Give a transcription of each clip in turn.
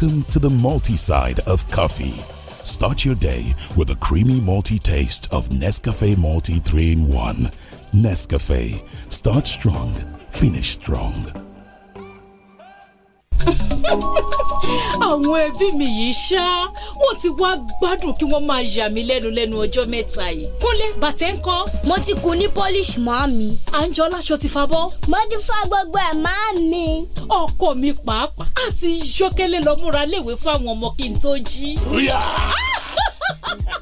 Welcome to the malty side of coffee. Start your day with a creamy malty taste of Nescafe Malty 3 in 1. Nescafe. Start strong, finish strong. àwọn ẹbí mi yìí ṣá wọn ti wá gbádùn kí wọ́n máa yà mí lẹ́nu lẹ́nu ọjọ́ mẹ́ta yìí. kúnlẹ̀ bàtẹ́ ń kọ́. mo ti kun ní polish máa mi. àǹjọ́lá aṣọ ti fa bọ́. mo ti fa gbogbo ẹ̀ máa mi. ọkọ mi pàápàá àti yọkẹ́lẹ́ lọ múra léwe fáwọn ọmọ kí n tó jí.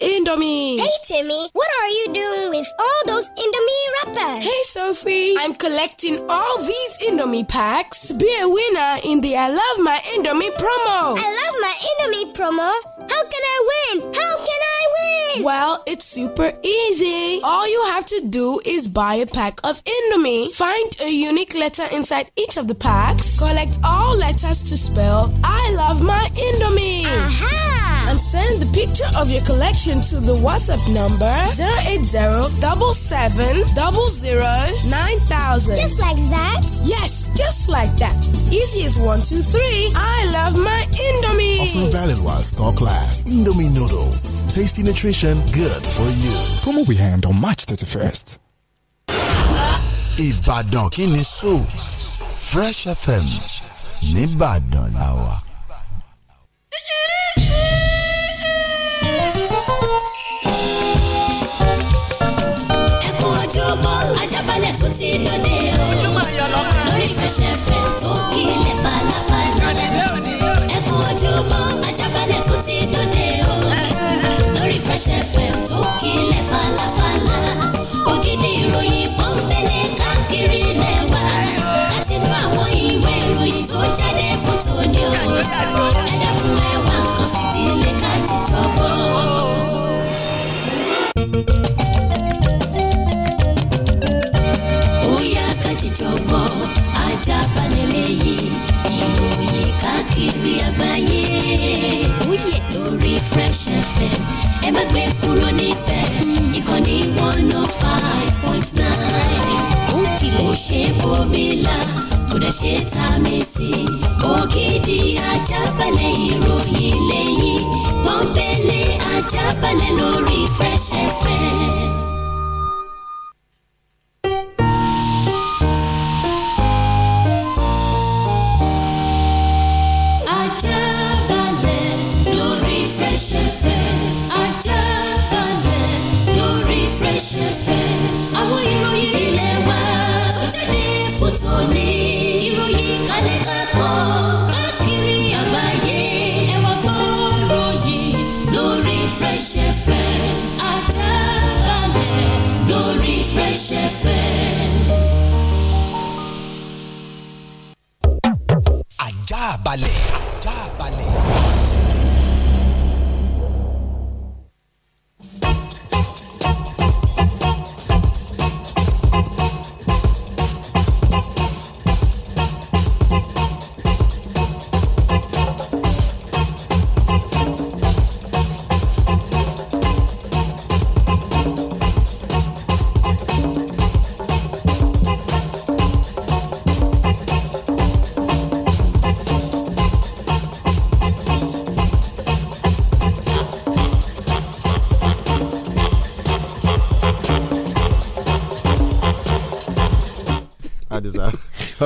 Indomie. Hey, Timmy, what are you doing with all those Indomie wrappers? Hey, Sophie, I'm collecting all these Indomie packs be a winner in the I Love My Indomie promo. I Love My Indomie promo? How can I win? How can I win? Well, it's super easy. All you have to do is buy a pack of Indomie, find a unique letter inside each of the packs, collect all letters to spell I Love My Indomie. Aha! and send the picture of your collection to the WhatsApp number 80 Just like that? Yes, just like that. Easiest one, two, three. I love my Indomie. Offer valid while stock lasts. Indomie noodles, tasty nutrition, good for you. Promo we hand on March 31st. Ibadan kini so Fresh FM Nìbàdàn làwà. tó dé o lórí fẹsẹ̀fẹ̀ tó kílẹ̀ falafala ẹ kú ojúmọ́ o lórí fẹsẹ̀fẹ̀ tó kílẹ̀ falafala. káàkiri àgbáyé. Oyè lórí Fresh FM ẹ má gbé kúrò níbẹ̀ ìkànnì one oh five point nine. Ó kìlọ̀ ṣe bòmílà kò dẹ̀ ṣe tá a mi sí. Ògidì ajábalẹ̀ ìròyìn lẹ́yìn pọ́npẹ́lẹ́ ajábalẹ̀ lórí Fresh FM.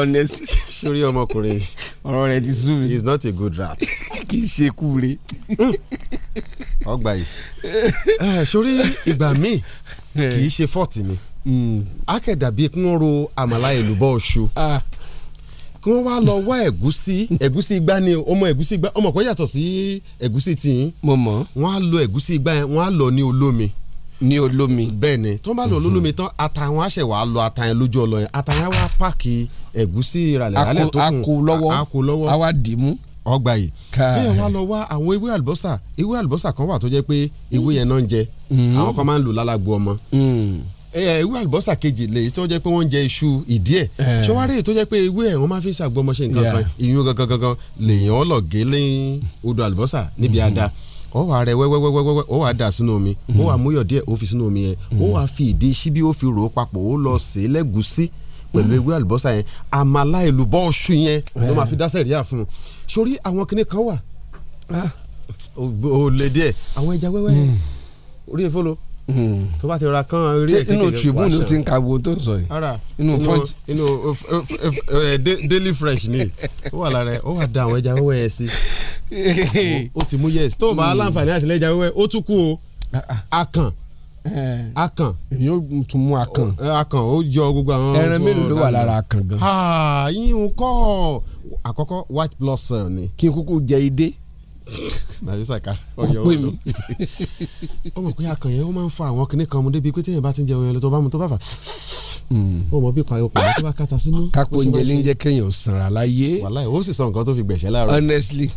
honest. sórí ọmọkùnrin ọ̀rọ̀ rẹ̀ ti sú mi. he is not a good rat. kì í ṣe kúure. Hmm. ọgbà yìí sórí eh, ìgbà míì eh. kì í ṣe fọ́ọ̀tì ni hmm. akẹ́dàbí kí wọ́n ro àmàlà èlùbọ́ ọ̀ṣù ah. kí wọ́n wá lọ wá ẹ̀gúsí ẹ̀gúsí igbá ni ọmọ ẹ̀gúsí igbá ọmọ kò yàtọ̀ sí ẹ̀gúsí tìyín wọ́n á lo ẹ̀gúsí igbá yẹn wọ́n á lọ ní olómi ní olómi. bẹ́ẹ̀ni tó ń bá lọ olómi mhm. tán àtàwọn àṣẹwà lọ àtàyàn lójú ọlọ yẹn àtàyàn wá páàkì ẹ̀gúsí ìrànlẹ̀ rálẹ̀ tó kùn àkó lọ́wọ́ àwa dìímú ọgbà yìí kéèyàn wá lọ wá àwọn ewé àlùbọ́sà ewé àlùbọ́sà kan wà tó jẹ́ pé ewé yẹn náà ń jẹ mhm. àwọn kan máa ń lò lálàgbo ọmọ mhm. ewé àlùbọ́sà kejì lè tó jẹ́ pé wọ́n ń jẹ iṣu ìdí ẹ̀ ṣọwárẹ̀ tó jẹ́ pé ewé ẹ̀ wọ́n máa fi ṣàgbọ́mọṣe nǹkan kan ìyún gangan gangan lèèyàn lọ gé lẹ́yìn odò àlùbọ́sà níbi ada. Mm -hmm ọ wà rẹ wẹ́wẹ́wẹ́wẹ́ ọ wà dà sínú omi ó wà múyọ̀ díẹ̀ ó fi sínú omi yẹn ó wà fi ìdí síbí ó fi rò ó papọ̀ ó lọ sè é lẹ́gùsí pẹ̀lú ewé àlùbọ́sà yẹn àmàlà èlùbọ́ ọ̀ṣù yẹn ló máa fi dá sẹ̀ríà fún un sórí àwọn kinní kan wà ó ah. lè díẹ̀ àwọn ẹja wẹ́wẹ́ hmm. orí efolo hmm. tó bá ti ra kán orí èkékeré wàṣọ inú tribune ti ń ka wo tó sọ yìí inú punch inú eh, eh, eh, daily fresh ni ó wà lára ẹ ó wà da àwọn ẹja wẹ́wẹ́ yẹn sí ó ti mú yes tó o bá aláǹfààní àtìlẹ́jà wẹ́wẹ́ ó tún kú o akàn akàn yóò tún mú akàn akàn ó yọ gbogbo àwọn ẹran mélòó ló wà lára akàn gan. Ah, yíyún kọ́ àkọ́kọ́ white blood cell ni. kí n kúkú jẹ idé nàìjíríà sàkà ọyọ ọdọ ó mọ̀ pé akàn yẹn ó máa ń fa àwọn kinní kan mu débi pé téèyàn bá ti ń jẹ oyin lọ tó bá mu tó bá fà hmm. ó mọ̀ bí pààyàn pààyàn tó bá kàtà sínú. kápò oúnjẹ lè ń jẹ́ kéèyàn sanra láyé. wàláyé ó sì sọ nǹkan tó fi gbẹ̀ṣẹ̀ láàárọ̀. honestly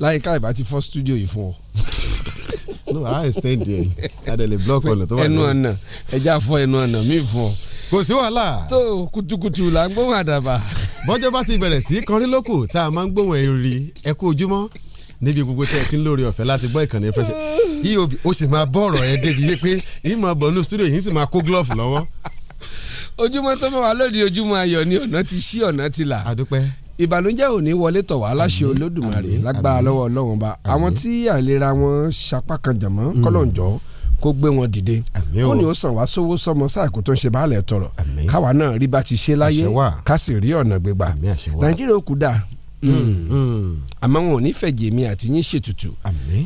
láyé káyìbá ti fọ́ studio yìí fún ọ. no i extend there adele block ọ̀nà tó wà ní. ẹnu ọ̀nà ẹja fọ ẹnu ọ̀nà mi fún ọ. kò sí wàhálà. tó kutukutu là ń gbóhùn àdàbà. bọ́jọ́ bá ti bẹ̀rẹ̀ sí kọrin lóko tá a máa ń gbóhùn ẹ̀rí ẹ kú ojúmọ́ níbi gbogbo tẹ́ ẹ ti ń lórí ọ̀fẹ́ láti gbọ́ ìkànnì fresh eob ó sì máa bọ́ ọ̀rọ̀ ẹ débi wípé yìí máa bọ̀ nínú studio yìí sì máa kó glove lọ́wọ́. ojúmọ́ tó bá wà lóde ojúmọ́ ayọ̀ ni ọ̀nà ti ṣí ọ̀nà ti là. àdúpẹ́ ìbànújẹ́ ò ní wọlé tọ̀ wá láṣẹ olódùmarè lágbára lọ́wọ́ ọlọ́run ba àwọn tí àìlera wọn sapá kan jàmọ́ mm. kọ́lọ́njọ́ kó gbé wọn dìde ó ní ó sàn wá sówó sọmọ sáàkó tó ń ṣe báàlẹ̀ tọrọ káwa náà rí bá ti ṣe láyé ká sì rí ọ̀nà gbégbá nàìjíríà ó kú dáa mm, mm. àmọ́ wọn ò ní fẹ̀jẹ̀ mi àti yín ṣètùtù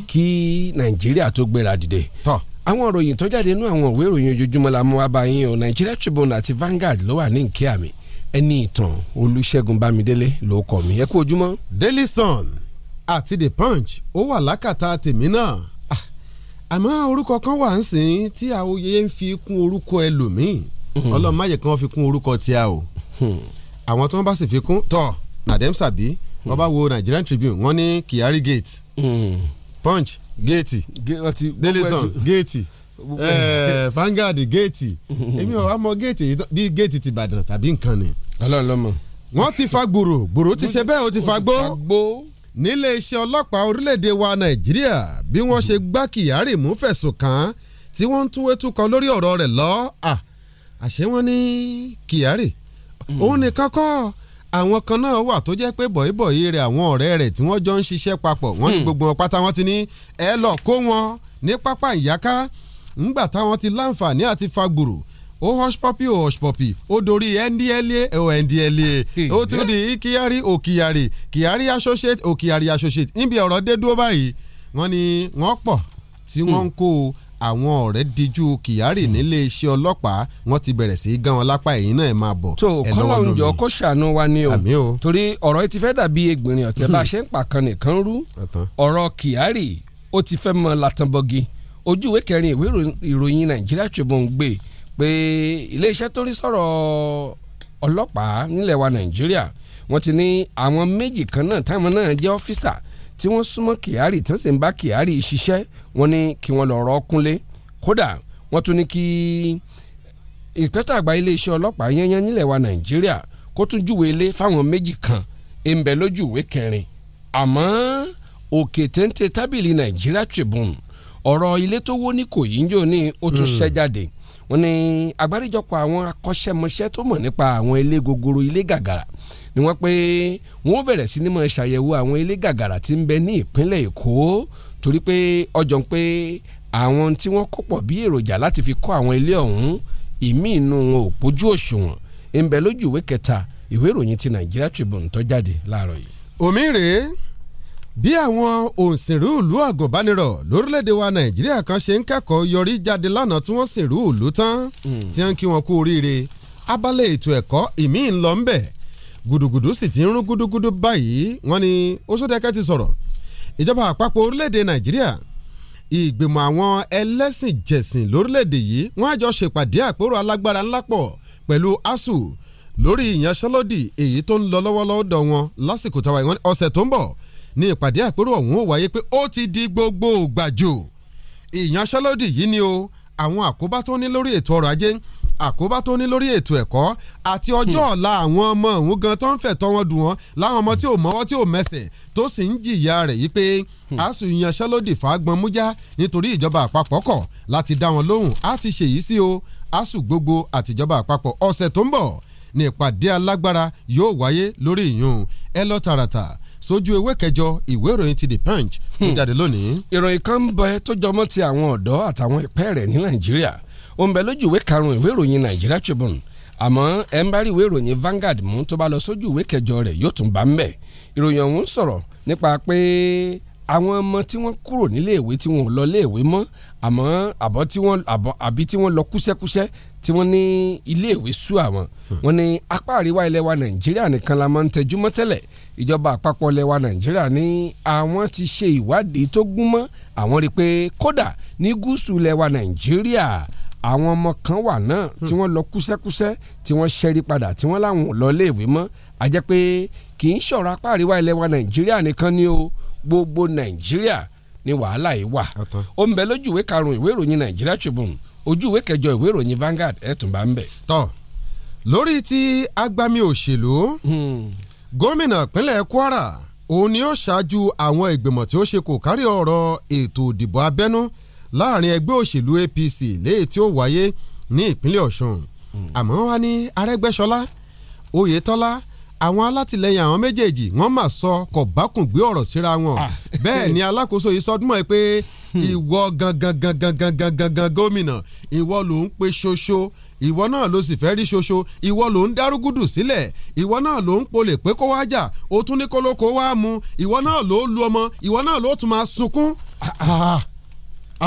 kí nàìjíríà tó gbéra dìde àwọn ìròyìn tó jáde nú àwọn ìwé ìròyìn ojoojúmọ́ la mú wá bá yín o Nigeria Tribune àti Vanguard ló wà ní nkíà mi ẹni ìtàn olùṣègùn bámidélé ló kọ mi ẹ kú ojúmọ́. daily sun àti the punch ó wà lákàtà tèmi náà ah, àmọ́ orúkọ kan wà ń sìn tí àwòye ń fi kún orúkọ ẹlòmíì hmm. ọlọ́mọye kan fi kún orúkọ tí a o hmm. àwọn tí wọ́n bá sì fi kún tọ́ nàdẹ́m sàbí hmm. wọ́n bá wo Nigerian Tribune wọ́n ní Kyari gate punch gate daily sun gate Eh, Vanguard géètì èmi ò wá mọ géètì bí géètì ti Ìbàdàn tàbí nǹkan ni. Ọlọ́run ló mọ̀. wọ́n ti fa gbòòrò gbòòrò ti ṣe bẹ́ẹ̀ ó ti fa gbó nílé iṣẹ́ ọlọ́pàá orílẹ̀‐èdè wa Nàìjíríà bí wọ́n ṣe gbá Kyari mú fẹ̀sùn kàn tí wọ́n ń túwé túkọ lórí ọ̀rọ̀ rẹ̀ lọ àṣé wọ́n ní Kyari hmm. òun nìkan kọ́ àwọn kan náà wà tó jẹ́ pé bọ̀yìbọ̀yì rẹ̀ àwọn ọ̀rẹ́ rẹ̀ tí wọ́n jọ ń ṣiṣẹ́ papọ̀ wọ́n ní hmm. gbogbo wọn pátá ti ní ẹ lọ kó wọn ní pápá ìyáká ńgbà táwọn ti láǹfààní àti fagbùrù ó họ́ṣpọ́pì ó họ́ṣpọ́pì ó dorí ndla ó ndla ó tún di kíárì ó kíárì kíárì associate ó kíárì associate níbi ọ̀rọ̀ dé dúró báyìí wọ́n ní wọ́n pọ̀ tí wọ́n ń hmm. kó àwọn ọ̀rẹ́ díjú kyari hmm. nílé iṣẹ́ ọlọ́pàá wọ́n ti bẹ̀rẹ̀ sí í gán wọn lápá ẹ̀yìn náà ẹ̀ máa bọ̀ ẹ̀ lọ́wọ́ lómi. tó kọ́lọ́ òǹjọ́ kó ṣàánú wa ni o torí ọ̀rọ̀ yìí ti fẹ́ dàbí egbìnrin ọ̀tẹ̀ bá a ṣe ń pàkan nìkan rú ọ̀rọ̀ kyari ó ti fẹ́ mọ latanbọ́gi ojú ìwé kẹrin ìwé ìròyìn nàìjíríà Tribune gbé pé iléeṣẹ́ tó rí sọ̀rọ̀ ọlọ́pàá nílẹ̀ wa nàìjíríà wọ́n ti ní àwọn méjì kan náà táwọn náà jẹ́ ọ́fíìsà tí wọ́n súnmọ́ Kyari tí wọ́n sì ń bá Kyari ṣiṣẹ́ wọ́n ní kí wọ́n lọ́ọ́ rọ́ kúnlé kódà wọ́n tún ní kí ìpẹ́tọ̀ àgbà iléeṣẹ́ ọlọ́pàá yẹnyẹn nílẹ̀ wa nàìjíríà kó tún júwe ilé fáwọn méjì kan ń bẹ lójú ìwé kẹrin àmọ́ òkè téńté tábìlì nàìjíríà Tribune ọ̀rọ̀ ilé tó wó ní kòyí ń ó tún hmm. ṣẹ́ jáde wọ́n ní agbáríjọpọ̀ àwọn akọ́ṣẹ́mọṣẹ́ tó mọ̀ nípa àwọn ilé gogoro ilé gàgàrà ni wọ́n pé wọ́n bẹ̀rẹ̀ sí ní máa ṣàyẹ̀wò àwọn ilé gàgàrà tí ń bẹ ní ìpínlẹ̀ Èkó torí pé ọjọ́ ń pé àwọn tí wọ́n kó pọ̀ bí èròjà láti fi kọ́ àwọn ilé ọ̀hún ìmí inú wọn ò pójú òṣùwọ̀n ń bẹ lójú ìwé kẹta ìwé ìròyìn ti Nigeria Tribune tó jáde láàárọ̀ yìí. òmí bí àwọn òǹsìnrú ìlú àgùnbánirọ̀ lórílẹ̀ wa nàìjíríà kan ṣe ń kẹ́kọ̀ọ́ yọrí jáde lánàá tí wọ́n sìnrú ìlú tán hmm. tí wọ́n kí wọn kú oríire abálẹ̀ ètò ẹ̀kọ́ ìmíì ń lọ ń bẹ̀ gùdùgùdù sì ti ń rún gúdúgúdú báyìí wọ́n ní Ọ̀ṣọ́dẹ̀kẹ́ ti sọ̀rọ̀ ìjọba àpapọ̀ orílẹ̀‐èdè nàìjíríà ìgbìmọ̀ àwọn ẹlẹ́sìn jẹ̀sìn lórílẹ̀‐èdè yìí wọ́n á jọ ṣèpàdé àpérò alágbára ńlá pọ̀ pẹ̀lú ASUU lórí ìyanṣẹ́lódì èyí tó ń lọ lọ́wọ́lọ́wọ́ dọ̀ wọn lásìkò táwa ọ̀sẹ̀ tó ń bọ̀ ní ìpàdé àpérò ọ̀hún ó wáyé pé ó ti di gbogbo gbàjò ìyanṣẹ́lódì yìí ni o àwọn àkóbá tó ní lórí ètò ọrọ̀ ajé àkóbá tó ní lórí ètò ẹ̀kọ́ àti hmm. ọjọ́ ọ̀la àwọn ọmọ òun gan tó ń fẹ̀tọ́ wọn dùn wọ́n láwọn ọmọ tí ò mọ́wọ́ tí ò mẹsẹ̀ tó sì ń jìyà rẹ̀ yí pé àsù hmm. ìyanṣẹ́lódì fàágbọ́n mújá nítorí ìjọba àpapọ̀ kọ̀ láti dá wọn lóhùn á ti ṣèyí sí o àsù gbogbo àtìjọba àpapọ̀ ọ̀sẹ̀ tó ń bọ̀ ní ìpàdé alágbára yóò wáyé lórí ìyún ẹ lọ tààràtà sójú ewé kẹjọ ìwé ìròyìn ti the punch tó hmm. jáde lónìí. ìròyìn kan ń bẹ tó jọmọ́ ti àwọn ọ̀dọ́ àtàwọn ìpẹ́ rẹ̀ ní nàìjíríà ó ń bẹ lójú ìwé karùn-ún ìwé ìròyìn nàìjíríà tribune àmọ́ ẹ̀ ń bá rí ìwé ìròyìn Vanguard mú tó bá lọ sójú ìwé kẹjọ rẹ̀ yóò tún bá ń bẹ̀ ìròyìn ọ̀hún sọ̀rọ̀ nípa pé àwọn ọmọ tí wọ́n kúrò níléèwé tí wọ́n ò lọ léèwé mọ́ àmọ́ àbọ̀ tí wọ́n àbọ̀ àbí tí wọ́n lọ kúṣẹ́kúṣẹ́ tí wọ́n ní iléèwé sú àwọn hmm. wọ́n ní apá àríwá ilẹ̀ wa nàìjíríà nìkan la máa ń tẹjú mọ́ tẹ́lẹ̀ ìjọba àpapọ̀ ilẹ̀ wa nàìjíríà ní àwọn ti ṣe ìwádìí tó gún mọ́ àwọn rí i pé kódà ní gúúsù ilẹ̀ wa nàìjíríà àwọn ọmọ kan wà náà hmm. tí wọ́n lọ kúsẹ́kúsẹ́ tí wọ́n ṣẹ́rí padà tí wọ́n láwọn lọ iléèwé mọ́ a jẹ́ pé kì í ṣọ̀rọ̀ apá àríwá ilẹ̀ wa nàìjíríà nìkan ni o gbogbo nàìjíríà ni wàhálà yìí wà ó ń bẹ lójú karùn-ún ìwé ìròyìn nàìjíríà Tribune ojú ìwé kẹjọ ìwé ìròyìn Vanguard ẹ̀ tún bá ń bẹ̀. tán lórí ti agbami òṣèlú hmm. gómìnà ìpínlẹ̀ Kwara òun ni ó ṣáájú àwọn ìgbìmọ̀ tí ó ṣe kò kárí ọ̀rọ̀ ètò ìdìbò abẹ́nú láàrin ẹgbẹ́ òṣèlú APC léyìí tí ó wáyé ní ìpínlẹ̀ Ọ̀ṣun hmm. àmọ́ wá ní Arẹ́gbẹ́ṣọlá Oyètọ́lá àwọn alátìlẹyìn àwọn méjèèjì wọ́n mà sọ kò bákùn gbé ọ̀rọ̀ síra wọn ah. bẹ́ẹ̀ ni alákòóso yìí sọdúnmọ ẹ pé hmm. ìwọ gangan gangan gangan gangan gómìnà ìwọ ló ń pe ṣoṣo ìwọ náà ló sì fẹ́ rí ṣoṣo ìwọ ló ń darúgúdù sílẹ̀ ìwọ náà ló ń polè pé kó wá jà ó tún ní kólókó wá mu ìwọ náà ló lu ọmọ ìwọ náà ló tún máa sunkún. Ah,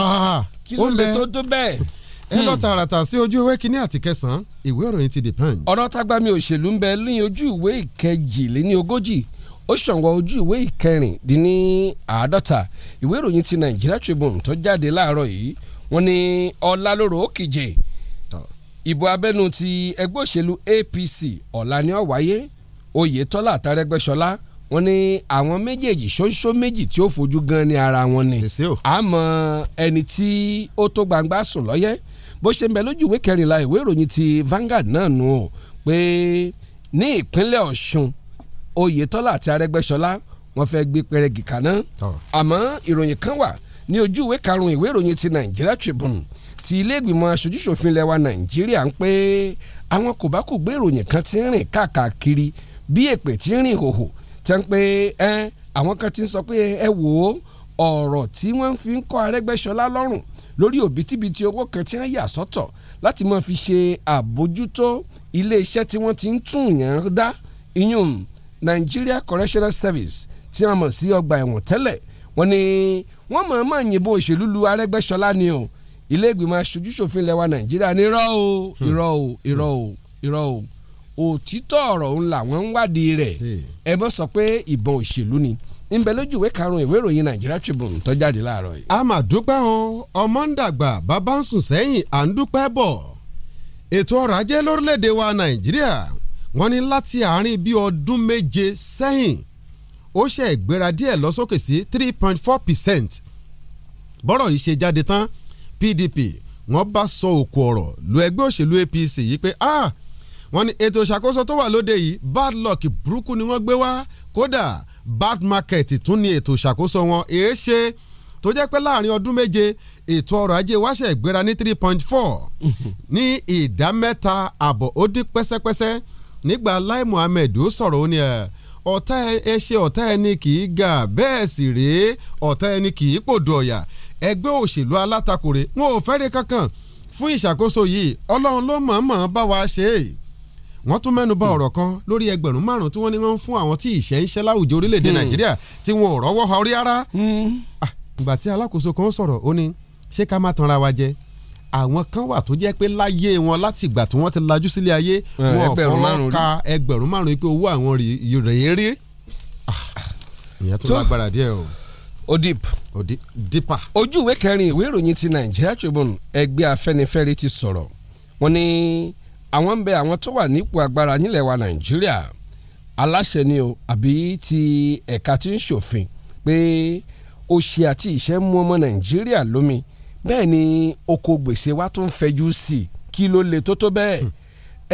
ah. kí ló lè tó tó bẹ́ẹ̀ Hmm. ẹ lọ tààràtà sí ojú ìwé kínní àti kẹsàn-án ìwé ìròyìn ti The Punch. ọ̀rọ̀ tágbàmì òṣèlú ń bẹ lóyún ojú ìwé ìkẹjìléní ogójì ó ṣànwọ́ ojú ìwé ìkẹrìndínní àádọ́ta ìwé ìròyìn ti Nigeria Tribune tó jáde láàárọ̀ yìí wọ́n ní ọ̀làlóró òkìje ìbò abẹ́nu ti ẹgbẹ́ òṣèlú APC ọ̀la ni ó wáyé Oyètọ́lá àtàrẹ́gbẹ́ṣọlá wọ́n ní àwọn méjèèjì ṣoṣo méjì tí ó fojú gan ni ara wọn ni àmọ́ ẹni tí ó tó gbangba sùn lọ́yẹ́ bó ṣe ń bẹ lójú ìwé kẹrìnlá ìwé ìròyìn ti Vanguard náà nù ó pé ní ìpínlẹ̀ Ọ̀ṣun Oyètọ́lá àti Arẹ́gbẹ́ṣọlá wọ́n fẹ́ gbé pẹrẹgì kaná àmọ́ ìròyìn kan wà ní ojú ìwé karùn-ún ìwé ìròyìn ti Nigeria Tribune ti ilé ìgbìmọ̀ aṣojúṣòfin lẹwa Nàìjíríà ń pé àwọn kò bá kò gbé ìròyìn kan ti ń rìn káàkiri bí èpè ti ń rìn hòhò tẹ́ ń pé ẹ́ àwọn kan ti sọ pé ẹ wò ó ọ̀rọ̀ tí wọ́n fi ń kọ́ Arẹ́gbẹ́ṣọlá lọ́rùn lórí òbítíbitì owó kan tí wọ́n yà sọ́tọ̀ láti máa fi ṣe àbójútó iléeṣẹ́ tí wọ́n ti ń tún yàn dá iyún Nigeria Correctional Service tí wọ́n mọ̀ sí ọgbà ẹ̀wọ̀n tẹ́lẹ̀ wọ́n ní wọ́n mọ̀ mọ̀ yìnbọn òṣèlú lu Arẹ́gbẹ́ṣọlá ni o ilé ìgbìmọ̀ aṣojúṣòfin lẹwa Nàìjíríà ní irọ́ o irọ́ o irọ́ o irọ́ o òtítọ́ ọ̀rọ̀ òun làwọn ń wádìí rẹ̀ ẹ mọ̀ sọ pé ìbọn òṣèlú ni. Hmm ńbẹ lójú ìwé karùn-ún ìwé ìròyìn Nigeria Tribune tó jáde láàárọ̀ yìí. a mà o ọmọ ń dàgbà bàbá ń sùn sẹ́yìn à ń dúpẹ́ bọ̀ ètò ọrọ̀ ajé lórílẹ̀‐èdè wa Nàìjíríà wọ́n ní láti àárín bíi ọdún méje sẹ́yìn ó ṣe ìgbéra díẹ̀ lọ sí three point four percent bọ́rọ̀ yìí ṣe jáde tán PDP wọ́n bá sọ òkú ọ̀rọ̀ lu ẹgbẹ́ òṣèlú APC yìí pé ah wọ́n ní ètò ìṣàkóso tó wà lóde yìí bad luck burúkú ni wọ́n gbé wá kódà bad market tún ni ètò ìṣàkóso wọn èé ṣe tó jẹ́ pé láàrin ọdún méje ètò ọrọ̀ ajé wa ṣe gbéra ní three point four ní ìdá mẹ́ta àbọ̀ ó dín pẹ́sẹ́pẹ́sẹ́ nígbà Lai Muhammed ó sọ̀rọ̀ ó ní ẹ̀ ọ̀tá ẹ ṣe ọ̀tá ẹni kì í ga bẹ́ẹ̀ sì rèé ọ̀tá ẹni kì í pòdù ọ̀yà ẹgbẹ́ òṣèlú alátakòrè wọn ò fẹ́rẹ̀ kankan fún ìṣàkóso yìí ọlọ́run ló mọ̀ọ́mọ̀ bá wa ṣe é wọ́n tún mẹ́nu bà hmm. ọ̀rọ̀ kan lórí ẹgbẹ̀rún márùn-ún tí wọ́n ní wọ́n ń fún àwọn tí ìṣẹ́ ń ṣẹ́ láwùjọ orílẹ̀-èdè hmm. nàìjíríà tí wọn ò rọ́wọ́ ha orí ara. Hmm. ìgbà tí alákòóso kan sọ̀rọ̀ ó ní ṣé ká má tanra wa jẹ àwọn kan wà tó jẹ́ pé láyé wọn láti ìgbà tí wọ́n ti lajú sílé ayé eh, wọn ò fọwọ́ ka ẹgbẹ̀rún márùn-ún pé owó àwọn rèé rí ìyẹn tó lágbára díẹ̀ o odip odipa ojú ìwé kẹrin ìwé ìròyìn ti Nigeria Tribune ẹgbẹ́ Afẹ́nifẹ́re ti sọ̀rọ̀ wọ́n ní àwọn ń bẹ àwọn tó wà nípò agbára nílẹ̀ wa nàìjíríà aláṣẹ ni o àbí ti ẹ̀ka tí ń ṣòfin pé òṣì àti ìṣẹ́ mú ọmọ nàìjíríà lómi bẹ́ẹ̀ ni oko gbèsè wa tún fẹjú sí i kí ló le tó tó bẹ́ẹ̀ hmm.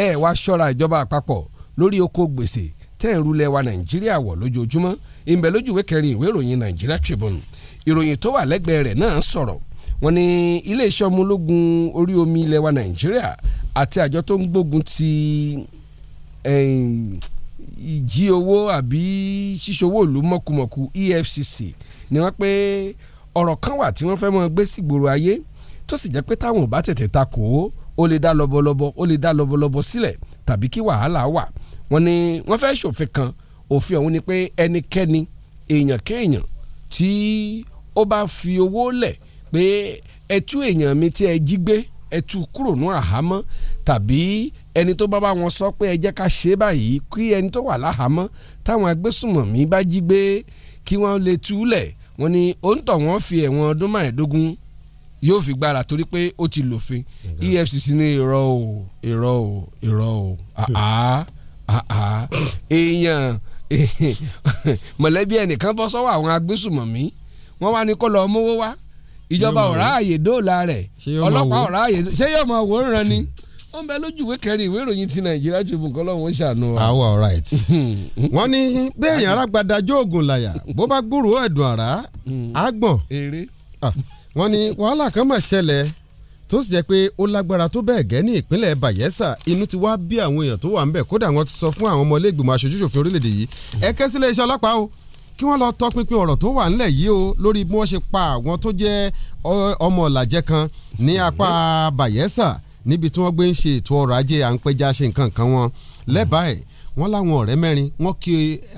ẹ wá ṣọ́ra ìjọba àpapọ̀ lórí oko gbèsè tẹ́ ń rulẹ̀ wa nàìjíríà wọ̀ lójoojúmọ́ ìbẹ̀ lójúwé kẹrin ìwé ìròyìn nàìjíríà tribune ìròyìn tó wà lẹ́gbẹ̀ẹ́ rẹ̀ náà sọ̀rọ̀ wọ́n ní iléeṣẹ́ ọmọ ológun orí omi ilẹ̀ wa nàìjíríà àti àjọ tó ń gbógun ti ìjí owó àbí ṣíṣowó ìlú mọ̀kùmọ̀kù EFCC ni wọ́n pé ọ̀rọ̀ kan wà tí wọ́n fẹ́ mọ́ gbé sígboro ayé tó sì jẹ́ pé táwọn ò bá tètè ta kò ó ó lè dá lọ́bọ̀lọ́bọ̀ ó lè dá lọ́bọ̀lọ́bọ̀ sílẹ̀ tàbí kí wàhálà wà wọ́n ní wọ́n fẹ́ ṣòfin kan òfin ọ̀hún ni pé ẹnikẹ́ni èèyàn kéèyàn tí ó bá fi owó lẹ̀ pé ẹ tú èèyàn mi tí ẹ jí gbé ẹ tú kúrò ní àhámọ́ tàbí ẹni tó bá bá wọn sọ pé ẹ jẹ́ ká ṣe é báyìí kí ẹni tó wà láhàámọ́ táwọn agbésùnmọ̀mí bá jí gbé kí wọ́n lè túlẹ̀ wọ́n ní òǹtọ̀ wọn fi ẹ̀wọ̀n ọdún márùndínlógún yóò fi gbára torí pé ó ti lòfin EFCC ní irọ́ o irọ́ o irọ́ o àá èèyàn mọ̀lẹ́bí ẹnìkan bọ́ sọ́wọ́ àwọn agbésùnmọ̀mí wọ́n wá ní kó lọ́ọ́ mówó wá ìjọba ọ̀rá àyè dóòlà rẹ̀ ọlọ́pàá ọ̀rá àyè ṣé yóò máa wò hmm. ó ràn ni wọ́n bẹ lójú ìwé kẹrin ìwé ìròyìn ti nàìjíríà Tribune kọ́ lọ́wọ́ ṣàánú wa. awo all right. wọ́n ní bẹ́ẹ̀yàn arágbádá jóògùn làyà bó bá gbúrò ẹ̀dùn àrá àgbọ̀n. Hmm. èrè. Ah, wọ́n ní wàhálà kan máa ṣẹlẹ̀ tó sì jẹ́ pé ó lágbára tó bẹ́ẹ̀ gẹ́ ní ìpínlẹ̀ Bayelsa inú ti wá bí àwọn èèyàn tó wà ń bẹ̀ kódà wọ́n ti sọ fún àwọn ọmọ ilé ìgbìmọ̀ aṣojú ṣòfin orílẹ̀-èdè yìí ẹ kẹ́sílẹ̀ iṣẹ́ ọlọ́pàá o kí wọ́n lọ tọpinpin ọ̀rọ̀ tó wà nílẹ̀ yìí o lórí bí wọ́n ṣe pa àwọn tó jẹ́ ọmọ ọ̀làjẹ́ kan ní apá Bayelsa níbi tí wọ́n gbé ń ṣe ètò ọrọ̀ ajé à ń pẹja ṣe nǹkan kan wọn lẹ́bàá ẹ̀ wọ́n láwọn ọ̀rẹ́ mẹ́rin wọ́n kì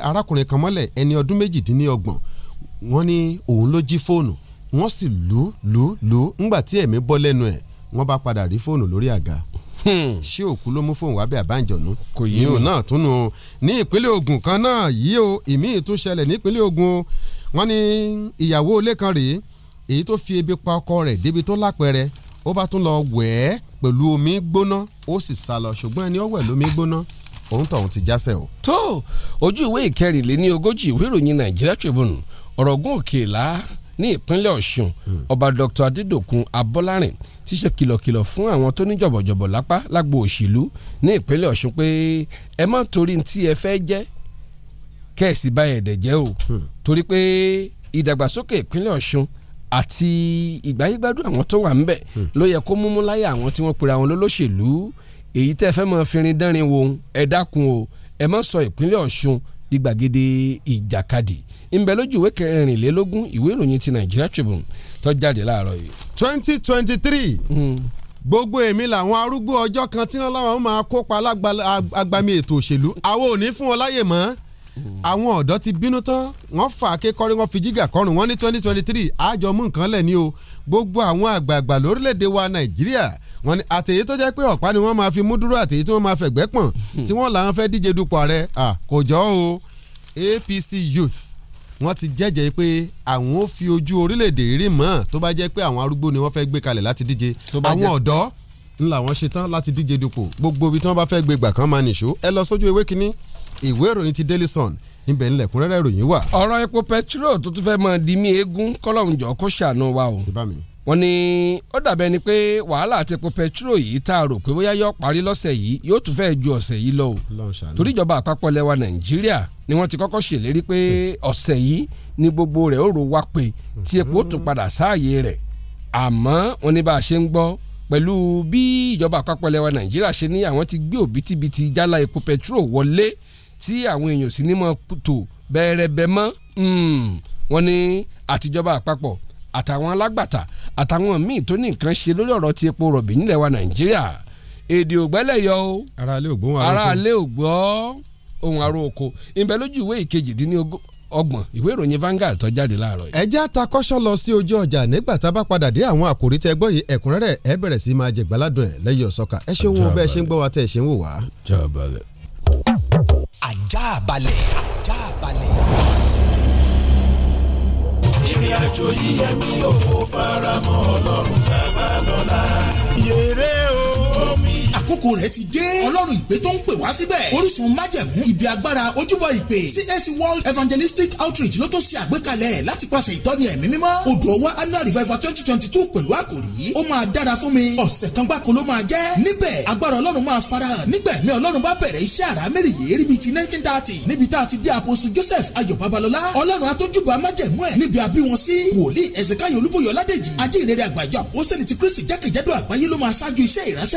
arákùnrin kan mọ́lẹ̀ ẹni ọdún méjìdínlọ́gbọ̀n wọ́n ní òun ló jí fóònù wọ́n sì lù lù lù ńgbà tí ẹ̀mí bọ́ lẹ́nu ẹ̀ wọ́n bá padà rí fóònù lórí àga Hmm. ṣé òkú ló mú fóun wábẹ́ àbájọ̀nú kò yí o náà tún nù o ní ìpínlẹ̀ Ògùn kan náà yìí o ìmí ìtún ṣẹlẹ̀ nípínlẹ̀ Ògùn o wọ́n ní ìyàwó ilé kan rèé èyí tó fi ebi pa ọkọ rẹ̀ débi tó lápẹ̀rẹ̀ ó bá tún lọ wẹ̀ ẹ́ pẹ̀lú omi gbóná ó sì sá lọ ṣùgbọ́n ẹni ó wẹ̀ lómi gbóná òun tọ̀hún ti jásẹ̀ o. tó ojú ìwé ìkẹrìnléní ogójì ìwé ìròyìn Nàìjíríà Tribune ọ̀rọ̀ gún òkè là ní ìpínlẹ̀ ọ̀ṣun hmm. ọba dr adédòkun abọ́lárìn ti ṣe kìlọ̀kìlọ̀ fún àwọn tó ní jọ̀bọ̀jọ̀bọ̀ lápá lágbo òṣèlú ní ìpínlẹ̀ ọ̀ṣun pé ẹ má torí tí ẹ fẹ́ jẹ́ kẹ́ẹ̀sì bá ẹ̀dẹ̀ jẹ́ o hmm. torí pé ìdàgbàsókè ìpínlẹ̀ ọ̀ṣun àti ìgbáyégbádùn àwọn tó wà ńbẹ̀ hmm. ló yẹ kó múmú láyé àwọn tí wọ́n pera wọn lólóṣèlú èyí tẹ́ fẹ́ máa fi rin wo ẹ o ẹ má sọ ìpínlẹ̀ ọ̀ṣun di ìjàkadì ńbẹ lójú ìwé kẹrìnlélógún ìwé ìròyìn ti Nigeria Tribune tó jáde láàárọ̀ yìí. twenty twenty three hmm. gbogbo èmi làwọn arúgbó ọjọ́ kan tí wọ́n láwọn máa kópa lágbàmì ètò òṣèlú àwọn ò ní fún wọn láyè mọ́ hmm. àwọn ọ̀dọ́ ti bínú tán wọ́n fà kékọ́rí wọ́n fi jígà kọrùn wọ́n ní twenty twenty three àjọ mú nǹkan lẹ̀ ní o gbogbo àwọn àgbààgbà lórílẹ̀‐èdè wa nàìjíríà wọ́n ní àtẹ̀yẹ tó jẹ́ pé ọ̀pá ni wọ́n máa fi mú dúró àtẹ̀yẹ tí wọ́n máa fẹ̀gbẹ́ pọ̀n hmm. tí wọ́n làwọn fẹ́ díje dupò ààrẹ kò jọ o APC Youth wọ́n ti jẹ́jẹ́ pé àwọn ò fi ojú orílẹ̀-èdè rí mọ́ tó bá jẹ́ pé àwọn arúgbó ni wọ́n fẹ́ gbé kalẹ̀ láti díje àwọn ọ̀dọ́ ńlá wọn ṣetán láti díje dupò gbogbo ibi tí wọ́n bá fẹ́ gbé gbà kan máa nìṣó ẹ lọ sójú ewé kínní ìwé ìròyìn ti Daily Sun ibẹ̀ ńlẹ̀kúnrẹ́rẹ́ ìròyìn wà. ọ̀rọ̀ epo pẹtiró tó tún fẹ́ mọ di mí eégún kọ́lọ́hún jọ wọ́n ní ó dàbẹ́ ni pé wàhálà àti epo petro yìí tá a rò pé bóyá yóò parí lọ́sẹ̀ yìí yóò tún fẹ́ẹ́ ju ọ̀sẹ̀ yìí lọ o torí ìjọba àpapọ̀ lẹwa nàìjíríà ni wọ́n ti kọ́kọ́ ṣèlérí pé ọ̀sẹ̀ yìí ni gbogbo rẹ̀ ó rò wá pé tí epo tún padà sáàyè rẹ̀ àmọ́ wọ́n ní bá a ṣe ń gbọ́ pẹ̀lú bí ìjọba àpapọ̀ lẹwa nàìjíríà ṣe ní àwọn ti gbé òbítíbitì petro wọlé tí àwọn èèyàn sì ní mọ́ tó bẹ̀rẹ̀ bẹ̀ mọ́ àtàwọn alágbàtà àtàwọn míì tó ní nǹkan ṣe lórí ọ̀rọ̀ ti epo rọ̀bì nílẹ̀ wa nàìjíríà èdè ògbẹ́lẹ̀ yọ o aráalé ògbọ́ ohun aró oko ìbẹ̀ lójú ìwé ìkejìdínlógún ọgbọ̀n ìwé ìròyìn Vanguard tó jáde láàárọ̀ yìí. ẹ já takọ́ṣọ́ lọ sí ojú ọjà nígbà tá a bá padà dé àwọn àkòrí tẹ gbọ́ yìí ẹ̀kúnrẹ́rẹ́ ẹ bẹ̀rẹ̀ sí máa jẹ̀gbáládùn ẹ̀ lẹ́yìn ọ̀sọ́ka ẹ ṣeun wọn bẹ́ẹ̀ ṣe ń gbọ́ wa tẹ̀ ṣe ń wò wá. ajá balẹ̀ ajá balẹ̀ ajá balẹ̀. Joyeyemi ò faramọ́ Ọlọ́run. àkókò rẹ̀ ti dé ọlọ́run ìpè tó ń pè wá síbẹ̀ orísun májẹ̀mú ibi agbára ojúbọ ìpè CAC World Evangelistic Outreach ló tó ṣe àgbékalẹ̀ láti pàṣẹ ìtọ́ni ẹ̀mí mímọ́ odò ọwá annual revival twenty twenty two pẹ̀lú àkòrí ó máa dára fún mi ọ̀sẹ̀ kan gbáko ló máa jẹ́ níbẹ̀ agbára ọlọ́run máa farahàn nígbẹ̀mí ọlọ́run bá bẹ̀rẹ̀ iṣẹ́ àrá mẹ́rin nineteen thirty níbi tá Joseph Ayọ̀ Babalọ́lá ọlọ́run atójúbọ amájẹ̀mú ẹ̀ níbi àbí wọn sí wòlíì Ẹ̀sìnkáyọ̀ Olúbóyọ̀ Ládèjì ajínrere àgbàjọ àpòsílẹ̀ ti Kristi jákèjádò àgbáyé ló máa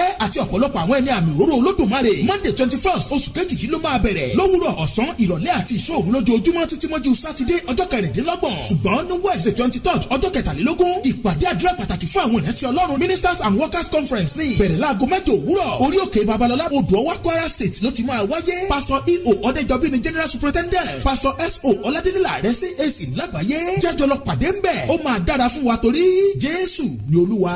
àwọn ẹni àmì òróró olódùmarè monday twenty first oṣù kejì yìí ló máa bẹ̀rẹ̀ lówùrọ̀ ọ̀sán ìrọ̀lẹ́ àti ìṣòro lójoojúmọ́ títí mọ́jú sátidé ọjọ́ kẹrìndínlọ́gbọ̀n ṣùgbọ́n ní wednesday twenty third ọjọ́ kẹtàlélógún ìpàdé àdúrà pàtàkì fún àwọn ìrẹsì ọlọ́run ministers and workers conference ní ìbẹ̀rẹ̀ láago mẹ́jọ òwúrọ̀ orí òkè babalọlá odò ọwá kwara state ló ti máa wáyé pastor eo ọdẹjọbí ni general superintendent pastor so ọládélélà rẹ cac lágbàáyé jẹjọ lọ pàdé ńbẹ̀ ó máa dára fún wa torí jésù ni olúwa.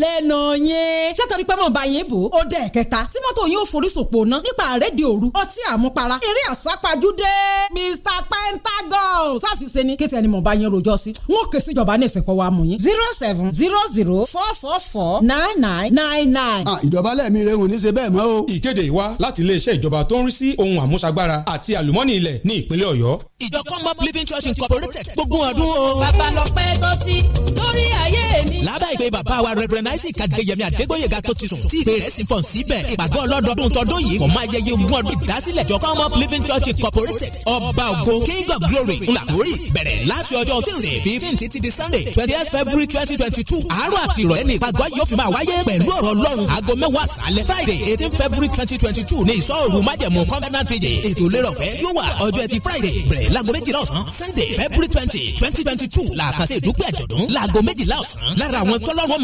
lẹ́nu yẹn. ṣé torí pé bá yín bò ó dẹ̀ kẹta tí mọ́tò yóò forísòpò ná nípa àrédìí òru ọtí àmupara eré àsápajúdé Mr Pentagon sáfìsẹ́ ni kéte ẹni mo bá yín rojọ́ sí. n ó ké síjọba ní ìsìnkú wa mú yín. zero seven zero zero four four four nine nine nine nine. Ah, ìdọ̀bálẹ̀ mi rẹ̀ ní ṣe bẹ́ẹ̀ mọ́ o. ìkéde wa láti iléeṣẹ́ ìjọba tó ń rí sí ohun àmúṣagbára àti àlùmọ́nì ilẹ̀ ní ìpínlẹ̀ Ọ̀yọ́. ìjọ Commonwealth bàbá wa rẹ̀rẹ̀ náìsì kàdéyẹmí àdégbòyèga tó ti sùn tí ìpè rẹ̀ sì fọ̀n síbẹ̀ ìpàgọ́ ọlọ́dọọdún tọdún yìí kò máa yẹyẹ ogún ọdún ìdásílẹ̀ jọ common living church incorporated ọba ògo king of glory ńlàkórì bẹ̀rẹ̀ láti ọjọ́ tuesday fifteen títí di sunday twenty eight february twenty twenty two àárọ̀ àti ìrọ̀lẹ́ ní ìpàgọ́ yóò fi máa wáyé pẹ̀lú ọ̀rọ̀ ọlọ́run aago mẹ́wàá sálẹ̀ friday eighteen february twenty twenty two ní ìsọ̀rù májẹ̀mú covenant vigil ètò ìlera ọ̀fẹ́ yóò wà ọjọ́ ẹtì friday bẹ̀rẹ̀ láago méjìlá ọ̀sán sunday february twenty twenty twenty two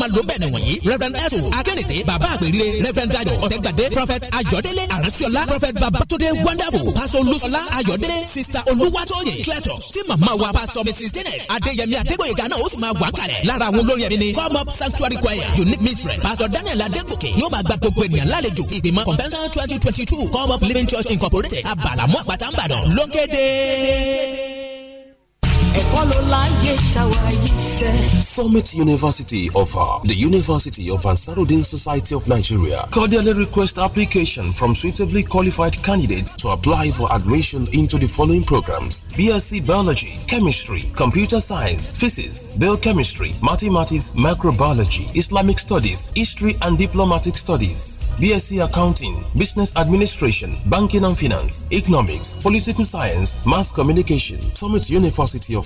máa lò ń bẹ̀ nìwọ̀nyí reverend esu akérèdé bàbá àpèrire reverend ayọ̀ ọ̀tẹ́gbàdé prophet ayọ̀délé aránṣẹ́ọlá prophet babatunde wonderful pastor olúṣọlá ayọ̀délé sister olúwatóyè cletus tí màmá wa pastor mrs janet adéyẹmí adégbòyèga náà ó sì máa wà kalẹ̀ lára àwọn olórin ẹ̀mí ni come up sanctuary choir unique mistress pastor daniel adégòkè ni ó máa gba gbogbo ènìyàn lálejò ìgbìmọ̀ convention twenty twenty two come up living church incorporated abalamu àpàtàǹbàdàn lókèdè. Summit University offer. Uh, the University of Ansarudin Society of Nigeria cordially request application from suitably qualified candidates to apply for admission into the following programs: BSc Biology, Chemistry, Computer Science, Physics, Biochemistry, Mathematics, Microbiology, Islamic Studies, History and Diplomatic Studies, BSc Accounting, Business Administration, Banking and Finance, Economics, Political Science, Mass Communication. Summit University of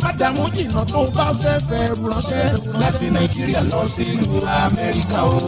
Mádàmú jìnnà tó bá fẹ́ fẹ́ ránṣẹ́ láti Nàìjíríà lọ sílùú Amẹ́ríkà o.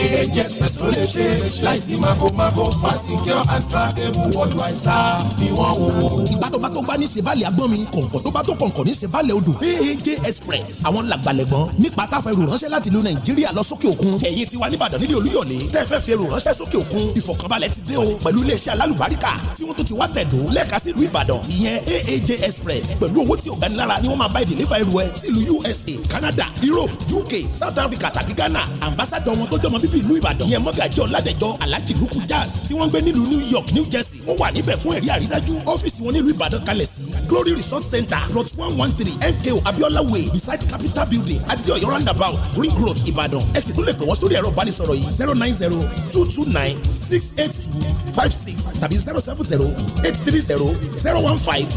AAJ Express ló lè ṣe láìsí magomago fásikẹ́ àtúrákẹ́bù worldwide sá ni wọ́n wò ó. Ìbátọ̀ bá tó bá ní ṣèbálẹ̀ agbọ́n mi, kọ̀ǹkọ̀ tó bá tó kọ̀ǹkọ̀ ní ṣèbálẹ̀ odò. AAJ Express àwọn làgbàlẹ̀gbọ́n nípa káfẹ́ rò ránṣẹ́ láti lu Nàìjíríà lọ sókè òkun. Ẹ̀yin tiwa níbàdàn nílé Olúyọ̀lé tẹ́ fẹ́ fi èrò ránṣẹ́ sókè òkun. Ìfọ̀kànbalẹ̀ ti dé o pẹ̀lú iléeṣẹ́ alálùbáríkà tí wọ́n tún ti wá tẹ̀dó lẹ́ka sílùú Ìbàdàn ìyẹn AAJ Express pẹ̀lú owó owó tí ò gani lára ni wọ́n máa bá ẹ ẹrù ẹ sílùú USA Canada Europe UK South Africa tàbí Ghana ambassadọ wọn tó jọmọ bíbí ìlú Ìbàdàn ìyẹn mọ́gàjì Ọ̀làdẹ̀jọ Alhaji Luku Jazz tí wọ́n ń gbé nílùú New York New Jersey ó wà níbẹ̀ fún ẹ̀rí àrídájú ọ́fíìsì wọn nílùú Ìbàdàn kalẹ̀ sí Glory Resort Center plot one one three MKO Abiola Way beside Capital Building Adeoyo roundabout Ring Road Ìbàdàn ẹ sì tún lè pè wọ́n sórí ẹ̀rọ ìbánisọ̀rọ̀ zero nine zero two two nine six eight two five six tàbí zero seven zero eight three zero zero one five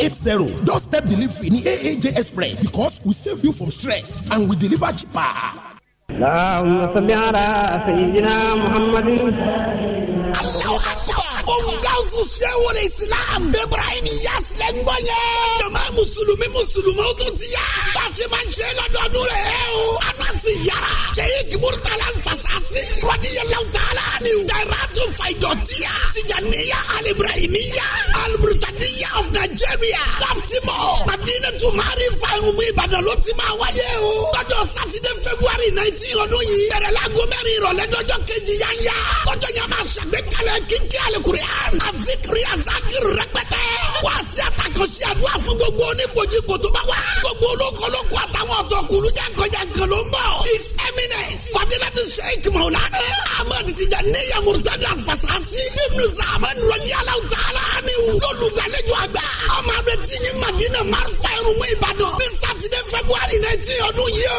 eight zero step delivery The aaj express because we save you from stress and we deliver cheaper. اللهم صل على سيدنا محمد الله أكبر أم قوس الشيخ والإسلام nine years lẹ́ ń gbọ́ yẹn. jama mùsùlùmí mùsùlùmí ó tún ti yá. bá a ṣe máa ń ṣe lọ́dọọdún rẹ̀ o. a náà sì yára. jẹ́yìn kìmúrútàlá fasasi. rọ́díyẹlẹ́w tààlà ni o. dàrátù fàìdọ̀tíyà. tijaniya alibrahimiya. alibrutadiya of Nigeria. dàptimọ̀. madina tumari fayirumu ìbàdàn ló ti máa wáyé o. lọ́jọ́ sátidé february nineteen ọdún yìí. bẹ̀rẹ̀ la gomẹ́rin ìrọ̀lẹ́ dọ́jọ́ kejì yáyá. kọjọ yẹn máa ṣàgbékalẹ̀ kíkí alukuri. azikiri azakiri rẹpẹtẹ wá sí àtàkànṣe àdúrà fún gbogbo oníbojúbo tó bá wá. gbogbo olókolóko àtàwọn ọ̀tọ̀kùlú jankan-jankan ló ń bọ̀. his eminence fadilatu sheik maulana ahmed tijani yamurtada fasasi yunusa ahmed rọdíyàláwù tààlà ni o. lọ́lùgbàlejò àgbà ọmọ abẹ tí madina marifa irunmu ìbàdàn ní sátidé february nineteen ọdún yìí o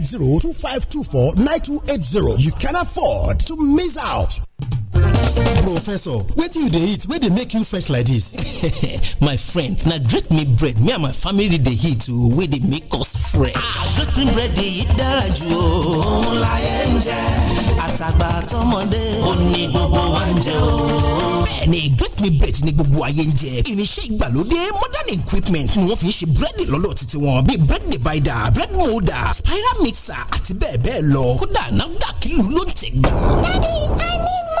08025249280. You can afford to miss out. professor wetin you dey eat wey dey make you fresh like dis my friend na great meat bread me and my family dey eat o oh, wey dey make us fresh ah great meat bread dey dára jù o oh. òun la ẹ ń jẹ àtàgbà àtọmọdé ó ní gbogbo wa ń jẹ o. Oh. bẹ́ẹ̀ni great meat bread ni gbogbo ayé ń jẹ irinṣẹ́ ìgbàlódé modern equipment ni wọ́n fi ń ṣe búrẹ́dì lọ́lọ́ títí wọn bíi bread divider bread molder spiral mixer àti bẹ́ẹ̀ bẹ́ẹ̀ lọ kódà nafdac ló ń tẹ̀ gbà. dadi i need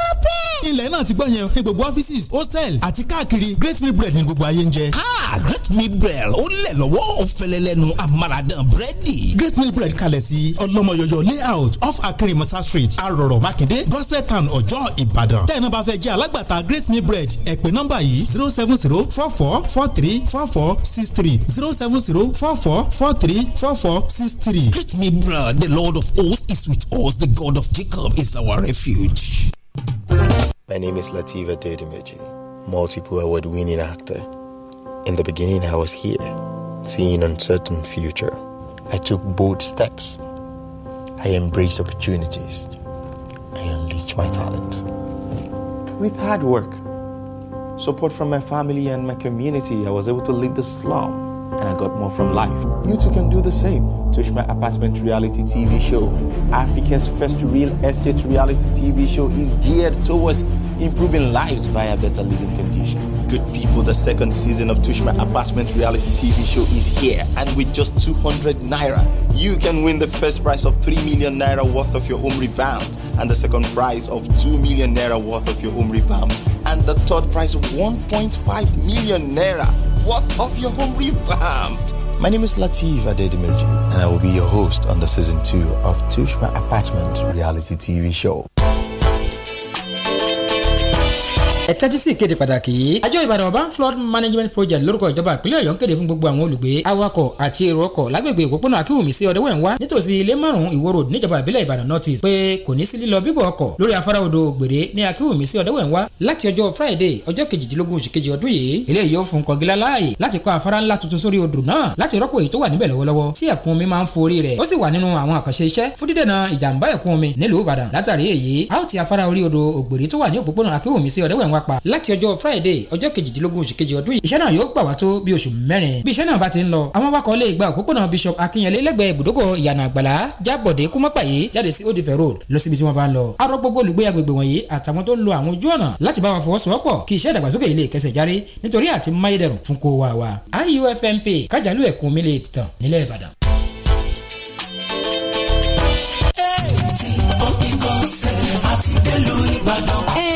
ilẹ̀ náà ti gbọ́ yẹn ní gbogbo offices hostel àti káàkiri great meal bread ní gbogbo ayé ń jẹ. ah great meal bread ó lẹ̀ lọ́wọ́ ó fẹlẹ̀ lẹ́nu àmàlàdàn búrẹ́dì. great meal bread kalẹ̀ sí ọlọ́mọyọyọ layout off akirimasa street arọ̀rọ̀ makinde gospel town ọjọ́ ìbàdàn. tẹ́ ẹ̀ náà bá fẹ́ jẹ́ alágbàtà great meal bread ẹ pè nọ́mbà yìí zero seven zero four four four three four four six three zero seven zero four four four three four four six three. great meal bread the lord of hosts is with us the god of jacob is our refuge. My name is Latifa Dedimeji, multiple award winning actor. In the beginning, I was here, seeing uncertain future. I took bold steps. I embraced opportunities. I unleashed my talent. With hard work, support from my family and my community, I was able to leave the slum and I got more from life. You too can do the same. Touch My Apartment reality TV show, Africa's first real estate reality TV show, is geared towards improving lives via better living conditions. Good people, the second season of Tushma Apartment reality TV show is here, and with just 200 naira, you can win the first prize of 3 million naira worth of your home revamped, and the second prize of 2 million naira worth of your home revamped, and the third prize of 1.5 million naira worth of your home revamped. My name is Latif Adedimeji, and I will be your host on the season two of Tushma Apartment reality TV show. ẹ tẹ́tí sí ìkéde pàtàkì yìí àjọ ìbàdàn urban flood management project lórúkọ ìjọba ìpínlẹ̀ ọ̀yọ́ ń kéde fún gbogbo àwọn olùgbé awakọ̀ àti èrò ọkọ̀ lágbègbè òpópónà akíwùmí sí ọ̀dẹ́wẹ̀ ń wá nítòsí ilé márùn-ún ìwó road níjọba ìbílẹ̀ ìbàdàn north east pé kò ní sí lílọ bíbọ̀ ọkọ̀ lórí afárá odò gbèrè ní akíwùmí sí ọ̀dẹ́wẹ̀ ń wá láti ọjọ́ friday ọjọ́ kejìdínlógún oṣù kejì ọdún yìí eléyìí yóò fún kọngilá láàyè láti kọ́ afárá ńlá tuntun sórí odò náà láti rọ́pò èyí tó wà níbẹ̀ lọ́wọ́lọ́wọ́ tí ẹ̀kún omi máa ń forí rẹ̀ ó sì wà nínú àwọn àkànṣe iṣẹ́ fún dídènà ìjàmbá ẹ̀kún omi nílùú ìbàdàn látàrí èyí a ó ti afárá orí odò ògbèrè tó wà pàápàá láti ọjọ́ friday ọjọ́ kejìdínlógún oṣù kejì ọdún yìí iṣẹ́ náà yóò gbà wá tó bí oṣù mẹ́rin bí iṣẹ́ náà bá ti ń lọ àwọn awakọ̀ lè gba òpópónà bishop akinyele lẹ́gbẹ̀ẹ́ ibùdókọ̀ ìyànà àgbàlá jábọ̀dé kúmọ́pàyé jáde sí odifẹ̀ road lọ síbi tí wọ́n bá ń lọ arọ gbogbo olùgbé agbègbè wọ̀nyí àtàwọn tó ń lo àwọn ojú ọ̀nà láti bá wa fọwọ́sowọ́pọ̀ kí iṣẹ́ ìdàgbàsókè ilé kẹsẹ̀ járí nítorí àti máyédẹrùn fún kó wa wa iufmp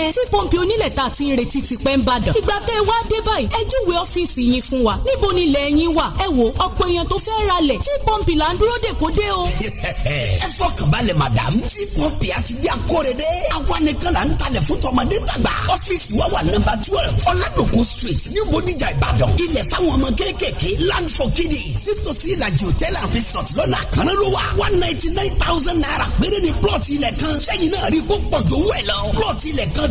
yẹn tí pọ́ǹpì onílẹ̀ tá a ti ń retí ti pẹ́ ń bàdàn. ìgbà tẹ́ ẹ wá dé báyìí ẹ júwe ọ́fíìsì yín fún wa níbo ni ilẹ̀ yín wà ẹ wo ọ̀pọ̀ èèyàn tó fẹ́ ra lẹ̀ tí pọ́ǹpì là ń dúró dè kó dé o. ẹ fọkàn balẹ̀ madam tí pọ́ǹpì àti bí akóre dé awa nìkan là ń talẹ̀ fún tọmọdé tàgbà ọ́fíìsì wa wà nọ́mbà twelve ọ̀làdòkun street ní bodijà ìbàdàn ilẹ̀ fáwọn ọmọ kéékèèké land for kiddies sítòsí ìlàjì hòtẹ́ẹ̀lì àfi sọ̀tì lọ́nà àkànná ló wà one ninety nine thousand naira péré ni plọ̀tì ilẹ̀ kan sẹ́yìn náà rí kó pọ̀jù owó ẹ̀ lọ plọ̀tì ilẹ̀ kan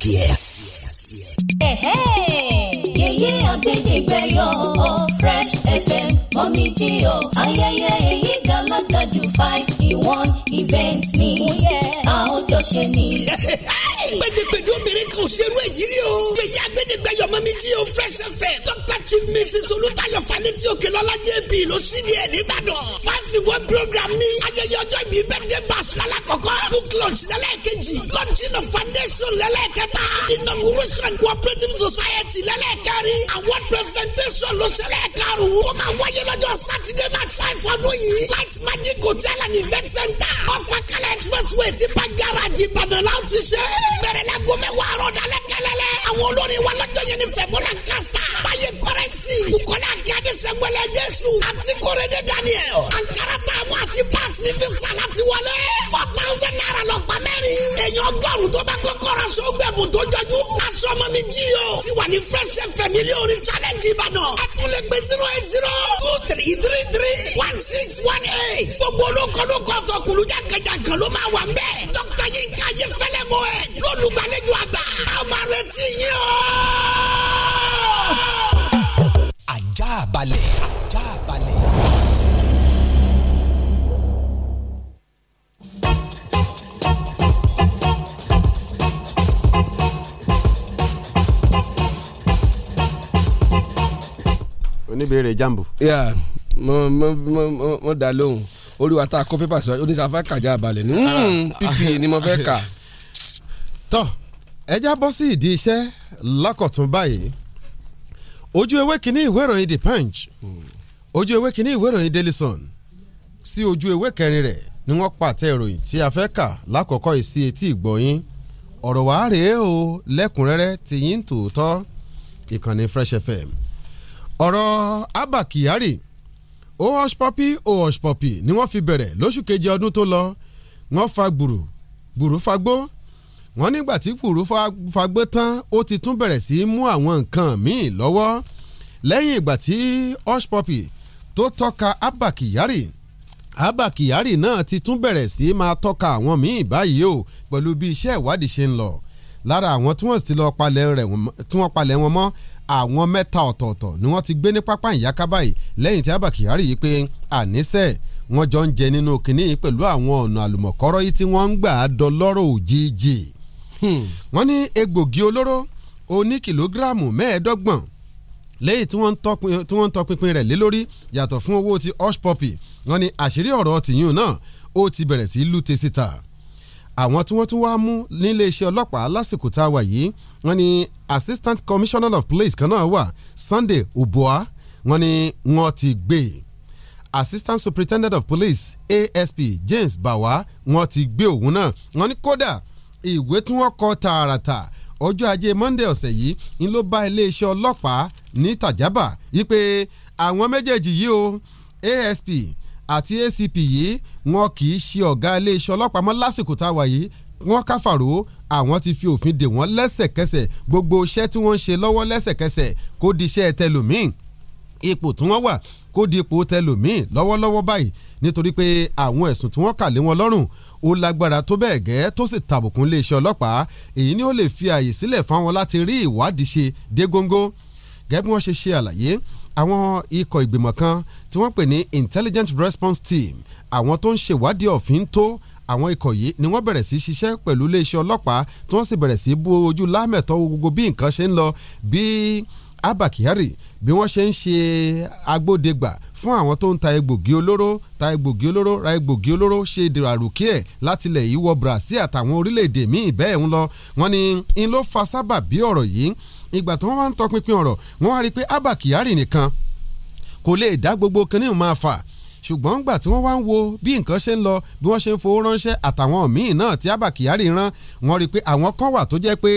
Yes. yẹ̀yẹ́ àgbẹ̀dẹ̀gbẹ̀yọ̀ o fresh fm mọ́mìjì o ayẹyẹ èyí gàlágà ju five in one event ni àwọn oh, jọ ṣe ni. pẹ́ẹ́dẹ́pẹ́ kò ṣerú èyí rí o. yèyí agbẹ́dẹ́gbẹ́yọ̀ mọ́ mi tí o fresh fẹ́. dr chief mrs olùtayọ̀ fani tí o kìlọ̀ lajẹ́ bí ló sì ní ẹ̀ nìbàdàn. five in one program ní. ayẹyẹ ọjọ́ ìbí birthday bash lọ́la kọ̀kọ́. book launch lẹ́lẹ́kejì. launching of foundation lẹ́lẹ́kẹta. inauguration cooperative society lẹ́lẹ́kẹrin. award presentation ló ṣẹlẹ̀ karùn-ún. ó máa wáyé lọ́jọ́ saturday march five ọdún yìí. light magic hotel and event center. ọ̀fà kala expressway ti pa garaji ìbàdàn láti ṣe. bẹ̀rẹ̀ la gómẹ̀ wàárọ̀ dalẹ̀ kẹlẹ́lẹ́. àwọn olórin wa lọ́jọ́ yẹn ni fẹ̀mọ́ lancaster. báyé kọ́rẹ́sì. kukọ́lá gíadé sẹ́gbẹ́lẹ́ jésù. àti kórede daniel. ankara taamu àti pass ní fi sàlá ti wọlé. four thousand naira lọ gba mẹ́rin. èèyàn ọgọ́rùn tó bá kọ́kọ́ ra so gbẹ̀bùn tó jọjú. aṣọ ọmọ mi jí o. ti wà ní fresh fm mílíọ̀nù challenge ìbàdàn. a tún lè gbé zero eight zero two three three three one six one eight. gbogbo olókòló kọ́tọ̀ kulujà kẹjà kan ló máa wà ń bẹ́ẹ̀. dókítà yín ká yẹ fẹ́lẹ́ mọ́ ẹ̀. lọ́lùgbàlejò àgbà amareti yín o. ajá balẹ̀ oníbèrè jambo. Yeah mo mo mo mo da lóhùn olúwa tá a kó pépà sọ oníṣàfẹ́ kàjá balẹ̀ ní hmm, ppa ni mo fẹ́ kà. tọ́ ẹja bọ́ sí ìdí iṣẹ́ lákọ̀tún báyìí ojú ewé kínní ìwé ìròyìn the punch ojú ewé kínní ìwé ìròyìn daily sun sí ojú ewé kẹrin rẹ̀ ni wọ́n pàtẹ ìròyìn tí a fẹ́ kà lákọ̀ọ́kọ́ ìsí etí ìgbọ̀yìn ọ̀rọ̀ wàá rèé o lẹ́kùnrẹ́rẹ́ ti yín tòótọ́ ìkànnì fresh fm ọ̀rọ̀ abba kyari o hush puppy o hush puppy ni wọ́n fi bẹ̀rẹ̀ lóṣù kejì ọdún tó lọ wọ́n fa gbùrù gbùrù fagbó wọ́n nígbà tí kùrú fagbó tán ó ti tún bẹ̀rẹ̀ sí í mú àwọn nǹkan míì lọ́wọ́ lẹ́yìn ìgbà tí hush puppy tó tọ́ka abba kyari abba kyari náà ti tún bẹ̀rẹ̀ sí í máa tọ́ka àwọn míì báyìí o pẹ̀lú bí iṣẹ́ ìwádìí ṣe ń lọ lára àwọn tí wọ́n sì ti lọ palẹ̀ wọn mọ́ àwọn mẹ́ta ọ̀tọ̀ọ̀tọ̀ ni wọ́n ti gbé ní pápá ìyáká báyìí lẹ́yìn tí abba kyari yìí pé àníṣe wọ́n jọ ń jẹ nínú kínní pẹ̀lú àwọn ọ̀nà àlùmọ̀kọ́rọ́ yìí tí wọ́n ń gbà á dọlọ́rọ̀ òjijì Hmm. wọ́n ní egbògi olóró oní kìlógíráàmù mẹ́ẹ̀ẹ́dọ́gbọ̀n lẹ́yìn tí wọ́n ń tọpinpin rẹ̀ lé lórí yàtọ̀ fún owó ti hush puppy wọ́n ní àṣírí ọ̀rọ̀ tìyún náà ó ti bẹ̀rẹ̀ sí lùtẹ̀ síta àwọn tí wọ́n tún wáá mú níléeṣẹ́ ọlọ́pàá lásìkò tá a wà yìí wọ́n ní assistant commissioner of police kan náà wà Sunday Ubua wọ́n ní wọ́n ti gbé e. assistant superintendent of police ASP James Bawa wọ́n ti gbé òun náà wọ́n ní kódà ìwé tí wọ́n kọ tààràtà ọjọ́ ajé Monday ọ̀sẹ̀ yìí ń ló bá iléeṣẹ́ ọlọ́pàá ní Tàjábà wípé àwọn méjèèjì yìí o ASP àti ACP yìí wọn kì í ṣe ọ̀gá iléeṣẹ́ ọlọ́pàá mọ́ lásìkò táwa yìí wọ́n káfàró àwọn ti fi òfin dè wọ́n lẹ́sẹ̀kẹsẹ̀ gbogbo iṣẹ́ tí wọ́n ń ṣe lọ́wọ́ lẹ́sẹ̀kẹsẹ̀ kó di iṣẹ́ tẹlòmíì ipò tí wọ́n wà kó di ipò tẹlòmíì lọ́wọ́lọ́wọ́ báyìí nítorí pé àwọn ẹ̀sùn tí wọ́n kà lé wọn lọ́rùn ó lágbára tó bẹ́ẹ̀ gẹ́ tó sì tàbùkún iléeṣẹ́ ọlọ́pàá èyí ni ó lè fi àyè sílẹ̀ fáwọn láti rí ìwádìí ṣe dé góńgó gẹ́gẹ́ bí wọ́n ṣe ṣe àlàyé àwọn ikọ̀ ìgbìmọ̀ kan tí wọ́n pè ní intelligent response team àwọn tó ń ṣèwádìí ọ̀fìn tó àwọn ikọ̀ yìí ni wọ́n bẹ̀rẹ̀ sí ṣiṣẹ́ pẹ̀lú iléeṣẹ́ ọlọ́pàá tí wọ́n sì bẹ̀rẹ̀ sí bú ojú lámẹ̀tọ́ gbogbo bí nǹkan ṣe ń lọ bí Abba Kyari bí wọ́n ṣe ń ṣe agbódegbà fún àwọn tó ń ta egbògi olóró ta egbògi olóró ra egbògi olóró ṣe dèrò àròkí ẹ̀ látilẹ̀ yìí wọ Brazil àtàwọn orílẹ̀-èdè míì bẹ́ẹ̀ ń lọ wọ́n ní in ló fa sábà bí ọ̀rọ̀ yìí ìgbà tí wọ́n bá ń tọpinpin ọ̀rọ̀ wọ́n wá rí i pé Abba Kyari nìkan kò lè dá gbogbo kinní máa fà ṣùgbọ́n gbà tí wọ́n wá ń wo bí nǹkan ṣe ń lọ bí wọ́n ṣe ń fowó ránṣẹ́ àtàwọn míì náà tí Abba Kyari rán wọ́n rí i pé àwọn kan wà tó jẹ́ pé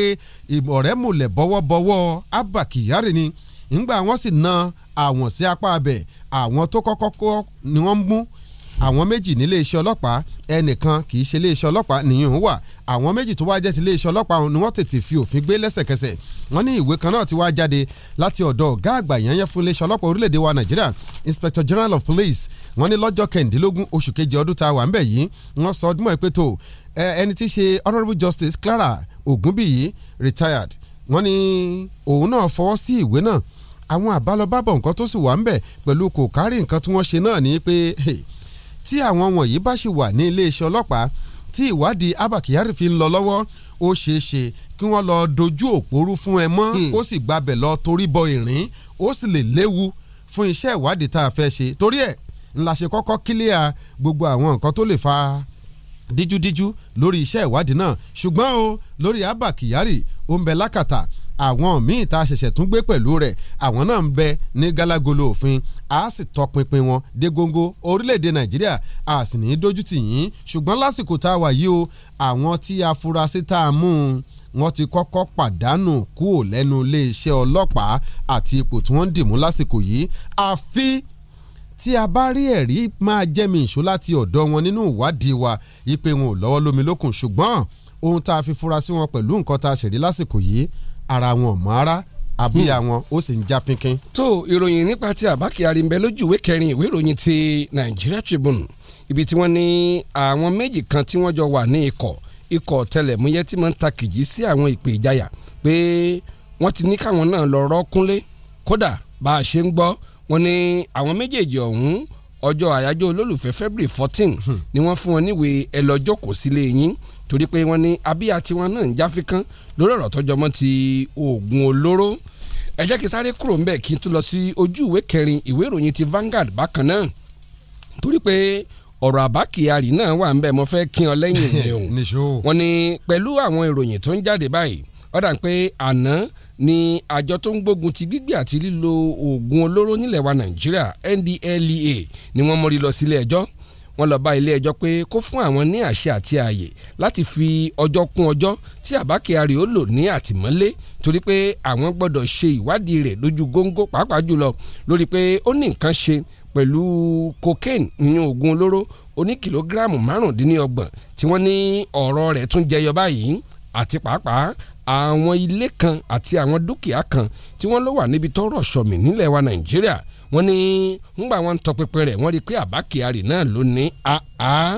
ọ̀rẹ́ mùlẹ̀ bọ́wọ́bọ́wọ́ Abba Kyari ni ńgbà wọ́n sì na àwọn sí apá abẹ àwọn tó kọ́kọ́ kó ni wọ́n ń mú àwọn méjì nílé iṣẹ́ ọlọ́pàá ẹnìkan kì í ṣe ilé iṣẹ́ ọlọ́pàá nìyẹn wà àwọn méjì tó wá jẹ́ ti ilé iṣẹ́ ọlọ́pàá ni wọ́n tètè fi òfin gbé lẹ́sẹ̀kẹsẹ̀ wọ́n ní ìwé kan náà ti wá jáde láti ọ̀dọ̀ ọ̀gá àgbà yẹnyẹn fún ilé iṣẹ́ ọlọ́pàá orílẹ̀-èdè wa nàìjíríà inspector general of police wọ́n ní lọ́jọ́ kẹ̀ǹdínlógún oṣù kejì ọdún tá a wà ń bẹ̀ yìí wọ́n sọ ọdún mọ́ ẹ pé tó ẹni tí í ṣe honourable justice clara ogunbiyi retired wọ́n ní òun náà fọwọ́ sí ìwé náà àwọn àbálọbábọ̀ nǹkan tó sì wà ń bẹ̀ pẹ̀lú kò kárí nǹkan tí wọ́n ṣe náà ni pé tí àwọn wọ̀nyí bá ṣì wà ní iléeṣẹ́ ọlọ́pàá tí ìwádìí Abba Kyari fi ń lọ lọ́wọ́ ó ṣeé ṣe kí wọ́n lọ dojú òpórú fún ẹ mọ́ hmm. ó sì gbabẹ̀ lọ torí bọ ìrìn ó sì lè léwu fún iṣẹ́ ìwádìí tá a fẹ́ ṣe torí ẹ̀ ńlá ṣe kọ́kọ́ kílíà gbogbo àwọn nǹkan tó lè fa díjúdíjú lórí iṣẹ́ ìwádìí náà ṣùgbọ́n o lórí Abba Kyari ó ń bẹ lákàtà àwọn míì tá a ṣẹ̀ṣẹ̀ tún gbé pẹ̀lú rẹ̀ àwọn náà ń bẹ ní galagolo òfin a sì tọpinpin wọn dé góńgó orílẹ̀-èdè nàìjíríà a sì ní í dojú tì yín ṣùgbọ́n lásìkò tá a wà yìí o àwọn tí afurasí tá a mú un wọ́n ti kọ́kọ́ pàdánù kúò lẹ́nu iléeṣẹ́ ọlọ́pàá àti ipò tí wọ́n ń dìmú lásìkò yìí àfi tí a bá rí ẹ̀rí máa jẹ́mi ìṣó láti ọ̀dọ̀ wọn nínú ìwádìí wa ipe wọn ò lọ́wọ́ lómi lókun ṣùgbọ́n ohun tá a fi fura sí wọn pẹ̀lú nǹkan tá a ṣèrí lásìkò yìí ara wọn ò mọ ara àbúyà wọn ó sì ń já pínpín. tó ìròyìn nípa ti Àbá Kyari ń bẹ lójú ìwé kẹrin ìwé ìròyìn ti Nigeria Tribune ibi tí wọ́n ní àwọn méjì kan tí wọ́n jọ wà ní ikọ̀ ikọ̀ ọ̀tẹlẹ̀múyẹ́ tí máa ń ta kìjì sí àwọn ìpè ìjayà pé wọ́n ti ní káwọn náà lọ rọ́kúnlé kódà bá a ṣe ń gbọ́ wọ́n ní àwọn méjèèjì ọ̀hún ọjọ́ àyájọ́ olólùfẹ́ February fourteen hmm. ni wọ́n fún wọn níwèé ẹ lọ jókòó sílé yín torí pé wọ́n ní abíyá tiwọn náà ń jáfikán lórí ọ̀rọ̀ tọ́jọ́mọ́ ti oògùn olóró ẹ jẹ́ kí sáré kúrò ńbẹ̀ kí n tún lọ sí ojú ìwé kẹrin ìwé ìròyìn ti Vanguard bákan náà torí pé ọ̀rọ̀ àbá kyari náà wà ńbẹ̀ mo fẹ́ kí ọ lẹ́yìn ìwé òun wọ́n ní pẹ̀lú àwọn ìròyìn tó ń jáde báyìí ó dà pé àná ni àjọ tó ń gbógun ti gbígbé àti lílo oògùn olóró nílẹ̀ wa nàìjíríà NDLEA ni wọ́n mórí lọ sílé ẹjọ́ wọ́n lọ bá ilé ẹjọ́ pé kó fún àwọn ní àṣẹ àti ààyè láti fi ọjọ́ kún ọjọ́ tí Abba Kyari ó lò ní àtìmọ́lé torí pé àwọn gbọ́dọ̀ ṣe ìwádìí rẹ̀ lójú góńgó pàápàá jùlọ lórí pé ó ní nǹkan ṣe pẹ̀lú cocaine ìyẹn oògùn olóró oní kìlógíráàmù márùndínlọ́gbọ̀n tí wọ́n ní ọ̀rọ̀ rẹ̀ tún jẹyọ báyìí àti pàápàá àwọn ilé kan àti àwọn dúkìá kan tí wọ́n ló wà níbi tọ́rọ̀ sọ̀mì nílẹ̀ wa nàìjíríà wọ́n ní ńgbà wọn ń tọpinpin rẹ̀ wọ́n rí i pé àbá kyari náà ló ní àá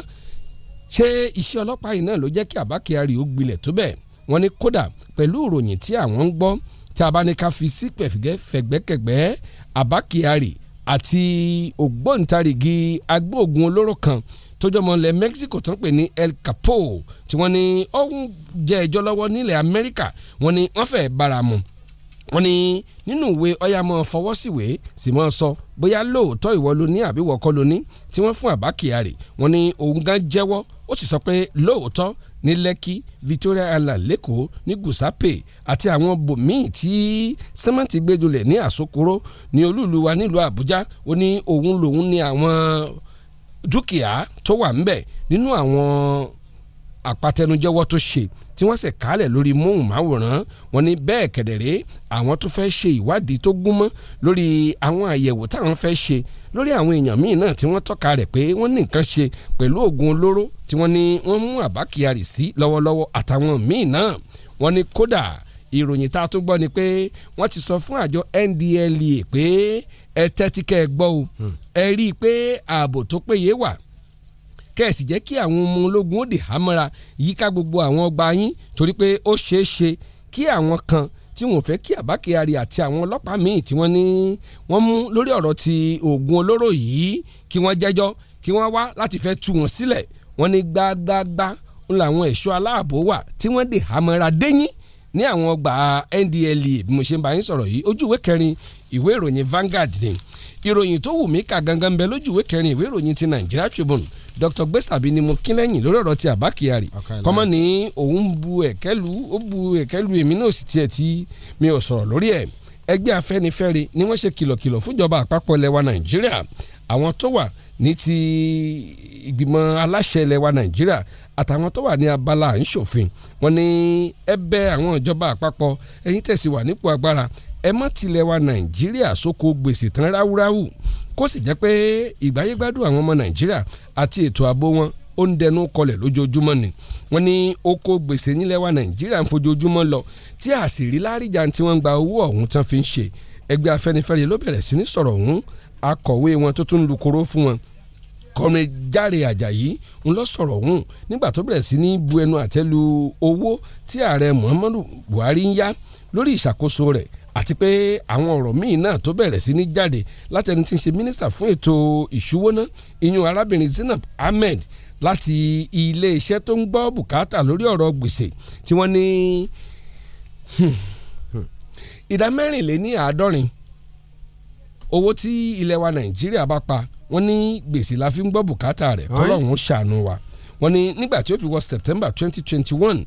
ṣé iṣẹ́ ọlọ́pàá yìí náà ló jẹ́ kí àbá kyari ó gbilẹ̀ tó bẹ́ẹ̀ wọ́n ní kódà pẹ̀lú ìròyìn tí àwọn ń gbọ́ tí a bá ní ká fi sí fẹ̀gbẹ́kẹ̀gbẹ́ àbá àti ògbóǹtarìgì agbóògùn olóró kan tójọ́mọ ilẹ̀ Mexico tó ń pè ní El Capo tí wọ́n ní ó ń jẹ́ ẹjọ́ lọ́wọ́ nílẹ̀ Amẹ́ríkà wọ́n ní wọ́n fẹ́ bára mu wọ́n ní nínú ìwé ọ̀yàmọ̀ fọwọ́síwé sì mọ́ sọ bóyá lóòótọ́ ìwọ ló ní àbí wọ́kọ́ ló ní tí wọ́n fún Abba Kyari wọ́n ní òun gan jẹ́wọ́ ó sì sọ pé lóòótọ́ ní Lẹ́kì Victoria Island lẹ́kọ̀ọ́ ní Gusape àti àwọn bòmíì tí sẹ́mẹ́ǹtì gbẹ́jọ́lẹ̀ ní àsokoro ní olúùlú wa nílùú Àbújá ó ní òun lòun ní àwọn dúkìá tó wà ńbẹ̀ nínú àwọn àpatẹnujẹ́wọ́ tó ṣe tí wọ́n sì kálẹ̀ lórí móhùnmáwòrán wọn ni bẹ́ẹ̀ kẹ̀dẹ̀rẹ́ àwọn tó fẹ́ ṣe ìwádìí tó gúnmọ́ lórí àwọn àyẹ̀wò táwọn fẹ́ ṣe lórí àwọn èèyàn míì náà tí wọ́n tọ́ka rẹ̀ pé wọ́n ní nǹkan ṣe pẹ̀lú oògùn olóró tí wọ́n ní wọ́n mú Abba Kyari sí lọ́wọ́lọ́wọ́ àtàwọn míì náà wọ́n ní kódà ìròyìn tá a tún gbọ́ ni pé wọ́n ti sọ fún àjọ NDLEA pé ẹ tẹ́tí kẹ́ ẹ gbọ́ o hmm. ẹ rí i pé ààbò tó péye wà kẹ́ẹ̀sì jẹ́ kí àwọn ọmọ ológun ó dè hámọ́ra yíká gbogbo àwọn ọgbà yín torí pé ó ṣeé ṣe kí àwọn kan tí wọ́n fẹ́ kí Abba Kyari àti àwọn ọlọ́pàá míì tí wọ́n ní wọ́n mú lórí ọ̀rọ̀ ti oògùn olóró yìí kí wọ́n jẹ́jọ́ kí wọ́n wá láti fẹ́ tú wọn sílẹ̀ wọ́n ní gbágbágbá ń làwọn ẹ̀ṣọ́ aláàbò wà tí wọ́n dè hámọ́ra déyìn ní àwọn ọgbà NDLEA bí mo ṣe ń bá yín sọ̀rọ̀ yìí ojú kẹrin ìwé ìròyìn Vanguard ni ìròyìn tó wù mí kà gangan bẹ lójú ìwé kẹrin ìwé ìròyìn ti Nigeria Tribune Dr. Gbèsàbí ni mo kí lẹ́yìn lórí ọ̀rọ̀ ti Abba Kyari kọ́mọ́ ni òun bu ẹ̀kẹ́ lu ó bu ẹ̀kẹ́ lu èmi náà sì tiẹ̀ tí mi ò sọ̀rọ̀ lórí ẹ̀ ẹgbẹ́ Afẹ́nifẹ́re ni wọ́n ṣe kìlọ̀kìlọ̀ fúnjọba àpapọ̀ lẹwa Nàìjíríà àwọn tó wà ní ti ìgbìmọ̀ aláṣẹ lẹwa Nàìjíríà àtàwọn tó wà ní abala à ń ṣòfin wọ́n ní ẹ bẹ̀ àwọn ìjọba àpapọ̀ ẹ̀yin tẹ̀sí wà nípò agbára ẹ má tilẹ̀ wa nàìjíríà sóko gbèsè tán ráúráú kó sì jẹ́ pé ìgbáyégbádùn àwọn ọmọ nàìjíríà àti ètò ààbò wọn ó ń dẹnu kọlẹ̀ lójoojúmọ́ ni wọ́n ní oko gbèsè nílẹ̀ wa nàìjíríà ń fojoojúmọ́ lọ tí àṣírí láríjà tí wọ́n ń gba owó ọ̀hún tán fi ń ṣe ẹgbẹ́ afẹ́nifẹ́re ló bẹ̀rẹ̀ sí ní sọ̀rọ̀ ọ̀hún akọ̀wé wọn tó tún lukoro fún wọn akọrin Járe Àjàyí ń lọ sọ̀rọ̀ ọ̀hún nígbà tó bẹ̀rẹ̀ sí ní bu ẹnu àtẹ́ lu owó tí ààrẹ Muhammadu Buhari ń yá lórí ìṣàkóso rẹ̀ àti pé àwọn ọ̀rọ̀ míì náà tó bẹ̀rẹ̀ sí ní jáde látẹni tí ń ṣe mínísítà fún ètò ìṣúwọ́ná ìyún arábìnrin Zainab Ahmed láti iléeṣẹ́ tó ń gbọ́ bùkátà lórí ọ̀rọ̀ gbèsè tí wọ́n ní hmm, hmm, ìdá mẹ́rìnléní owó tí ilẹ̀ wa Nàìjíríà bá pa wọ́n ní gbèsè la fi ń gbọ́ bùkátà rẹ̀ kọ́lọ́hún ṣàánú wa wọ́n ní nígbà tí ó fi wọ September twenty twenty one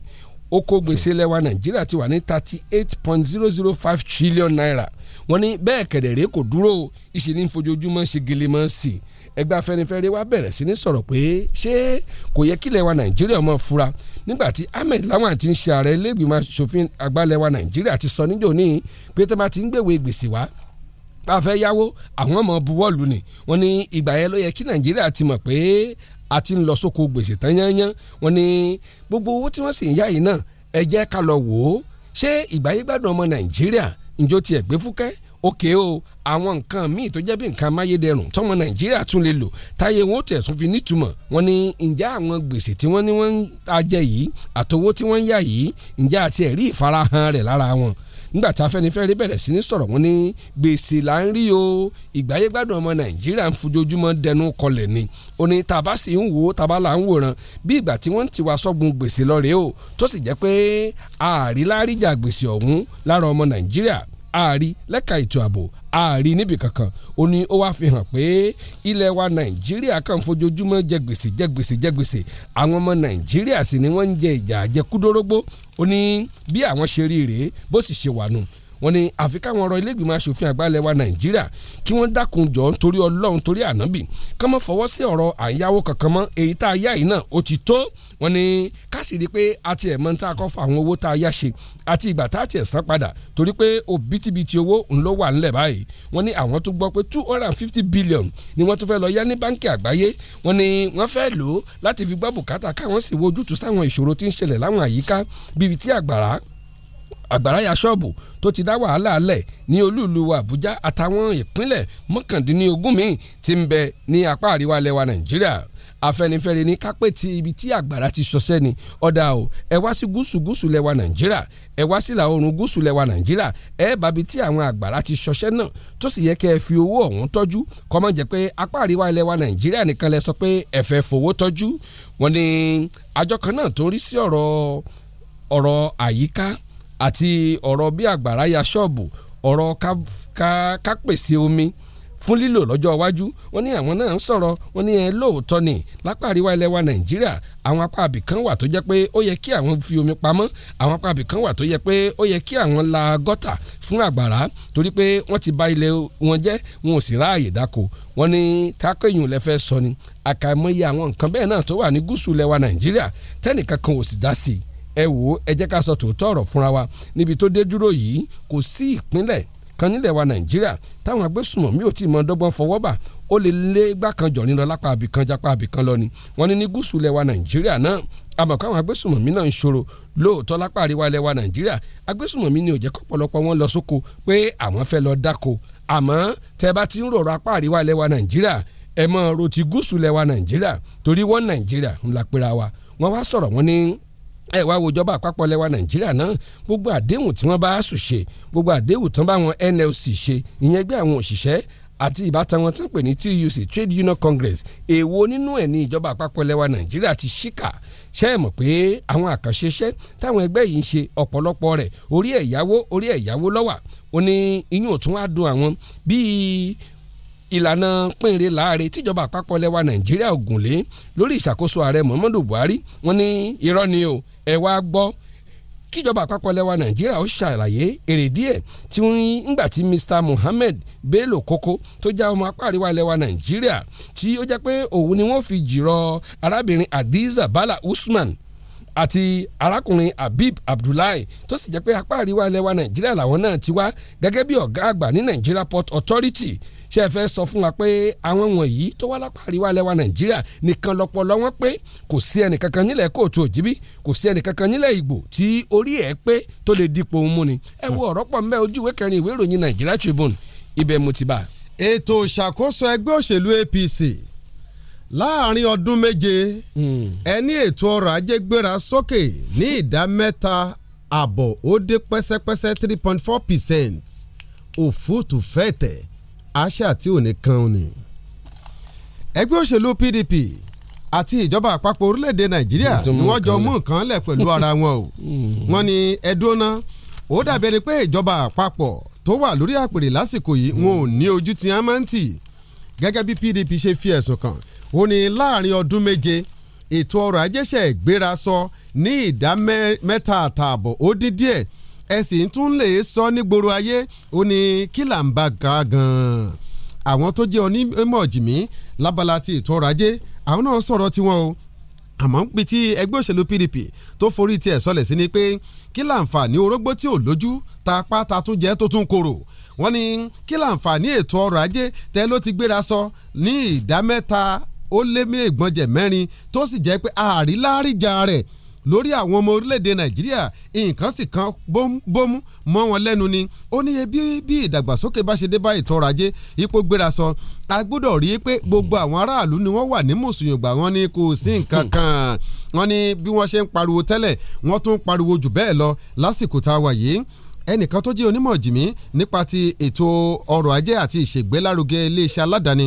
oko gbèsè lẹ́wà Nàìjíríà ti wà ní thirty eight point zero zero five trillion naira wọ́n ní bẹ́ẹ̀ kẹ̀dẹ̀ rèé kò dúró ìṣe ní fojoojúmọ́ ṣe gele mọ́ sí i ẹgbẹ́ afẹnifẹre wa bẹ̀rẹ̀ sí ní sọ̀rọ̀ pé ṣé kò yẹ kí lẹ́wà nàìjíríà ọmọ fura nígbà tí ahmed lawan ti ń ṣe ààrẹ ilé ìgbìmọ̀ asòfin àgbà lẹ́wà nàìjíríà ti sọ níjọ́ ní pé tẹ́ bá ti ń gbèwé gbèsè wá tá a fẹ́ yáwó àwọn ọmọ buwọ́lù ni wọ́n ní ìgbà yẹn ló yẹ kí nàìjíríà ti mọ̀ pé a ti ń lọ sóko gbèsè tán yányán wọ́n ní gbogbo owó tí wọ́n sì ń yá yìí náà ẹ jẹ́ ká lọ wò ó ṣé ìgbáyégbádùn ọmọ nàìjíríà ǹjọ́ tiẹ̀ gbé fúkẹ́ òkè o àwọn nǹkan míì tó jẹ́ bí nǹkan amáyédẹrùn tọmọ nàìjíríà tún lè lò táyé wọn ó tẹ̀ tún fi nítumọ̀ wọn ni ǹjẹ́ àwọn gbèsè tí wọ́n ní wọ́n ń ta yìí àtowó tí wọ́n ń yá yìí ǹjẹ́ àti ẹ̀rí ìfarahàn rẹ̀ lára wọn nígbà tá Afẹ́nifẹ́re bẹ̀rẹ̀ sí ní sọ̀rọ̀ wọn ní gbèsè là ń rí o ìgbáyégbádùn ọmọ Nàìjíríà ń fojoojúmọ́ dẹnu kọlẹ̀ ni ó ní tàbá sì ń wò ó tàbá là ń wòran bí ìgbà tí wọ́n ti wá sọ́gun gbèsè lọ rèé o tó sì jẹ́ pé àríláríjà gbèsè ọ̀hún lára ọmọ Nàìjíríà ààrí lẹ́ka ètò ààbò ààrí níbì kankan ó ní ó wáá fi hàn pé ilẹ̀ wa nàìjíríà kàn fojoojúmọ́ jẹ gbèsè jẹ gbèsè jẹ gbèsè àwọn ọmọ nàìjíríà sì ni wọ́n ń jẹ ìjà àjẹkúdórógbó ó ní bí àwọn ṣe rí rèé bó sì ṣe wà nù wọ́n ní àfi káwọn ọ̀rọ̀ ilé ìgbìmọ̀ asòfin àgbà ilẹ̀ wa nàìjíríà kí wọ́n dákun jọ nítorí ọlọ́run torí ànábì ká má fọwọ́ sí ọ̀rọ̀ àyáwó kankan mọ́ èyí tá a yá yìí náà ó ti tó wọ́n ní ká sì rí i pé a ti ẹ̀ mọ́ tá a kọ́ fa àwọn owó tá a yá ṣe àti ìgbà tá a ti ẹ̀ san padà torí pé òbítíbitì owó ńlọ wà ńlẹ̀ báyìí wọ́n ní àwọn tó gbọ́ pé two hundred and fifty billion ni wọ́n tún fẹ́ lọ yá ní báńkì àgbáyé wọ́n ní wọ́n fẹ́ lò ó láti fi gbọ́ bùkátà káwọn sì wo ojútùú sáwọn ìṣòro tí ń ṣẹlẹ̀ láwọn àyíká bíbi tí àgbàrá àgbàrá ya ṣọ́ọ̀bù tó ti dá wàhálà alẹ̀ ní olúùlú àbújá àtàwọn ìpínlẹ̀ mọ́kàndínlógún míì ti ń bẹ ní apá àríwá ilẹ̀ wa nàìjíríà afẹnifẹre ní kápẹ́ ti ibi tí àgbàrá ti ṣọṣẹ́ ni ọ̀dà o ẹ wá sí gúúsù gúúsù lẹwa nàìjíríà ẹ wá sí ìlà oòrùn gúúsù lẹwa nàìjíríà ẹ bàbí tí àwọn àgbàrá ti ṣọṣẹ́ náà tó sì yẹ kẹ́ ẹ fi owó ọ̀hún tọ́jú kọ́mọ́ jẹ́ pé apá àríwá lẹwa nàìjíríà nìkan lẹ sọ pé ẹ fẹ́ fowó tọ́jú wọ́n ní àjọ kan náà tó rí sí ọ̀rọ̀ àyíká àti ọ̀rọ̀ bí àgbàrá ya ṣọ́ọ̀bù ọ̀rọ̀ ká pèsè omi fún lílò lọ́jọ́ iwájú wọ́n ní àwọn náà ń sọ̀rọ̀ wọ́n ní ẹ lóòótọ́ ni lápá àríwá ilẹ̀ wa nàìjíríà àwọn apá àbìkan wà tó jẹ́ pé ó yẹ kí àwọn fi omi pamọ́ àwọn apá àbìkan wà tó yẹ pé ó yẹ kí àwọn la gọ́tà fún àgbàrá torí pé wọ́n ti bà ilẹ̀ wọn jẹ́ wọn ò sì ráàyè dáko wọ́n ní tákéyìn lẹ fẹ́ sọ ni àkàìmọye àwọn nǹkan bẹ́ẹ̀ náà tó wà ní gúúsù ilẹ̀ wa nàìjíríà tẹ́nìkan ò sì dá sí i ẹ wò ó ẹ jẹ́ ká sọ tòótọ́ ọ̀rọ̀ fúnra wa níbi tó dé dúró yìí kò sí ìpínlẹ̀ kan nílẹ̀ wa nàìjíríà táwọn agbésùmọ̀mí ò tí ì mọ dọ́gbọ́n fọwọ́ bà ó lè lé gbàkan jọ̀rin lọ lápá abìkan jápá abìkan lọ ni wọ́n ní ní gúúsù ilẹ̀ wa nàìjíríà náà àmọ́ káwọn agbésùmọ̀mí náà ń ṣòro lóòótọ́ lápá àríwá ilẹ̀ wa nàìjíríà agbésùmọ̀mí ni ò jẹ́ kọ́pọ̀lọpọ̀ wọn lọ sóko pé àwọn fẹ́ lọ dáko àmọ́ tẹ́ bá ti ń rọ̀rọ̀ apá àríwá ilẹ̀ wa nàìjíríà ẹ̀ roti gúúsù ilẹ̀ wa nàìjíríà torí wọ́n nàìjíríà ńlá pera wa wọ́n wá sọ̀rọ̀ wọ́n ní ẹ wá wòjọba àpapọ̀ lẹwa nàìjíríà náà gbogbo àdéhùn tí wọ́n bá sùn ṣe gbogbo àdéhùn tán bá wọn NLC ṣe ìyẹn gbé àwọn òṣìṣẹ́ àti ìbátan wọn tán pè ní TUC Trade Union Congress èwo nínú ẹ̀ ní ìjọba àpapọ̀ lẹwa nàìjíríà ti ṣíkà ṣe é mọ̀ pé àwọn àkànṣe iṣẹ́ táwọn ẹgbẹ́ yìí ń ṣe ọ̀pọ̀lọpọ̀ rẹ̀ orí ẹ̀yáwó orí ẹ̀yáwó lọ́wà ó ní iyún òtún wá dùn àwọn bíi ìlànà pínre láàre tíjọba àpapọ̀ lẹ́wà nàìjíríà ògùnlé lórí ìṣàkóso ààrẹ muhammadu buhari wọ́n ní irọ́ ni o ẹ wá gbọ́ kíjọba àpapọ̀ lẹ́wà nàìjíríà ó ṣàlàyé èrè díẹ̀ tí wọ́n ní ńgbà tí mr mohammed bello koko tó já ọmọ apá àríwá lẹ́wà nàìjíríà tí ó jẹ́ pé òun ni wọ́n fi jìrọ̀ arábìnrin adiza bala usman àti arákùnrin habib abdullahi tó sì jẹ́ pé apá àríwá lẹ́wà nàìjíríà làwọn náà ti wá gẹ́gẹ́ bí ọ̀gá àgbà ní nigeria port authority ṣe é fẹ́ sọ fún wa pé àwọn wọ̀nyí tó wá lápá àríwá lẹ́wà nàìjíríà nìkan lọ́pọ̀lọ́ wọn pé kò sí ẹnìkankan nílẹ̀ kóòtù òjìbí kò sí ẹnìkankan nílẹ̀ ìgbò tí orí ẹ̀ pé tó lè dípò mú ni ẹ wo ọ̀rọ̀ pọ̀ mbẹ́ ojú kẹrin ìwé ìròyìn nàìjíríà Tribune ibẹ̀ mo ti bá. ètò ìṣàkóso ẹgbẹ́ òṣèlú APC láàrin ọdún méje ẹni ètò ọrọ̀ ajé gbéra sókè ní ìdá mẹ́ta àbọ̀ ó dé pẹ́sẹ́pẹ́sẹ́ three point four percent òfútùfẹ́tẹ̀ àṣà tí ò ní kan ò ní. ẹgbẹ́ òṣèlú PDP àti ìjọba àpapọ̀ orílẹ̀-èdè nàìjíríà ni wọ́n jọ mú nǹkan lẹ̀ pẹ̀lú ara wọn o hmm. wọ́n ní ẹdúnná ó dàbí ẹni pé ìjọba àpapọ̀ tó wà lórí àpèrè lásìkò yìí wọn ò ní ojú tí wọ́n máa ń tì gẹ́gẹ́ bí PDP ṣe fi ẹ̀sùn kàn ó ní láàrin ọdún méje ètò ọrọ̀ ajé ṣe gbéra sọ ní ìdá mẹ́ta àtààbọ̀ ó dín díẹ̀ ẹ sì tún lè sọ nígboro ayé ó ní kí là ń bá ga gan-an àwọn tó jẹ́ onímọ̀ jìmí lábala ti ètò ọrọ̀ ajé àwọn náà sọ̀rọ̀ tiwọn o àmọ́ bí ti ẹgbẹ́ òṣèlú PDP tó forí tiẹ̀ sọlẹ̀ sí ni pé kí láǹfààní orógbó tí ò lójú ta pa ta tún jẹ́ tó tún korò wọ́n ní kí láǹfààní ètò ọrọ̀ ajé tẹ́ ló ti gbéra sọ ní ìdá ó lé mẹ́ẹ̀gbọ́njẹ̀ mẹ́rin tó sì jẹ́ pé àríláríjà rẹ̀ lórí àwọn ọmọ orílẹ̀-èdè nàìjíríà nǹkan sì kan bómú mọ́ wọn lẹ́nu ni ó níye bí ìdàgbàsókè bá ṣe dé bá ètò ọrọ̀ ajé ipò gbéra sọ a gbọ́dọ̀ rí i pé gbogbo àwọn aráàlú ni wọ́n wà ní mùsùlùmí wọn ni kò sí nǹkan hmm. kan wọn ni bí wọ́n ṣe ń pariwo tẹ́lẹ̀ wọ́n tún ń pariwo jù bẹ́ẹ̀ lọ lásìkò tá a wà yìí ẹnìkan tó jẹ́ onímọ̀ jìmí nípa ti ètò ọrọ̀ ajé àti ìṣègbélárugẹ iléeṣẹ́ aládàáni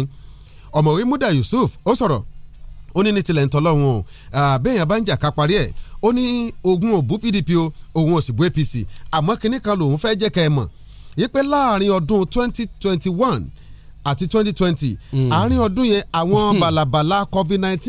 ọ̀mọ̀wé Muda Yusuf ó sọ̀rọ̀ ó ní ní tilẹ̀ ń tọ́lọ́hún o àbẹ́yàn bá ń jà ká parí ẹ̀ ó ní ogun ò bú PDP o òun ò bú APC àmọ́ kinní kan lòun fẹ́ jẹ́ ká ẹ mọ̀ yí láàrin ọdún 2021 àti 2020 hmm. àárín ọdún yẹn àwọn balabala COVID-19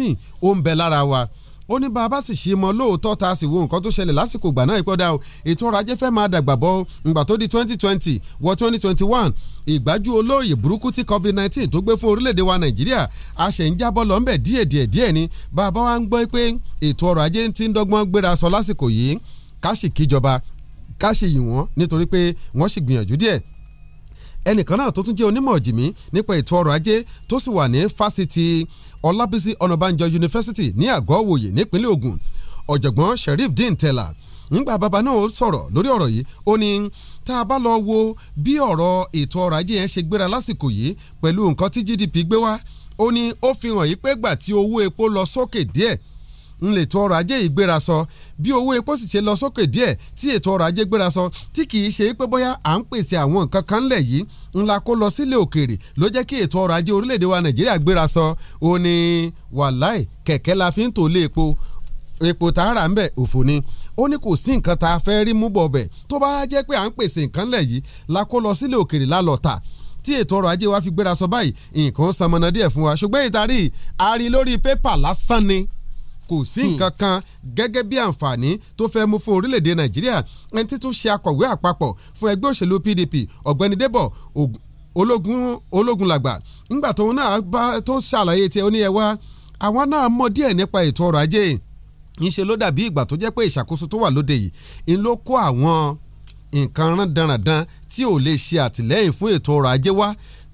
ó ń bẹ lára wa ó ní bá a bá sì ṣe mọ lóòótọ́ ta sì wo nǹkan tó ṣẹlẹ̀ lásìkò ìgbà náà ìpọ́dà o ètò ọrọ̀ ajé fẹ́ máa dàgbà bọ́ ìgbà tó di twenty twenty wọ twenty twenty one ìgbájú olóòyè burúkú tí covid nineteen tó gbé fún orílẹ̀-èdè wa nàìjíríà a ṣẹ̀ ń jábọ́ lọ ńbẹ̀ díẹ̀ díẹ̀ díẹ̀ ni bàbá wa ń gbọ́ pé ètò ọrọ̀ ajé ti ń dọ́gbọ́n gbéra sọ lásìkò yìí ká sì kíjọba ká sì yìn wọ́n nítorí pé wọ́n sì gbìyànjú díẹ̀ ẹnìkan náà tó tún jẹ́ onímọ̀ jìmí nípa ètò ọrọ̀ ajé tó sì wà ní fásitì ọlábísí ọ̀nàbànjọ yunifásitì ní àgọ́ nípínlẹ̀ Ògùn ọ̀jọ̀gbọ́n Sheriff Dean Teller ńgbà bàbá náà sọ̀rọ̀ lórí ọ̀rọ̀ yìí ó ní tá a bá lọ wo bí ọ̀rọ̀ ètò ọrọ̀ ajé yẹn ṣe gbéra lásìkò yìí pẹ̀lú nǹkan tí GDP gbé wá ó ní ó fi hàn yí pé gbà tí owó epo lọ sókè díẹ̀ ń lè tó ọrọ̀ ajé ìgbéra sọ bí owó epo sì ṣe lọ sókè díẹ̀ tí ètò ọrọ̀ ajé gbéra sọ tí kì í ṣe pé bóyá à ń pèsè àwọn nǹkan kan lẹ̀ yìí ńlá kó lọ sílé òkèèrè ló jẹ́ kí ètò ọrọ̀ ajé orílẹ̀-èdè wa nàìjíríà gbéra sọ ó ní wàláì kẹ̀kẹ́ la fi ń tò lé epo epo tààrà ń bẹ̀ òfò ni ó ní kò sí nǹkan tá a fẹ́ rí mú bọ̀ bẹ̀ tó bá jẹ́ pé à ń pèsè nǹkan lẹ̀ yìí la kó lọ sílé òkèrè lálọ́ ta tí ètò ọrọ̀ ajé wa fi gbéra sọ báyìí nǹkan sanmọ́nà díẹ̀ fún wa ṣùgbọ́n ìtarí àárí lórí pépà lásán ni kò sí hmm. nǹkan kan gẹ́gẹ́ bí àǹfààní tó fẹ́ mú fún orílẹ̀-èdè nàìjíríà ẹni tí ṣe akọ̀wé àpapọ̀ fún ẹgbẹ́ òṣèlú pdp ọ̀gbẹ́ni débọ̀ ológun ológun làgbà ńgbà tóun náà bá tó ṣàlàyé tiẹ̀ ó ní ẹ wá àwọn náà mọ̀ díẹ̀ nípa ètò ọrọ̀ ajé ńṣe ló dàbí ìgbà tó jẹ́ pé ìṣàkóso tó wà lóde yìí ń ló kó àwọn nǹkan rán dandan tí ò lè ṣe àtìlẹ́yìn fún ètò ọrọ̀ ajé wa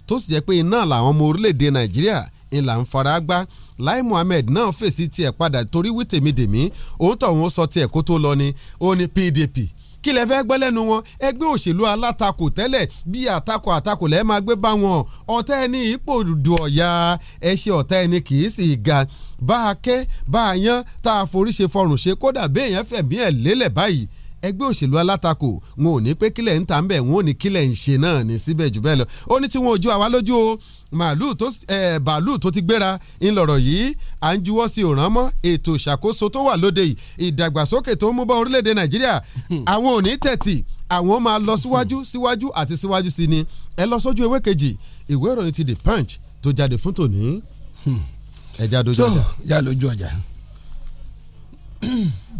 tó sì jẹ́ pé iná làwọn ọmọ orílẹ̀-èdè nàìjíríà ń là ń fara gbá Lai Muhammed náà fèsì tiẹ̀ padà torí wí tèmídèmí òun tọ̀hún sọ tiẹ̀ kó tó lọ ni ó ní PDP kí lẹ fẹ́ gbọ́ lẹ́nu wọn ẹgbẹ́ òṣèlú alátakò tẹ́lẹ̀ bíi àtakò àtakò lẹ́ẹ̀ máa gbé bá wọn ọ̀tá ẹni ipò dùdù ọ̀yà ẹṣẹ́ ọ̀tá ẹni kì í sì ga bá a kẹ́ bá a yán tá a forí ṣe fọrùn ṣe kódà béèyàn fẹ̀mí ẹ̀ lélẹ̀ báyìí ẹgbẹ́ òṣèlú alátakò wọn ò ní pé kílẹ̀ ń ta ń bẹ̀ wọn ò ní kílẹ̀ ń ṣe náà ní síbẹ̀ jù bẹ́ẹ̀ lọ ó ní tí wọn ò ju àwa lójú o màálùú tó ẹ bàálùú tó ti gbéra ńlọrọ̀ yìí à ń juwọ́ sí òràn mọ́ ètò ìṣàkóso tó wà lóde yìí ìdàgbàsókè tó ń mú bá orílẹ̀-èdè nàìjíríà àwọn ò ní tẹ̀tì àwọn máa lọ síwájú síwájú àti síwájú sí ni ẹ lọ sójú ewé kejì ìwé ìròyìn ti the punch tó jáde fún tòní hmm. ẹ já lójú ọjà.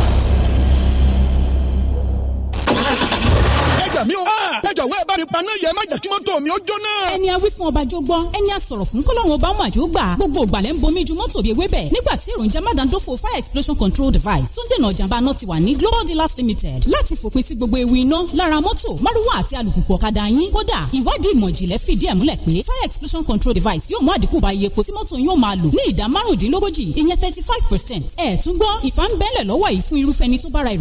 ẹgbà mi o. Ah! ẹjọ wẹ́ẹ̀ bá mi paná yẹ má jẹ́ kí mọ́tò mi ó jóná. ẹni a wí fún ọba jó ẹni a sọ̀rọ̀ fún kọ́lọ́hún ọba ọmọ àjò gbà gbogbo ìgbàlẹ̀ ń bomi ju mọ́tò bíi ewébẹ̀ nígbà tí èròjà mádàndófò fire explosion control device tó ń dènà ìjàmbá náà ti wà ní global dealers limited láti fòpin sí gbogbo ewu iná lára mọ́tò márùwá àti alùpùpù ọ̀kadà yín kódà ìwádìí ìmọ̀ fìdí fire explosion control device yóò mú àdínkù bá iye epo tí mọ́tò yóò máa lò ní ìdá thirty five percent ẹ̀ tún gbọ́ ìfà ń bẹ́lẹ̀ lọ́wọ́ yìí fún irúfẹ́ ẹni tó bára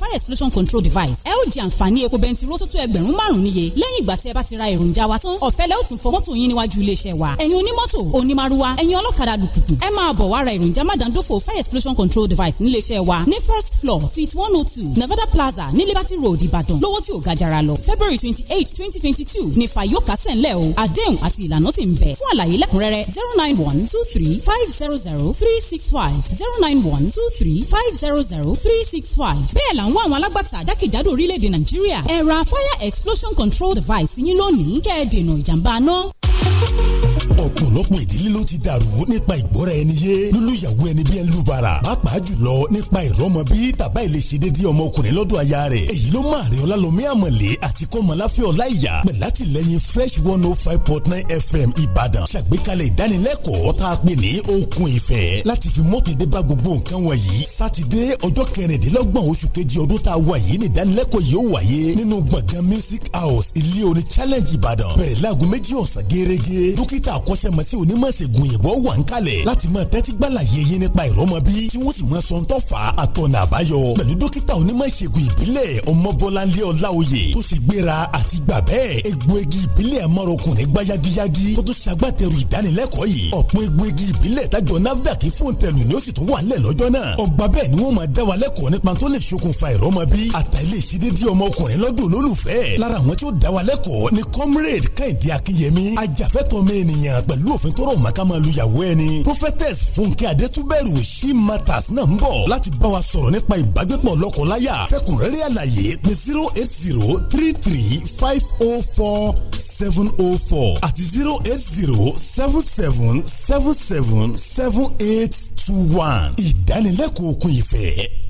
fire explosion control device ẹ ó torí epo bẹntiró tó tó ẹgbẹ̀rún márùn níye lẹ́yìn ìgbà tí ẹ bá ti ra èròjà wa tán ọ̀fẹ́ lẹ́ ó tún fọ mọ́tò yín níwájú iléeṣẹ́ wa ẹ̀yin onímọ́tò onímàrúwa ẹ̀yin ọlọ́kadà lùkùkù ẹ máa bọ̀ wá ra èròjà mádàndófò fire explosion control device níléeṣẹ́ wa ní first floor suite one oh two Nevada Plaza ní Liberty Road Ìbàdàn lówó tí ò ga jara lọ February twenty eight twenty twenty two ní fàyọkà sẹ́ńlẹ̀ o àdéhùn àti ìlànà sì ń bẹ fún àlàyé lẹ́kùnrẹ́rẹ́ zero nine one two three five zero zero three six five zero nine one two three five zero zero three six five bẹ́ẹ̀ là ń wá àwọn alágbàtà jákèjádò orílẹ̀-èdè Nàìjíríà nàìjíríà fire explosion control device yín lónìí kẹ́ ẹ dènà ìjàmbá náà ọ̀pọ̀lọpọ̀ ìdílé ló ti dàrú nípa ìgbọ́ra ẹni yé lólùyàwó ẹni bí ẹni lùbàrà pàápàá jùlọ nípa ìrọmọ bí tàbá ìlẹsẹdẹdẹ ọmọkùnrin lọ́dọ̀ aya rẹ̀ èyí ló máa rí ọlálọmí àmọ̀lé àti kọ́mọláfẹ́ ọláìyá pẹ̀látìlẹ́yìn fresh one oh five point nine fm ìbàdàn ṣàgbékalẹ̀ ìdánilẹ́kọ̀ọ́ tá a pè ní okun ìfẹ́ láti fi mọ́tòdé bá gbogbo nǹkan wọ̀nyí sátidé ọjọ́ kẹrìndínlọ́gbọ̀n oṣù kejì ọdún tá a wà house ilé challenge ìbàdàn bẹ̀rẹ̀ láago méjì wáyé dókítà akọ́ṣẹ́mọṣẹ́ onímọ̀ ṣègùn ìbọ̀ wà ń kalẹ̀ láti máa tẹ́tí gbàlà yeye nípa ìrọmọbí tí wọ́n sì máa sọ ń tọ́fà àtọ̀nà àbáyọ pẹ̀lú dókítà onímọ̀ ṣègùn ìbílẹ̀ ọmọbọ́láńlé ọláoyè tó ṣe gbéra àti gbà bẹ́ẹ̀ egbò egi ìbílẹ̀ mọ́rọ̀kùn ní gbáyagíyágí tó tún ṣagbátẹrù ìdánilẹ́kọ̀ọ́ yìí ọ̀pọ̀ egbò egi ìbílẹ̀ tájọ nafdac fóńtẹ̀lù ni ó sì tún wà ńlẹ̀ lọ́jọ́ náà ọgbà bẹ́ẹ̀ ni wọ́n máa dá wa lẹ́kọ̀ọ́ nípa tó lè ṣokùnfà ìrọmọbí àtàlẹ́ ìṣedédé ọmọkùnrin lọ́dún olólùfẹ́ lára àwọn tí fẹ́tọ̀ mi ènìyàn pẹ̀lú òfin tó rọ̀ màkà máa lu ìyàwó ẹni. prophetess fúnkẹ́ adétúbẹ̀rù she matters náà ń bọ̀ láti bá wa sọ̀rọ̀ nípa ìbágbépọ̀ lọ́kọláya fẹ́kùnrẹ́rẹ́ àlàyé pé zero eight zero three three five oh four seven oh four àti zero eight zero seven seven seven seven seven eight two one ìdánilẹ́kọ̀ọ́ òkun ìfẹ́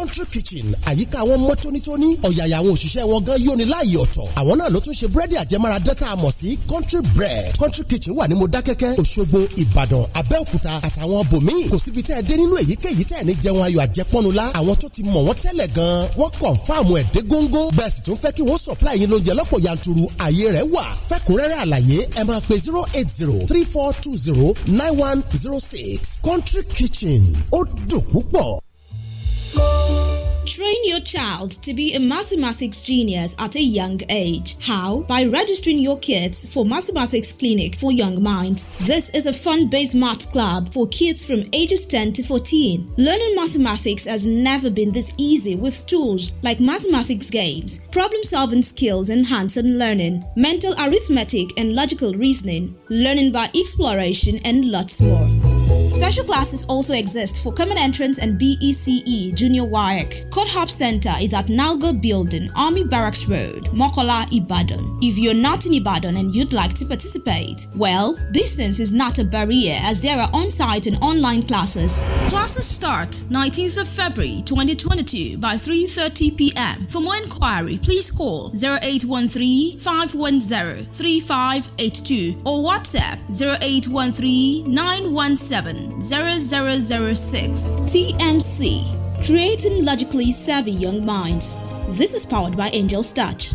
country kitchen àyíká wọn mọ́ tónítóní ọ̀yàyà àwọn òṣìṣẹ́ wọn gan yóni láàyè ọ̀tọ̀ àwọn náà ló tún ṣe búrẹ́dì àjẹmára dẹ́ta àmọ̀ sí country bread country kitchen wà ní Modákẹ́kẹ́ Òṣogbo Ìbàdàn Abẹ́òkúta àtàwọn bòmíì kò síbi tẹ́ ẹ dé nínú èyíkéyìí tẹ́ ẹ ní jẹun ayọ̀ àjẹpọ́nu la àwọn tó ti mọ̀ wọ́n tẹ́lẹ̀ gan wọ́n kọ̀ǹfàmù ẹ̀ dé góńgó bẹ́ẹ̀ sì tún fẹ́ kí wọ́n supply yín lóúnjẹ lọ́pọ̀ zero eight zero three four two zero nine one zero six country kitchen ó train your child to be a mathematics genius at a young age. How? By registering your kids for Mathematics Clinic for Young Minds. This is a fun based math club for kids from ages 10 to 14. Learning mathematics has never been this easy with tools like mathematics games, problem solving skills enhanced learning, mental arithmetic and logical reasoning, learning by exploration, and lots more. Special classes also exist for Common Entrance and BECE Junior WAEC. Code Hub Center is at Nalgo Building, Army Barracks Road, Mokola, Ibadan. If you're not in Ibadan and you'd like to participate, well, distance is not a barrier as there are on-site and online classes. Classes start 19th of February 2022 by 3:30 p.m. For more inquiry, please call 0813 510 3582 or WhatsApp 0813 917 0006 TMC, creating logically savvy young minds. This is powered by Angel's Touch.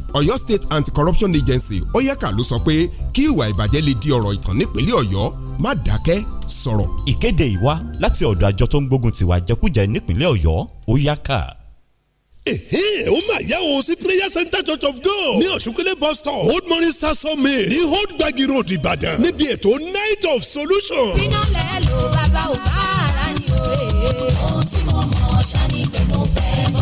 Ọ̀yọ́ State Anti-Corruption Agency oyeka ló sọ pé kí ìwà ìbàjẹ́ lè di ọ̀rọ̀ ìtàn nípínlẹ̀ Ọ̀yọ́ má dákẹ́ sọ̀rọ̀. Ìkéde ìwá láti ọ̀dọ̀ àjọ tó ń gbógun tiwa jẹkújẹ nípínlẹ̀ Ọ̀yọ́ oyeka ehe o ma o sí prayer center church of god ní ọ̀ṣunkẹ́lẹ́ bus stop old morning star summit ní old gbagi road ìbàdàn níbi ètò night of solution. bínú lẹ́ẹ̀ lo bàbá ò bá ara ni o ohun eh, tí eh, eh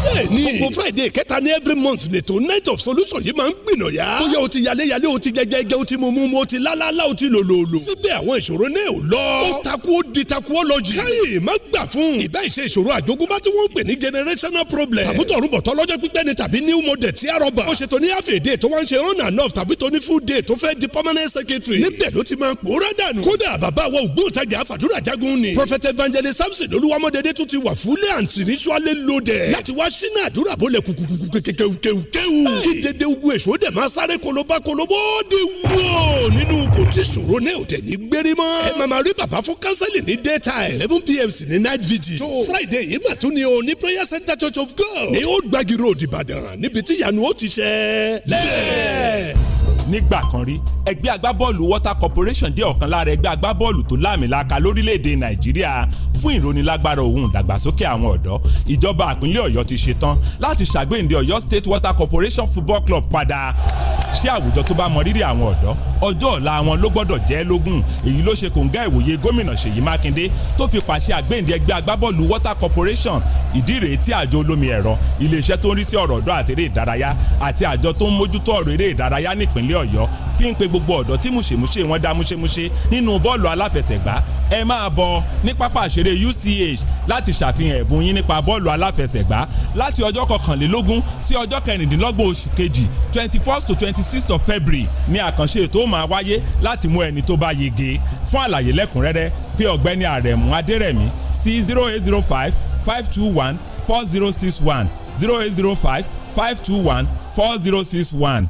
bẹ́ẹ̀ni gbogbo friday kẹta ní every month lètò night of solution yìí máa ń gbìnàyà. bóyá o ti yaléyalé o ti jẹjẹjẹ o ti mumu o ti lálálá o ti lòlòlò. síbẹ̀ àwọn ìṣòro náà ò lọ. ó takú ó di takú ó lọ jù. káyè má gbà fún. ìbá ìṣe ìṣòro àjogúnbá tí wọ́n ń pè ní generational problem. tàbútọ̀rùbọ̀tọ̀ lọ́jọ́ pípẹ́ ni tàbí new model tí a rọ̀bà. ó ṣe tóní half a day tó wá ń ṣe on and off tàbí tóní full day tó fẹ́ di permanent secretary. níbẹ̀ ló ti máa pòórá dànù. wa ògbóǹtajà fàdúrà jagun ni. prophet evangelist samson olúwamọ́dédé tún ti wà fúlẹ̀ and spiritually loaded. láti wá sínú àdúrà bó lẹ kùkùkù kékewu kéwu. kí dédé ugu èso dẹ̀ máa sáré kolobá kolobó di wó nínú kò tí sòro ní òde ní gbérí mọ́. ẹ màmá rí bàbá fún kánsẹ́lì ní daytime eleven pm sí ní night vigil. friday yìí mà tún ni o ní prayer center church of god. ní ó gbàgì road ìbàdàn níbi tí yanu ó ti ṣe. lẹ́ẹ̀ nígbà kan rí ẹgbẹ́ agbábọ́ọ̀lù water corporation jẹ́ ọ̀kan lára ẹgbẹ́ agbábọ́ọ̀lù tó láàmìlaka lórílẹ̀‐èdè nàìjíríà fún ìrónilágbára òun ìdàgbàsókè àwọn ọ̀dọ́ ìjọba àpínlẹ̀ ọ̀yọ́ ti ṣetán láti ṣàgbéǹde ọ̀yọ́ state water corporation football club padà ṣé àwùjọ tó bá mọ rírì àwọn ọ̀dọ́ ọjọ́ ọ̀la wọn ló gbọ́dọ̀ jẹ́ lógún èyí ló ṣe kòǹgá ìwòye gómìnà ṣèyí mákindé tó fi pàṣẹ àgbéǹde ẹgbẹ́ agbábọ́ọ̀lù water corporation ìdí rèé tí àjọ olómi ẹ̀rọ iléeṣẹ́ tó ń rí sí ọ̀rọ̀ ọ̀dọ́ àtẹ̀rẹ́ ìdárayá àti àjọ tó ń mójútó ọ̀rọ̀ eré ìdárayá nípínlẹ̀ ìpínlẹ̀ ọ̀yọ́ fi ń pe gbogbo ọ̀dọ́ tí mùṣèmùṣe wọn dá múṣemúṣe nínú bọ́ọ̀lù aláfẹsẹ̀gbá ẹ máa bọ̀ ní pápá àṣeré UCH láti ṣàfihàn ẹ̀bùn yín nípa bọ́ọ̀lù aláfẹsẹ̀gbá láti ọjọ́ kọkànlélógún sí ọjọ́ kẹrìndínlọ́gbọ̀n oṣù kejì twenty first to twenty sixth of February ni àkànṣe ètò máa wáyé láti mú ẹni tó bá yege fún àlàyé lẹ́kùnrẹ́rẹ́ pé ọ̀gbẹ́ni àrẹ̀mú adẹ́rẹ̀mí sí zero eight zero five five two one four zero six one zero eight zero five five two one four zero six one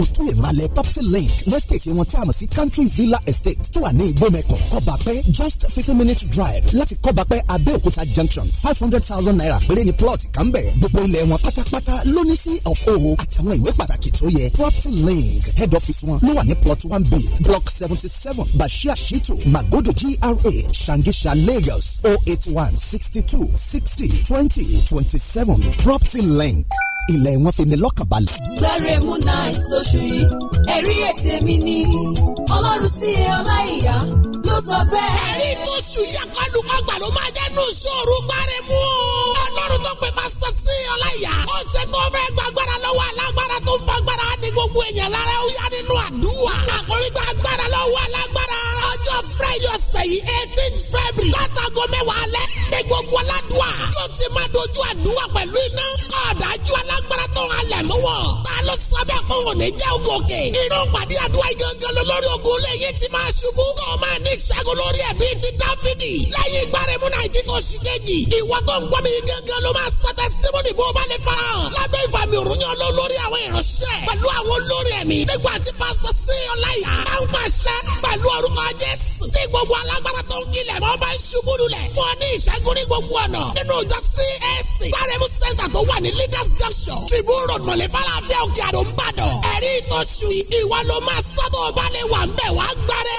òtún ìrànlẹ̀ property link lẹ́sítẹ̀tì wọn tí a mọ̀ sí country villa estate tó wà ní ìgbọ́mẹ̀kọ̀ kọ́bàpẹ́ just fifteen minute drive láti kọ́bàpẹ́ abẹ́òkúta junction five hundred thousand naira péré ni plot kan bẹ̀ gbogbo ilẹ̀ wọn pátápátá ló ní sí ọ̀fọ̀ àtàwọn ìwé pàtàkì tó yẹ property link head office wọn ló wà ní plot one b block seventy seven bashir shitu magodo gra shangisha lagos oh eight one sixty two sixty twenty twenty seven property link ilẹ̀ wọn fi ni lọ́kàn balẹ̀. gbẹrẹmú nice lóṣù yìí ẹ̀rí ètè mi ni ọlọ́run sí i ọláìyá ló sọ bẹ́ẹ̀. ẹ̀rí tóṣù yìí akọlùkọgbà ló máa jẹ́ nù sóòrù gbẹrẹmú. ọlọ́run tó pe pásítọ̀ sí i ọláìyá. ó ṣe tó fẹ́ gbàgbára lọ́wọ́ alágbára tó ń fagbára ní gbogbo èèyàn lára ó yá nínú àdúrà. àkórí gba lọ́wọ́ alágbára. ọjọ́ friday ọ̀sẹ̀ yìí eighteen february. látago mẹ́wàá alẹ́ ní gbogbo aládùá dojú àdúrà pẹ̀lú iná. ọ̀dájú alágbára tó halẹ̀ mú wọ̀. ta ló sábẹ́ pé òun ní jẹ́ ogun òkè. irú pàdé àdúrà gangan lórí ogun lè yé ti máa ṣubú. kó o máa ní ìṣẹ́gun lórí ẹ̀mí ti dáfídì. lẹ́yìn ìgbà rẹ̀ múná ìdí kò sí kejì. ìwọ tó ń gbọ́ mi gangan ló máa sọ pẹ̀lú àwọn olórí ẹ̀mí. Nígbà tí pásítọ̀ sí ọláyà. Bá ń pàṣẹ pẹ̀lú orúkọ Jésù. Tí gbogbo alágbára tó ń kílẹ̀ mọ́ bá ń ṣubú lulẹ̀. Fún ọ ní ìṣẹ́gun ní gbogbo ọ̀nà. Nínú ìjọ CAC. Gbáremu Center tó wà ní Leaders Junction. Tribune Road Mọ̀lẹ́ Fálàfíà Òkè Àdó ń bàdàn. Ẹ̀rí ìtọ́sù ìwà ló máa sọ́dọ̀ ọba lè wà ń bẹ̀ wá gbárẹ́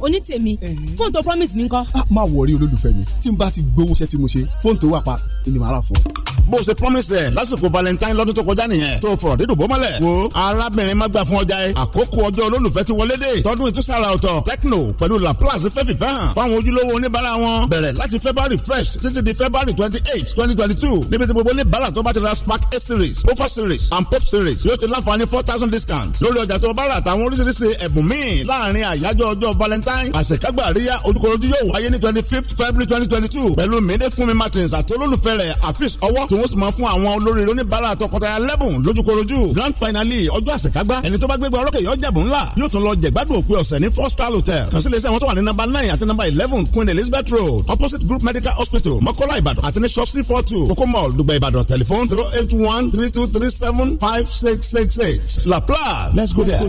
onítèmi fóònù tó promise mi ńkọ́. Ah, má wọrí olólùfẹ́ mi tí n bá ti gbowó iṣẹ́ tí mo ṣe fóònù tó wà pa ni màá rà fún ọ. bó o ṣe promise ẹ lásìkò valentine lọ́dún tó kọjá nìyẹn tó fọ̀rọ̀ dídùn bó mọ́lẹ̀. wo arábìnrin má gbà fún ọjà ẹ àkókò ọjọ́ olólùfẹ́ ti wọlé dé tọdún ìtúsára ọ̀tọ̀ tecno pẹ̀lú laplace fẹ́ fìfẹ́ hàn fáwọn ojúlówó oníbàárà wọn bẹ̀rẹ̀ láti february fresh títí di february twenty eight twenty twenty two níbi tí gbogbo oníbàárà tó bá ti ra spark eight series pofa series and pop series yóò ti láǹfààní four thousand discount lórí ọjà tó bá rà àtàwọn oríṣiríṣi ẹ̀bùn míì láàárín àyájọ́ ọjọ́ valentine valentine àṣekágbà àríyá ojúkorojú yóò wáyé ní twenty fifth february twenty twenty two pẹ̀lú mèdè fúnmi martins àti olólùfẹ́ rẹ̀ afis ọwọ́ tí wọ́n sì mọ̀ fún àwọn olórí oníbàárà tọkọtaya lẹ́bùn lójúkorojú grand finale ọjọ́ àṣekágbà ẹni tó bá gbégbá ọlọ́kẹ́ yọ jẹ̀bù ńlá yóò tún lọ jẹ̀gbádùn òpin ọ̀sẹ̀ ní four star hotel kàn sí iléeṣẹ́ wọn tó wà ní number nine àti number eleven queen elizabeth road opposite group medical hospital mọ́kọ́lá ìbàdàn àti ní shop c four two kókó mall dùgbẹ̀ ìbàdàn telephone zero eight one three two three seven five six six six laplace let's go there.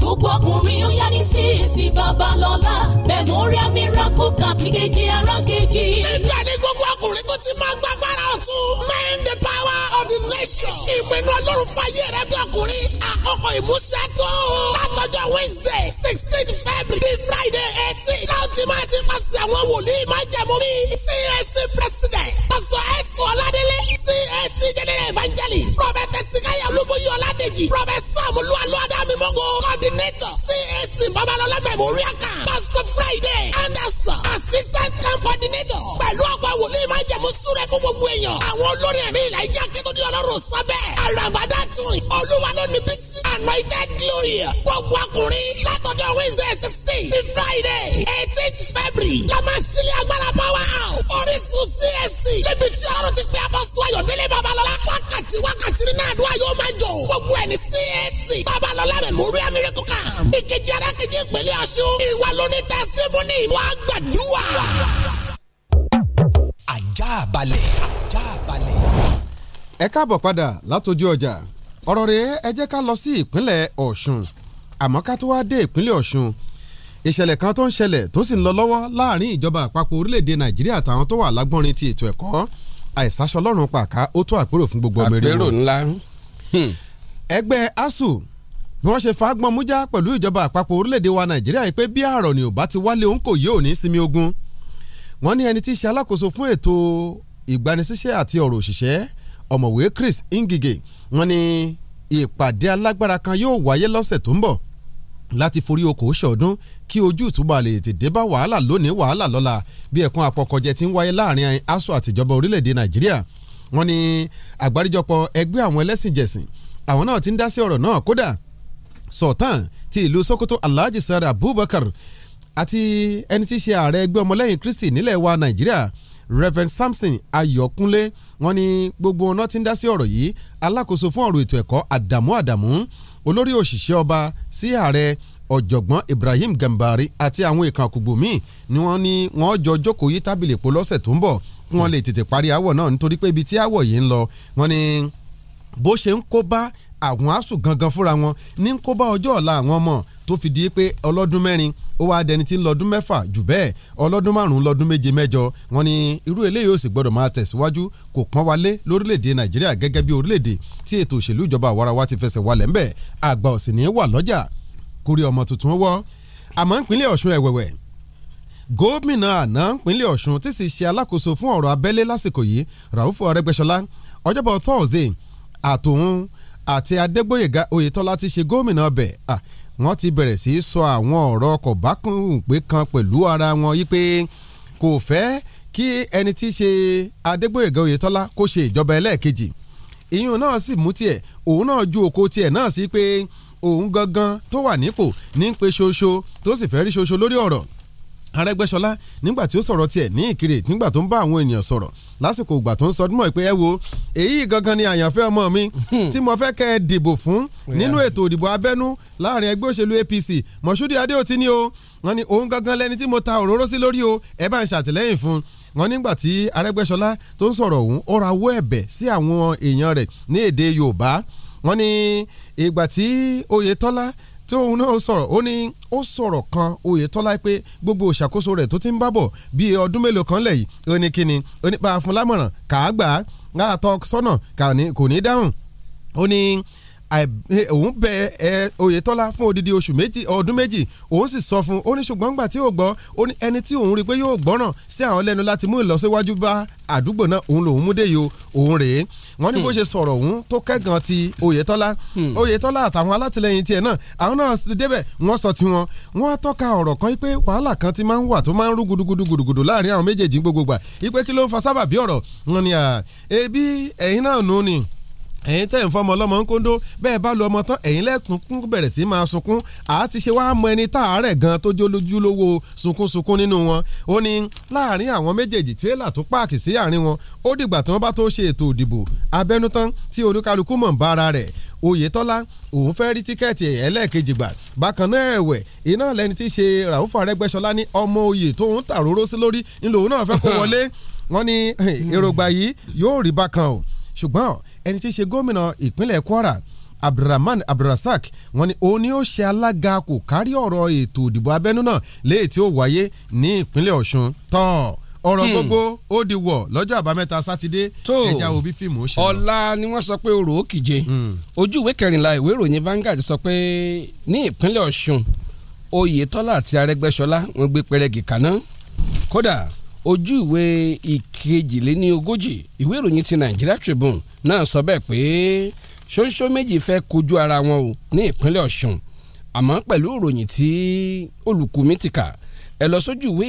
gbogbo ọkùnrin ó yá ní sí ìsìn bàbá lọ́la mọ́kànlá memorial miracle camp kejì ara kejì. ibẹ̀ ni gbogbo ọkùnrin tó ti máa gbàgbára ọ̀tún. main the power of the nation. ṣe ìpinnu ọlọ́run fàyè rẹ bí ọkùnrin. àkọ́kọ́ ìmúṣẹ tó. látọjọ́ wednesday sixteen february friday eighteen. káwọ́tì máa ti pàṣẹ àwọn wòlíì máa jẹ̀mú mi. csc president pastor s ọládélé csc general evangelist prophet esikaya olúbóyọlá Professor Prọfẹ̀sọ̀ Olúwalú Adámimógo Coordinator CAC Babalola, Memorial Camp Pastor Friday Anderson Assistant Camp Coordinator pẹ̀lú ọ̀pọ̀ wòlíì máa jẹ̀mú súrẹ́ fún gbogbo èèyàn àwọn olórin ẹ̀mí ìlà ìjà kíkúndé ọlọ́run sábẹ́ àràbàdà tún Olúwa ló ní bísí Anointed glory gbogbo ọkùnrin látọjọ́ Wednesday sixteen ní Friday eighteenth February lọ́mọ sílẹ̀ agbára power house Orísun CAC níbi tí ọlọ́run ti pè Apọ́sítọ̀ Ayọ̀délé Babalola àti wákàtí nínú àdúrà yóò máa jọ gbogbo ẹni csc babalọla rẹ mórí amírẹ́kù kan ìkejì arákejì ìpínlẹ̀ ọ̀ṣun ìwà lóní tẹ̀síbù ní ìwà gbàdúrà. ajá balẹ̀ ajá balẹ̀. ẹ káàbọ̀ padà látọjú ọjà ọ̀rọ̀ rẹ̀ ẹ jẹ́ ká lọ sí ìpínlẹ̀ ọ̀ṣun àmọ́ ká tó wá dé ìpínlẹ̀ ọ̀ṣun ìṣẹ̀lẹ̀ kan tó ń ṣẹlẹ̀ tó sì ń lọ lọ́wọ́ láàrin ìjọba àpapọ̀ orílẹ̀-èdè nàìjíríà àtàwọn tó wà lágbọ́nrin ti ètò ẹ̀kọ́ àìsàṣọ ọlọ́run pàká ó tó àpérò fún gbogbo ọmọ eré wọn. àpérò ńlá. Hmm. ẹgbẹ́ asuu bí wọ́n ṣe fàágbọ́n mújá pẹ̀lú ìjọba àpapọ̀ orílẹ̀‐èdè wa nàìjíríà yìí pé bí àárọ̀ ni ò bá ti wálé òun kò yé òní sinmi ogun wọ́n ní ẹni tí í ṣe alákòóso fún ètò ìgbanisíṣẹ́ àti ọ̀rọ̀ òṣìṣẹ́ ọ̀mọ̀wé Chris Ngige wọ́n ní ìpàdé alágbára kan yóò wáyé lọ́sẹ̀ tó ń bọ̀ láti forí okò ṣọ̀ọ́dún kí ojú ìtúbà lè tètè bá wàhálà lónìí wàhálà lọ́la bí ẹ̀kún àpọ̀kọ̀jẹ ti ń wáyé láàrin aso àtijọba orílẹ̀-èdè nàìjíríà wọ́n ní àgbáríjọpọ̀ ẹgbẹ́ àwọn ẹlẹ́sìn jẹ̀sìn àwọn náà ti ń dá sí ọ̀rọ̀ náà kódà sọ̀tàn ti ìlú sokoto alhaji sara abubakar àti ẹni tí í ṣe ààrẹ ẹgbẹ́ ọmọlẹ́yìn kristi nílẹ̀ wa nàìjíríà reverend samson ayọ̀kúnlé wọ́n ní gbogbo ọ̀nà ti ń dá sí ọ̀rọ̀ yìí alákòóso fún ọ̀rọ̀ ètò ẹ̀kọ́ àdàmú àdàmú olórí òṣìṣẹ́ ọba sí ààrẹ ọ̀jọ̀gbọ́n Ibrahim Gambari àti àwọn ìkànkùgbò míì ni wọ́n ní wọ́n jọ jókòó yí tábìlì pọ̀ lọ́sẹ̀ tó ń bọ̀ kí wọ́n lè tètè parí aáwọ̀ náà nítorí pé ibi tí aáwọ̀ yìí ń lọ wọ́n ní bó ṣe ń kó bá àwọn asù gangan fúnra wọn ní kó bá ọjọ́ ọ̀la àwọn ọmọ tó fi di pé ọlọ́dún mẹ́rin ó wá dẹni tí ń lọ́dún mẹ́fà jù bẹ́ẹ̀ ọlọ́dún márùn-ún lọ́dún méje mẹ́jọ wọn ni irú eléyìí ò sì gbọ́dọ̀ máa tẹ̀síwájú kò pọ́n wálé lórílẹ̀‐èdè nàìjíríà gẹ́gẹ́ bí orílẹ̀‐èdè tí ètò òṣèlú ìjọba àwarawa ti fẹsẹ̀ wálẹ̀ ńbẹ̀ àgbà òsì ní wà lọ́jà kórè ọmọ tuntun wọ́ àmọ́ ìpínlẹ̀ ọ̀ṣun ẹ̀wẹ̀wẹ̀ gómìnà àná ìpínlẹ̀ ọ̀ṣun tí sì ṣe alákòóso fún ọ̀rọ̀ abẹ́lé lásìkò yìí ràúfù ọ̀rẹ́gbẹ́ṣọlá ọjọ́bọ̀ thursday àtòun àti adégbòyèga oyètọ́lá ti ṣe gómìnà ọbẹ̀ wọ́n ti bẹ̀rẹ̀ sí í sọ àwọn ọ̀rọ̀ ọkọ̀ bákùnpé kan pẹ̀lú ara wọn yí pé kò fẹ́ kí ẹni tí í ṣe adégbòyèga oyètọ́lá kó ṣe ìjọba ẹlẹ́ẹ̀kejì ìyún náà sì mú tiẹ̀ òun náà ju òkò tiẹ̀ náà sí pé òun gangan tó wà nípò ní pé ṣoṣo tó sì fẹ́ rí ṣoṣo lórí ọ̀rọ̀ Arẹ́gbẹ́ṣọlá nígbà tí ó sọ̀rọ̀ tiẹ̀ ní Ìkirè nígbà tó ń bá àwọn ènìyàn sọ̀rọ̀ lásìkò ìgbà tó ń sọdún mọ́ ẹ pé ẹ wo èyí gangan ni àyànfẹ́ ọmọ mi tí mo fẹ́ kẹ́ ẹ dìbò fún nínú ètò ìdìbò abẹ́nú láàrin ẹgbẹ́ òṣèlú APC Mọ̀ṣúdì Adéòtí ni o wọ́n ní òun gangan lẹni tí mo ta òróró sí lórí o ẹ bá ń ṣàtìlẹ́yìn fún wọ́n nígbà tí Arẹ́gbẹ́ṣọlá tó ń sọ̀rọ̀ ọ̀hún ó rawọ́ ẹ̀bẹ̀ sí àwọn èèyàn rẹ̀ ní èdè Yorùbá wọ́n ní ìgbà tí Oyètọ́lá tí òun náà sọ̀rọ̀ ó ní ó sọ̀rọ̀ kan Oyètọ́lá pé gbogbo ìṣàkóso rẹ̀ tó ti ń bábọ̀ bíi ọdún mélòó kan lẹ̀ yìí ó ní kíni kàá gbà á àtọ̀ sọ́nà kò ní dáhùn ó ní Eh, òun bẹ ẹ eh, Oyètọ́lá fún odidi oṣù méjì ọdún méjì òun sì sọ fún ó ní ṣùgbọ́n gbà tí yóò gbọ́ ó ní ẹni tí òun rí i pé yóò gbọ́ràn sí àwọn lẹ́nu láti mú ìlọsíwájú bá àdúgbò náà òun lòun mú dé yìí òun rèé wọ́n ní bó hmm. ṣe sọ̀rọ̀ òun tó kẹ́gàn ti Oyètọ́lá hmm. Oyètọ́lá àtàwọn alátìlẹyìn tiẹ̀ náà àwọn náà ti débẹ̀ wọ́n sọ tiwọn wọ́n tọ́ka ọ̀rọ̀ kan pé wàhálà kan ti máa ń wà tó máa ń rú gudugudu gudugudu láàrin àwọn méjèèjì gbogbogbà ipe kí ló ń fa sábàbí ọ̀rọ̀ wọn ni à ebi ẹ̀yin náà nù ni ẹ̀yin tẹ́ ń fọmọ ọlọ́mọ ń kóńdó bẹ́ẹ̀ bá lu ọmọ tán ẹ̀yin lẹ́kùnkún bẹ̀rẹ̀ sí máa sunkún àá ti ṣe wàá mọ ẹni táàárẹ̀ gan tó jólójúlówó sunkúnsunkún nínú wọn ó ní láàrin àwọn méjèèjì tírélà tó páàkì sí àárín wọn ó dìgbà tí wọ́n bá tó ṣe ètò òdìbò abẹ́nútán tí olúkálukú mọ̀ ń bá ara rẹ̀ Oyètọ́lá òun fẹ́ rí tíkẹ́ẹ̀tì ẹlẹ́ẹ̀kejì gbà bákan náà ẹ̀wẹ̀ iná lẹni tí í ṣe Ràúfù Arẹ́gbẹ́ṣọlá ní ọmọ oyè tóun tàróró sí lórí ńlò òun náà fẹ́ kó wọlé wọn ní èròǹgbà yìí yóò rí bákan o ṣùgbọ́n ẹni tí í ṣe gómìnà ìpínlẹ̀ Kwara abdulrahman abdulrasaq wọ́n ní òun ni ó ṣe alága kò kárí ọ̀rọ̀ ètò ìdìbò abẹ́nú náà léyìí tí ó wáyé ní ìpínlẹ̀ Ọ̀ṣun tán ọ̀rọ̀ hmm. gbogbo ó di wọ̀ lọ́jọ́ àbámẹ́ta sátidé ẹja òbí fíìmù ó ṣe lọ. ọ̀la ni wọ́n sọ pé orò ó kìje hmm. ojú ìwé kẹrìnlá ìwé ìròyìn Vanguard sọ pé ní ìpínlẹ̀ Ọ̀ṣun Oyètọ́lá àti Arẹ́gbẹ́ṣọlá wọ́n gbé pẹrẹgì kaná kódà ojú ìwé ìkejìléní ogójì ìwé ìròyìn ti Nigeria Tribune náà sọ bẹ́ẹ̀ pé ṣoṣo méjì fẹ́ kojú ara wọn o ní ìpínlẹ̀ Ọ̀ṣun àmọ́ pẹ̀lú ìròyìn tí olùkú mi ti kà ẹ lọ sójú ìwé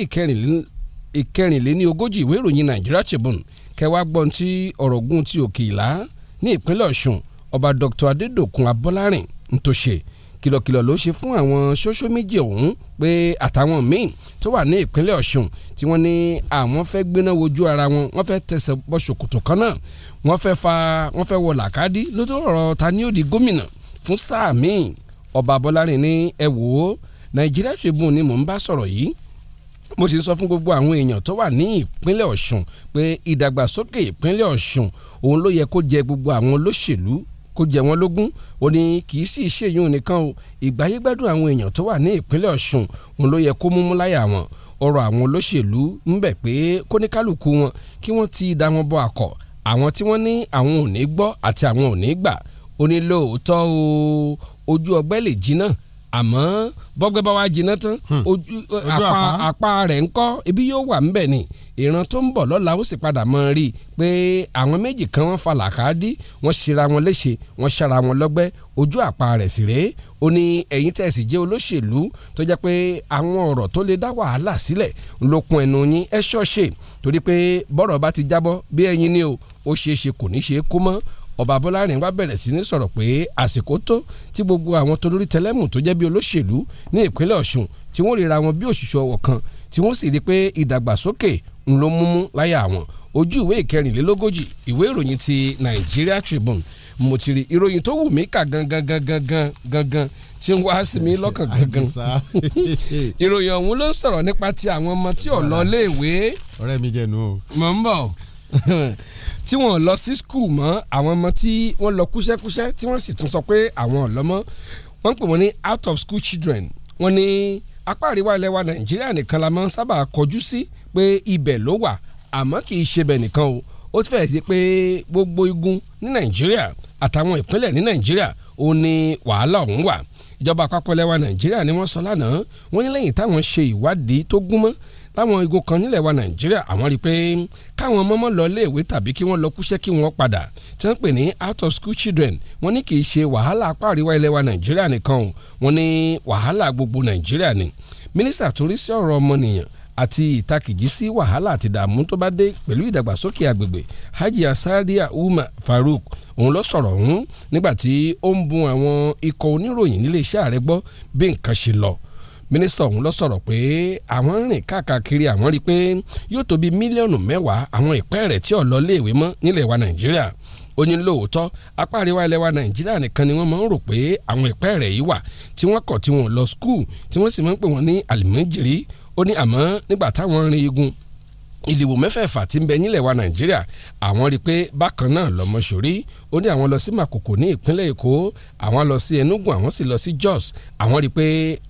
ìkẹrìnléní ogójì ìwé ìròyìn Nigeria Tribune kẹwàá gbọ́n ti ọ̀rọ̀gùn ti òkè ìlà ní ìpínlẹ̀ Ọ̀ṣun ọba Dr. Adédòkun Abọ́lárìn ń tó kìlọ̀kìlọ̀ ló ṣe fún àwọn ṣoṣo méjì ọ̀hún pé àtàwọn míì tó wà ní ìpínlẹ̀ Ọ̀ṣun tí wọ́n ní àwọn fẹ́ gbéná wojú ara wọn wọ́n fẹ́ tẹsẹ̀ bọ ṣòkòtò kan náà wọ́n fẹ́ fa wọ́n fẹ́ wọ làkàdí lójú ọ̀rọ̀ ta ni ó di gómìnà fún sáà míì ọba Bọ́lárin ní ẹ wò ó Nàìjíríà Tribune ni mò ń bá sọ̀rọ̀ yìí mo sì sọ fún gbogbo àwọn èèyàn tó wà ní ìpínlẹ̀ Ọ̀ṣun pé ìdàgbàsókè ìpínlẹ̀ Ọ̀ṣun òun ló yẹ kó jẹ gbogbo àwọn olóṣèlú kó jẹ wọ́n lógún ó ní kì í sì ṣèyún nìkan o ìgbáyégbádùn àwọn èèyàn tó wà ní ìpínlẹ̀ Ọ̀ṣun òun ló yẹ kó múmú láyà wọn ọ̀rọ̀ àwọn olóṣèlú ń bẹ̀ pé kóníkálùkù wọn kí wọ́n ti dá wọn bọ àkọ́ àwọn tí wọ́n ní àwọn ò ní gbọ́ àti àwọn ò ní gbà ó ní lóòótọ́ o ojú ọgbẹ́ lè jiná àmọ́ bọ́gbẹ́ bá wa jiná tán hmm. ojú eh, apá rẹ̀ ń kọ́ ibi yóò wà ńbẹ̀ ni ìran tó ń bọ̀ lọ́la ó sì padà mọ́ rí i pé àwọn méjì kan wọ́n fa làkàdí wọ́n ṣera wọn léṣe wọ́n ṣara wọn lọ́gbẹ́ ojú àpá rẹ̀ sì rèé ó ní ẹ̀yin tẹ̀sí jẹ́ olóṣèlú tó jẹ́ pé àwọn ọ̀rọ̀ tó lè dá wàhálà sílẹ̀ lókun ẹnu yín ẹ ṣọ́ṣe torí pé bọ́rọ̀ bá ti jábọ́ bí ẹ̀yin ni o ó ṣeé kò ní ṣe é kó mọ́ ọba abọ́lárin wá bẹ̀rẹ̀ sí ní sọ̀rọ̀ pé àsìkò tó tí gbogbo àwọn tolórí tẹlẹ́mù tó jẹ́ bí olóṣèlú ní ìpínlẹ̀ ọ̀ṣun tí wọ́n ríra wọn bí òṣìṣẹ́ ọwọ́ kan tí wọ́n sì rí i pé ìdàgbàsókè ń ló múmú láyà àwọn ojú ìwé ìkẹrìnlélógójì ìwé ìròyìn ti Nigeria Tribune mo ti rí ìròyìn tó wù mí kà gangan gangan gangan gangan tí ń wá sí mi lọ́kàn gangan ìròyìn ọ̀hún ló ń sọ̀rọ̀ nípa ti àwọn ọmọ tí ò lọ léèwé. ọ̀rẹ́ mi jẹ́ nu o. mò ń bọ̀ tí wọ́n lọ sí skul mọ́ àwọn ọmọ tí wọ́n lọ kúṣẹ́kúṣẹ́ tí wọ́n sì tún sọ pé àwọn ọ̀lọ́mọ wọ́n pè wọ́n ní out of school children wọ́n ní apá àríwá ilẹ̀ wa nàìjíríà nìkan la máa ń sábà kọjú sí pé ibẹ̀ ló wà àmọ́ kì í ṣe bẹ̀ nìkan o ó ti fẹ́ẹ̀ di pé gbogbo igun ní nàìjíríà àtàwọn ìpínlẹ̀ ní nàìjíríà ó ní wàhálà ọ̀hún wà ìjọba àpapọ̀ ilẹ̀ wa nàìjíríà ni wọ́n sọ lánàá wọ́n ní lẹ́yìn táwọn ṣe ìwádìí tó gúnmọ́ láwọn igun kan nílẹ̀ wa nàìjíríà àwọn rí i pé káwọn mọ́mọ́ lọ iléèwé tàbí kí wọ́n lọ kúṣẹ́ kí wọ́n padà tí wọ́n pè ní out of school children wọ́n ní kì í ṣe wàhálà apá àríwá ilẹ̀ wa nàìjíríà nìkan o wọ́n ní wàhálà gbogbo nàìjíríà ni mínísítà tó rí sí ọ̀rọ̀ ọmọnìyàn àti ìtakìjì sí wàhálà àti ìdààmú tó bá dé pẹ̀lú ìdàgbàsókè àgbègbè Hajiya Sadiya Umar Farouk òun ló sọ̀rọ̀ ọ̀hún nígbà tí ó ń bun àwọn ikọ̀ oníròyìn nílé iṣẹ́ ààrẹ gbọ́ bí nǹkan ṣe lọ mínísítà ọ̀hún lọ sọ̀rọ̀ pé àwọn rìn káàkiri àwọn rí i pé yóò tó bí mílíọ̀nù mẹ́wàá àwọn ìpẹ́ẹ̀rẹ̀ tí ò lọ léèwé mọ́ nílẹ̀ wa nàìjíríà ó ní lóòótọ́ apá àríwá ilẹ̀ wa nàìjíríà nìkan ni wọ́n máa ń rò pé àwọn ìpẹ́ẹ̀rẹ̀ yìí wà tí wọ́n kọ̀ tí wọ́n lọ skul tí wọ́n sì máa ń pè wọ́n ní àlìmọ́jìrì ó ní àmọ́ nígbà táwọn rin igun ìdìbò mẹ́fẹ̀ẹ̀fà tí ń bẹ nílẹ̀ wa nàìjíríà àwọn rí i pé bákan náà lọ́mọ ó ní àwọn lọ sí màkòkò ní ìpínlẹ̀ èkó àwọn lọ sí enugu àwọn sì lọ sí jos àwọn rí i pé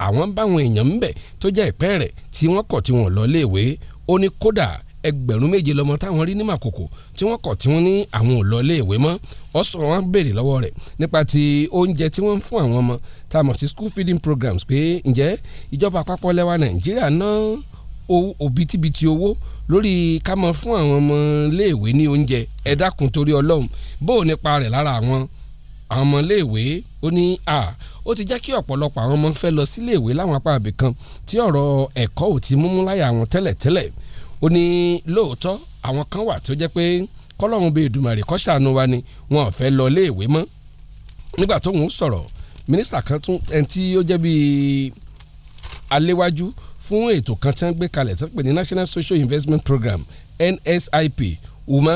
àwọn báwọn èèyàn ń bẹ̀ tó jẹ́ ìpẹ́ rẹ̀ tí wọ́n kọ̀ tí wọ́n lọ léèwé ó ní kódà ẹgbẹ̀rún méje lọ́mọ táwọn rí ní màkòkò tí wọ́n kọ̀ tí wọ́n ní àwọn ò lọ léèwé mọ́ ọ̀sán wọn béèrè lọ́wọ́ rẹ̀ nípa ti oúnjẹ tí wọ́n ń fún àwọn ọmọ tá a mọ̀ sí school feeding programs pé ǹjẹ́ ìjọba àpapọ̀ lẹ́wà nàìjíríà ná òbítíbitì owó lórí ká mọ fún àwọn ọmọ iléèwé ní oúnjẹ ẹ dákun torí ọlọ́run bó o nípa rẹ̀ lára àwọn àwọn ọmọ iléèwé ó ní à ó ti jẹ́ kí ọ̀pọ̀lọpọ̀ àwọn ọmọ fẹ́ lọ síléèwé láwọn apá àbìkan tí ọ̀rọ̀ ẹ̀kọ́ ò ti múmú láyà àwọn tẹ́lẹ̀tẹ́lẹ̀ ó ní lóòótọ́ àwọn kan wà tó jẹ́ pé kọ́lọ́run bíi Èdùmàrè kó ṣàánú wa ni wọn ò fẹ́ lọ iléèwé mọ́ nígbà tóun sọ̀rọ̀ mínísítà kan tún ẹni tí ó jẹ́ bíi Aléwájú fún ètò kan tí wọ́n gbé kalẹ̀ tó pè ní National Social Investment Program NSIP Uma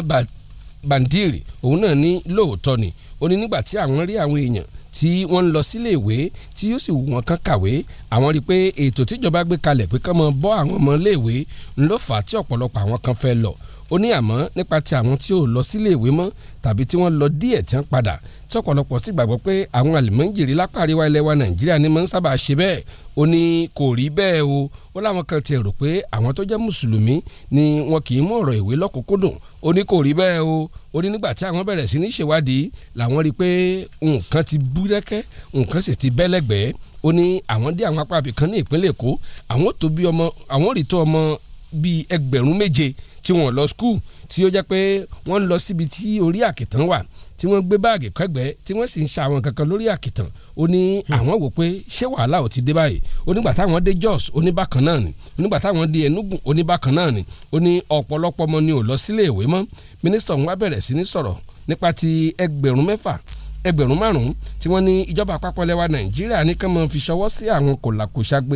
Bandiri òun náà ní lóòótọ́ ni ó ní nígbà tí àwọn rí àwọn èèyàn tí wọ́n ń lọ sílé ìwé tí yóò sì wù wọ́n kán kàwé àwọn rí i pé ètò tíjọba gbé kalẹ̀ pé kán mọ bọ́ àwọn ọmọ iléèwé ńlọ fà á tí ọ̀pọ̀lọpọ̀ àwọn kan fẹ́ lọ ó ní àmọ́ nípa ti àwọn tí ò lọ sílé ìwé mọ́ tàbí tí wọ́n lọ díẹ̀ tí wọ́n padà tọ́pọ̀lọpọ̀ sì gbàgbọ́ pé àwọn àlùmọ́ǹjìrì lápá àríwá ilẹ̀ wa nàìjíríà ni máa ń sábà ṣe bẹ́ẹ̀ ó ní kò rí bẹ́ẹ̀ o ó láwọn kan ti rò pé àwọn tó jẹ́ mùsùlùmí ni wọn kì í mú ọ̀rọ̀ ìwé lọ́kùnkúndùn ó ní kò rí bẹ́ẹ̀ o ó ní nígbà tí àwọn bẹ̀rẹ̀ sí ní ṣèwádìí làwọn rí i pé nǹkan ti búrẹ́kẹ́ nǹkan sì ti bẹ́lẹ́gbẹ́ẹ́ ó ní àwọn dé àwọn apá abìkan ní ìpínlẹ̀ èkó àwọn tó ọmọ bíi ẹgbẹ̀rún méje tí wọ́n lọ skul tí ó jẹ́ pé wọ́n lọ síbi tí orí àkìtàn wà tí wọ́n gbé báàgì kẹ́gbẹ́ tí wọ́n sì ń ṣe àwọn kankan lórí àkìtàn ó ní àwọn wò pé ṣé wàhálà ò ti dé báyìí onígbà táwọn dé Jos oníbàkan náà ni onígbà táwọn dé Enugu oníbàkan náà ni ó ní ọ̀pọ̀lọpọ̀ ọmọ ni ò lọ sílé ìwé mọ́ mínísítà wọn bẹ̀rẹ̀ sí ní sọ̀rọ̀ nípa ti ẹgbẹ̀rún mẹ́fà ẹgbẹ̀rún márùn-ún tí wọ́n ní ìjọba àpapọ̀ lẹ́wà Nàìjíríà ní kán máa fi ṣọwọ́ sí àwọn kòlàkòṣagbe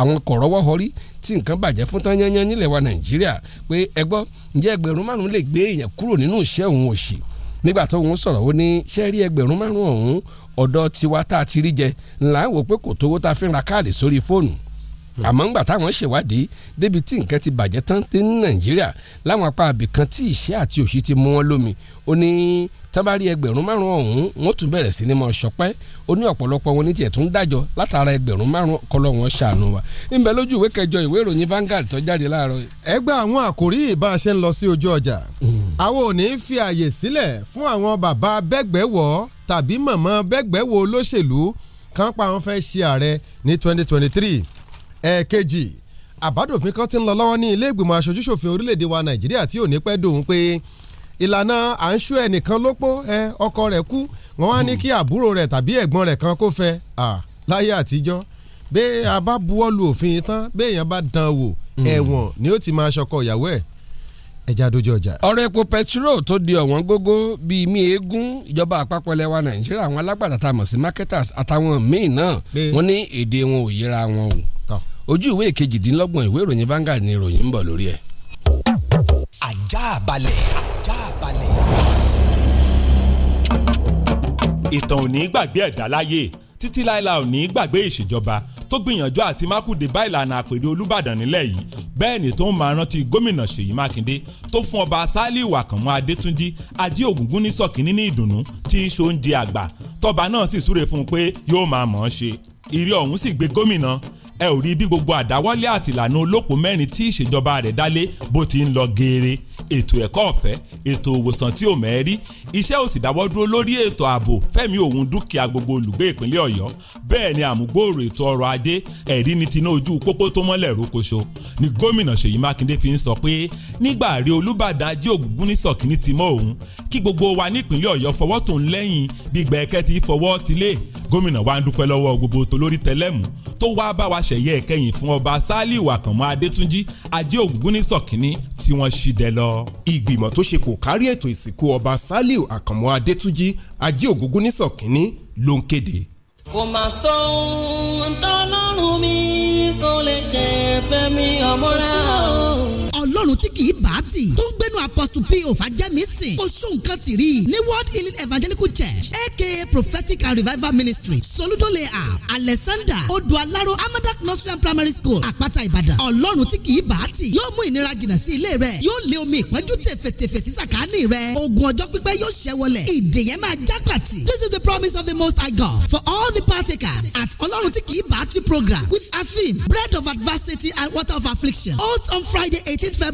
àwọn kọ̀rọ̀wọ́ họrí tí nǹkan bàjẹ́ fún tán yányán nílẹ̀ wa Nàìjíríà pé ẹgbọ́ ǹjẹ́ ẹgbẹ̀rún márùn-ún lè gbé èèyàn kúrò nínú ìṣẹ́ òun òṣì nígbà tó òun sọ̀rọ̀ ó ní ṣẹ́rí ẹgbẹ̀rún márùn-ún ọ̀hún ọ̀dọ̀ tiwa tá a ti rí jẹ ńlá wò pé kò tówó tá a fi ra káàdì sórí fóònù àmọ́ ńgbà táwọn ṣèwádìí débi tí nǹkan ti bàjẹ́ tán ní nàìjíríà láwọn apá abìkan tí ìṣẹ́ àti òṣì ti mú wọn lómi ó ní tán bá rí ẹgbẹ̀rún márùn ọ̀hún wọ́n tún bẹ̀rẹ̀ sí ni mọ̀ ṣọpẹ́ ó ní ọ̀pọ̀lọpọ̀ wọn ní tiẹ̀ tún dájọ́ látara ẹgbẹ̀rún márùn kọlọ́ wọn ṣàánú wa ńbẹ lójú ìwé kẹjọ ìwé ìròyìn Vanguard tó jáde láàárọ̀ yìí. ẹ gba àwọn àkòrí ìbá a ṣe ń lọ sí ojú ọjà hmm. àwọn ò ní fi àyè sílẹ̀ fún àwọn bàbá bẹ́gbẹ́wọ̀ tàbí màmá bẹ́gbẹ́wọ̀ olóṣèlú kan pa àwọn fẹ́ ṣe ààrẹ ní 2023 ẹ̀ẹ̀kejì àbádòfin kan ti ń lọ lọ́wọ́ ní ilé ìgbìmọ̀ aṣojúṣòfin orílẹ̀-èdè wa Nàìjíríà tí ò ní pẹ́ dòun pé ìlànà à ń ṣú ẹnìkan lópó ẹ ọkọ rẹ̀ kú wọ́n wá ní kí àbúrò rẹ̀ tàbí ẹ̀gbọ́n rẹ̀ kan kó fẹ́ láyé àtijọ́ bẹ́ẹ̀ a bá buwọ́ lu òfin tán bẹ́ẹ̀ yẹn bá dán wò hmm. ẹ̀wọ̀n ni ó ti máa ṣọkọ ìyàwó ẹ̀ ẹja dojú ọjà. ọ̀rọ̀ epo pẹtiró tó di ọ̀wọ́n gógó bíi mi eégún ìjọba àpapọ̀ ilẹ̀ wa nàìjíríà àwọn alágbàtà tá a mọ̀ sí marketers àtàwọn míì náà wọ́n ní èdè wọn ò yẹra wọn o ojú ìwé kejìdínlọ́gbọ̀n ìwé ìròyìn Vanguard ni ìròyìn ń bọ̀ lórí ẹ̀ ajá balẹ̀ ajá balẹ̀. ìtàn ò ní gbàgbé ẹ̀dá láyé títí láìla ò ní gbàgbé ìṣèjọba tó gbìyànjú àti mákùdé bá ìlànà àpèrè olùbàdàn nílẹ̀ yìí bẹ́ẹ̀ ni tó ń máa rántí gómìnà ṣèyí mákindé tó fún ọba sálíù àkànmú adétúnjì ajé ògúngún ní sọ̀kínní ní ìdùnnú tí í ṣoúnjẹ àgbà tọba náà sì súre fún un pé yóò máa mọ̀ ọ́n ṣe ìrí ọ̀hún sì gbé gómìnà ẹ ò rí bí gbogbo àdáwọ́lé àtìlànà olóko mẹ́rin tí ìṣèjọba rẹ̀ dálé bó ti ń lọ geere ètò ẹ̀kọ́ ọ̀fẹ́ ètò òwòsàn tí ò mẹ́rí iṣẹ́ ò sì dáwọ́ dúró lórí ètò ààbò fẹ́mi òun dúkìá gbogbo olùgbé ìpínlẹ̀ ọ̀yọ́ bẹ́ẹ̀ ni àmúgbòòrò ètò ọrọ̀ ajé ẹ̀rí ni tinú ojú pópó tó mọ́lẹ̀ rókoṣo ni gómìnà ṣèyí mákindé fi ń sọ pé nígbà rí olúbàdàn ajé ògúngún ní sọ̀kíní ti mọ́ òun kí gbogbo wa nípínlẹ̀ ọ̀yọ́ fọwọ́ tó ń lẹ́yìn gbígbà ẹ̀kẹ́ ti fọwọ́ ti lé gómìnà wa ń dúpẹ́ lọ́wọ́ gbogbo tolórí tẹlẹ́mù tó wá bá wa ṣẹ̀yẹ ẹ̀kẹ́yìn fún ọba sálíù adétúnjì ajé ògúngún ní sọ̀kíní tí wọ́n ṣì dẹ lọ lọ. ìgbìmọ̀ tó ṣe kò kárí ètò ìsìnkú ọba Sàlíù Àkànmú Adétúnjì ajé ògúngúnnísọ̀ kínní ló ń kéde. kò mà sọ ohun tọ́lọ́run mi kò lè ṣe fẹ́mi ọmọ náà ọlọ́run tí kì í bá tì tó ń gbénu apostle p òfàjẹ́mísìn kò sóhun kan sì rí ní world healing evangelical church aka prophetic and revival ministry soludo layout alexander odualaro amadak nursery and primary school àpáta ìbàdàn ọlọ́run tí kì í bá tì yóò mú ìnira jìnnà sí ilé rẹ yóò lé omi ìpẹ́jù tẹ̀fẹ̀tẹ̀fẹ̀ sí sàkáání rẹ ogun ọjọ́ pípẹ́ yóò ṣẹ́ wọlé ìdè yẹn máa já pàtì this is the promise of the most high God for all the partakers at ọlọ́run tí kì bá tì program with a theme bread of adversity and water of affliction out on friday eighteen february.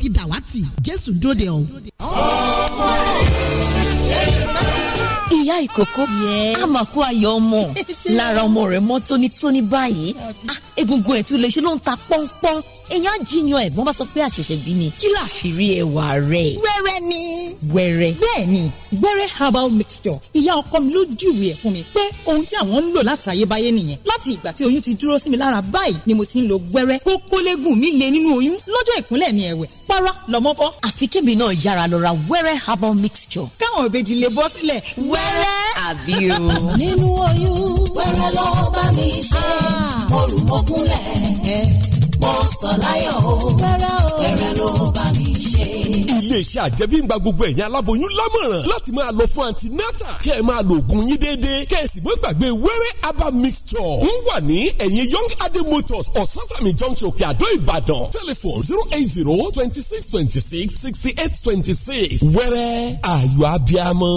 ti dàwátì Jésù dóde o. ọmọ rẹ̀ ìyá ìkókó àmàkù ayọ̀ ọmọ lára ọmọ rẹ̀ mọ́ tónítóní báyìí ah, egungun ẹ̀ tún lè ṣe ló ń ta pọ́npọ́n èèyàn jiyan ẹ̀gbọ́n bá sọ pé àṣẹ̀ṣẹ̀ bí ni kí làṣírí ẹwà rẹ̀. wẹ́rẹ́ ni. wẹ́rẹ́. bẹ́ẹ̀ni wẹ́rẹ́ herbal mixture ìyá ọkọ mi ló júwe ẹ̀ fún mi pé ohun tí àwọn ń lò láti ayébáyé nìyẹn láti ìgbà tí oyún ti dúró sí mi lára báyìí ni mo ti ń lo wẹ́rẹ́ kókólégùn mi lè nínú oyún lọ́jọ́ ìkúnlẹ̀ mi ẹ̀wẹ̀ para lọ́mọ bọ́. àfi kébì náà yára lọ ra wẹ́rẹ́ herbal mixture. káwọn òbejì lè bọ́ sílẹ̀ w wẹ́rẹ́. àbí o. nínú oyún. wẹ́rẹ́ ló bá mi ṣe. Ah. mo rù mo kúnlẹ̀. mo sọ láyọ̀ o. wẹ́rẹ́ o. wẹ́rẹ́ ló bá mi ṣe. iléeṣẹ́ àjẹmíngba gbogbo ẹ̀yin aláboyún lámọ̀ràn láti máa lọ fún antinata kẹ́ ẹ̀ máa lo oògùn yín déédéé kẹ́ ẹ̀ sì mọ́ gbàgbé wẹ́rẹ́ aba mixture ń wà ní ẹ̀yìn young adé motors ososami junction kíadó ìbàdàn telephone zero eight zero twenty six twenty six sixty eight twenty six wẹ́rẹ́ ayọ̀ abiamọ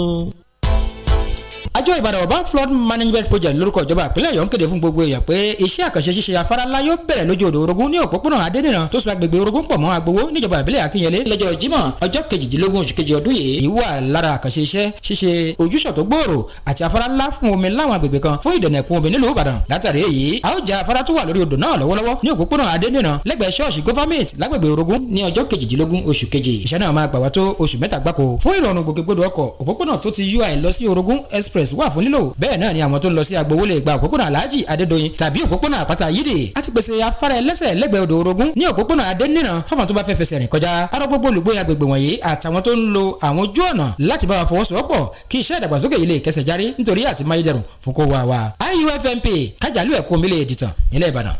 àjọ ìbàdàn urban flood management project lórúkọ ìjọba ìpínlẹ̀ ọ̀yọ́ ń kéde fún gbogbo èèyàn pé iṣẹ́ àkànṣe ṣíṣe afárá ńlá yóò bẹ̀rẹ̀ lójú odò orogún ní òpópónà adédìran tó so agbègbè orogún pọ̀ mọ́ agbowó níjọba ìbílẹ̀ akínyẹlé lọ́jọ́ jímọ̀ ọjọ́ kejìdínlógún oṣù kejì ọdún yìí wà lára àkànṣe iṣẹ́ ṣíṣe ojúṣọ̀ tó gbòòrò àti afárá ńlá fún omi láwọn agbègbè kan fún ìdènà ẹ̀kún omi nílùú ìbàdàn látàrí èyí a ó ja afárá tó wà lórí odò náà lọ́wọ́lọ́wọ́ ní òpópónà adédìran lẹ́gbẹ̀ẹ́ ṣọ́ọ̀ṣì government lágbègbè orogún ní ọjọ́ kejìdínlógún oṣù kejì iṣẹ́ náà máa gbà wá tó oṣù mẹ́ta gbáko fún ìrọ̀rùn express express wà fún lílò bẹ́ẹ̀ náà ni àwọn tó ń lọ sí agbowó lè gba òpópónà alhaji adédoyin tàbí òpópónà àpáta yídè àti pèsè afárá ẹlẹ́sẹ̀ lẹ́gbẹ̀ẹ́ odò orogún ní òpópónà adéníran fáwọn tó bá fẹ́ fẹsẹ̀ rìn kọjá arọ gbogbo olùgbé agbègbè wọ̀nyí àtàwọn tó ń lo àwọn ojú ọ̀nà láti bá wa fọwọ́sowọ́pọ̀ kí iṣẹ́ ìdàgbàsókè yìí lè kẹsẹ̀ járí nítorí àti máyédẹrùn fún kó wa wa IUFMP kájàlú ẹ̀kọ́ mi lè dìtàn nílẹ̀ ìbàdàn.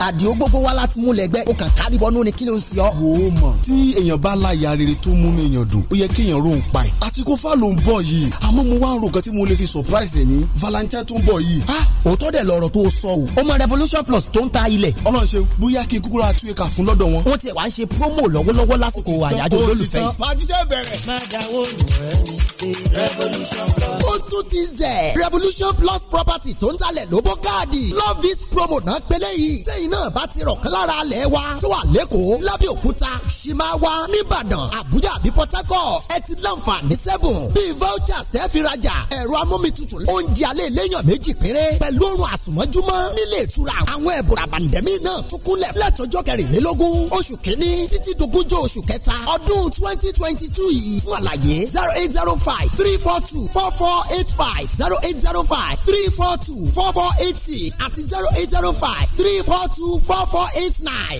àdìó gbogbo wa láti mú lẹ́gbẹ́ o kàn kárí bọ́nú ni kí ló ń ṣe ọ́. wò ó mọ̀ tí èèyàn bá láya rere tó mú ní èèyàn dùn ó yẹ kéèyàn rò ń pa ẹ̀. àsìkò fà ló ń bọ̀ yìí àmọ́ mo wá ń ro nǹkan tí mo lè fi surprise ẹ̀ ní valentine tó ń bọ̀ yìí. a ah, òótọ́ dẹ̀ lọ̀rọ̀ tó sọ o ọmọ revolution plus tó ń ta ilẹ̀. ọlọ́run ṣe bóyá kí n kúkúrò àtúnyẹ̀ká fún promo lọ́wọ́lọ́wọ́ lásìkò àyájọ́ olólùfẹ́. pàtíṣẹ́ bẹ̀rẹ̀. má revolution plus. property tó ń talẹ̀ lóbó love is promo náà ẹ̀yin náà bá ti rọ̀kan lára alẹ̀ wa tó wà lẹ́kọ̀ọ́ lábẹ́òkúta ṣìmáwá nìbàdàn àbújá àbí port harcourt ẹ ti láǹfààní sẹ́bùn bíi vouchers tẹ́ fi rajà ẹ̀rọ amómitutù oúnjẹ alẹ́ lẹ́yàn méjì péré pẹ̀lú oorun àsùnmọ́júmọ́ nílé ìtura àwọn ẹ̀bùrà bàǹdẹ̀mí náà tún kúnlẹ̀ lẹ́tọ́jọ́ kẹrìnlélógún oṣù kínní títí dogúnjọ́ oṣù kẹta ọdún twenty twenty two yìí fún àlàyé zero eight two four four eight nine.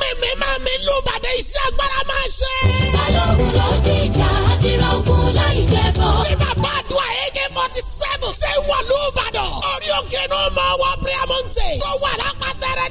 mímí máa mi lù bàdé iṣẹ́ agbára máa ṣe. balógun ló jíjà àti ra ogun láì jẹ̀bọ̀. ní bàbá àdúrà ak forty seven ṣé wà lù bàdàn. orí òkè náà máa wọ prayer mountain. tó wà lápá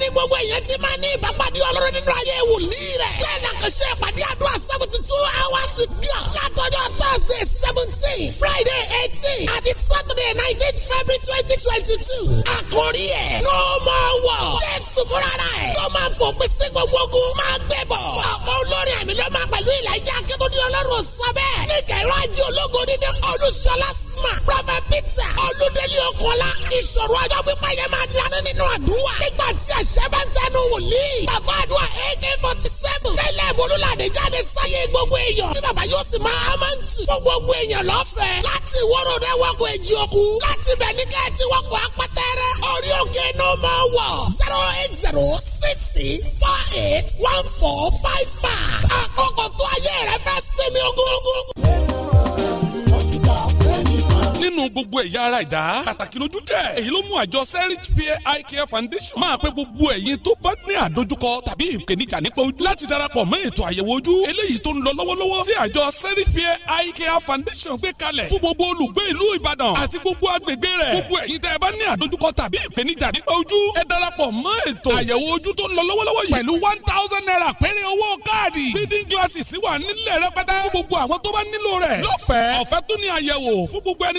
ni gbogbo èèyàn ti máa ní ìbápadì ọlọ́run nínú ayé wòlíì rẹ̀. bẹ́ẹ̀ la kàn ṣe ìpàdé àdúrà seventy two hours with God. látọjọ́ thursday seventeen friday eighteen àti saturday nineteen february twenty twenty two. àkórí ẹ̀ no more war. jésù fúnra rẹ̀ tó máa fòpin sí gbogbo ogun máa gbẹ bọ̀. ọ̀pọ̀ olórin àmì ló máa pẹ̀lú ìlàjà akébọ̀dé ọlọ́run sọ bẹ́ẹ̀. ní kẹ̀rọ ajé ológo dídán olùṣọ́lá sí Sigma Prophet Peter Olúdélé Okola ìṣòro ọjọ́ pípa yẹn máa dání nínú àdúrà nígbà tí àṣẹ bá ń tẹnu wòlíì bàbá àdúrà AK forty seven tẹ́lẹ̀ bolúlàdé jáde sáyé gbogbo èèyàn tí bàbá yóò sì máa amáǹtì fún gbogbo èèyàn lọ́fẹ̀ẹ́ láti ìwọ́rọ̀ rẹ̀ wọ́kọ̀ èjì òkú láti bẹ̀ ní kẹ́ẹ̀tì wọ́kọ̀ apátẹ́rẹ́ orí òkè ní o máa wọ̀ zero eight zero six six four eight one four five five àkókò tó ayé rẹ fẹ́ sinmi ogógó nínú gbogbo ẹ̀yà ara ìdá. pàtàkì lójú tẹ̀. èyí ló mú àjọ serich peer eye care foundation máa pé gbogbo ẹ̀yin tó bá ní àdójúkọ tàbí ìpèníjà nípa ojú láti darapọ̀ mọ́ ètò àyẹ̀wò ojú eléyìí tó ń lọ lọ́wọ́lọ́wọ́ tí àjọ serich peer eye care foundation gbé kalẹ̀ fún gbogbo olùgbé ìlú ìbàdàn àti gbogbo agbègbè rẹ̀ gbogbo ẹ̀yin tẹ́ bá ní àdójúkọ tàbí ìpèníjà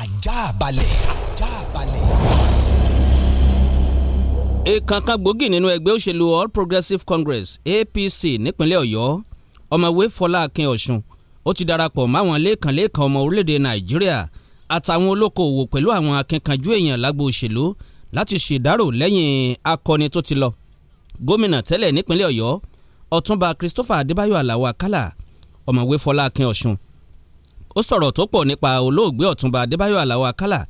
ajá balẹ̀. ajá balẹ̀. èèkàn kan gbòógì nínú ẹgbẹ́ òṣèlú All Progressives Congress APC nípínlẹ̀ Ọ̀yọ́ ọ̀mọ̀wé Fọlá Akin Ọ̀ṣun ó ti darapọ̀ máwọn lẹ́ẹ̀kan lẹ́ẹ̀kan ọmọ orílẹ̀-èdè Nàìjíríà àtàwọn olókoòwò pẹ̀lú àwọn akínkanjú èèyàn lágbo òṣèlú láti ṣèdárò lẹ́yìn akọni tó ti lọ gómìnà tẹ́lẹ̀ nípínlẹ̀ Ọ̀yọ́ Ọ̀túnba Christopher Adébáyọ̀ Àlàó Àkàlà ọ̀mọ̀wé Fọlá Akin Ọ̀ṣun ó sọ̀rọ̀ tó pọ̀ nípa olóògbé ọ̀túnba adébáyọ̀ aláwọ̀ àkàlà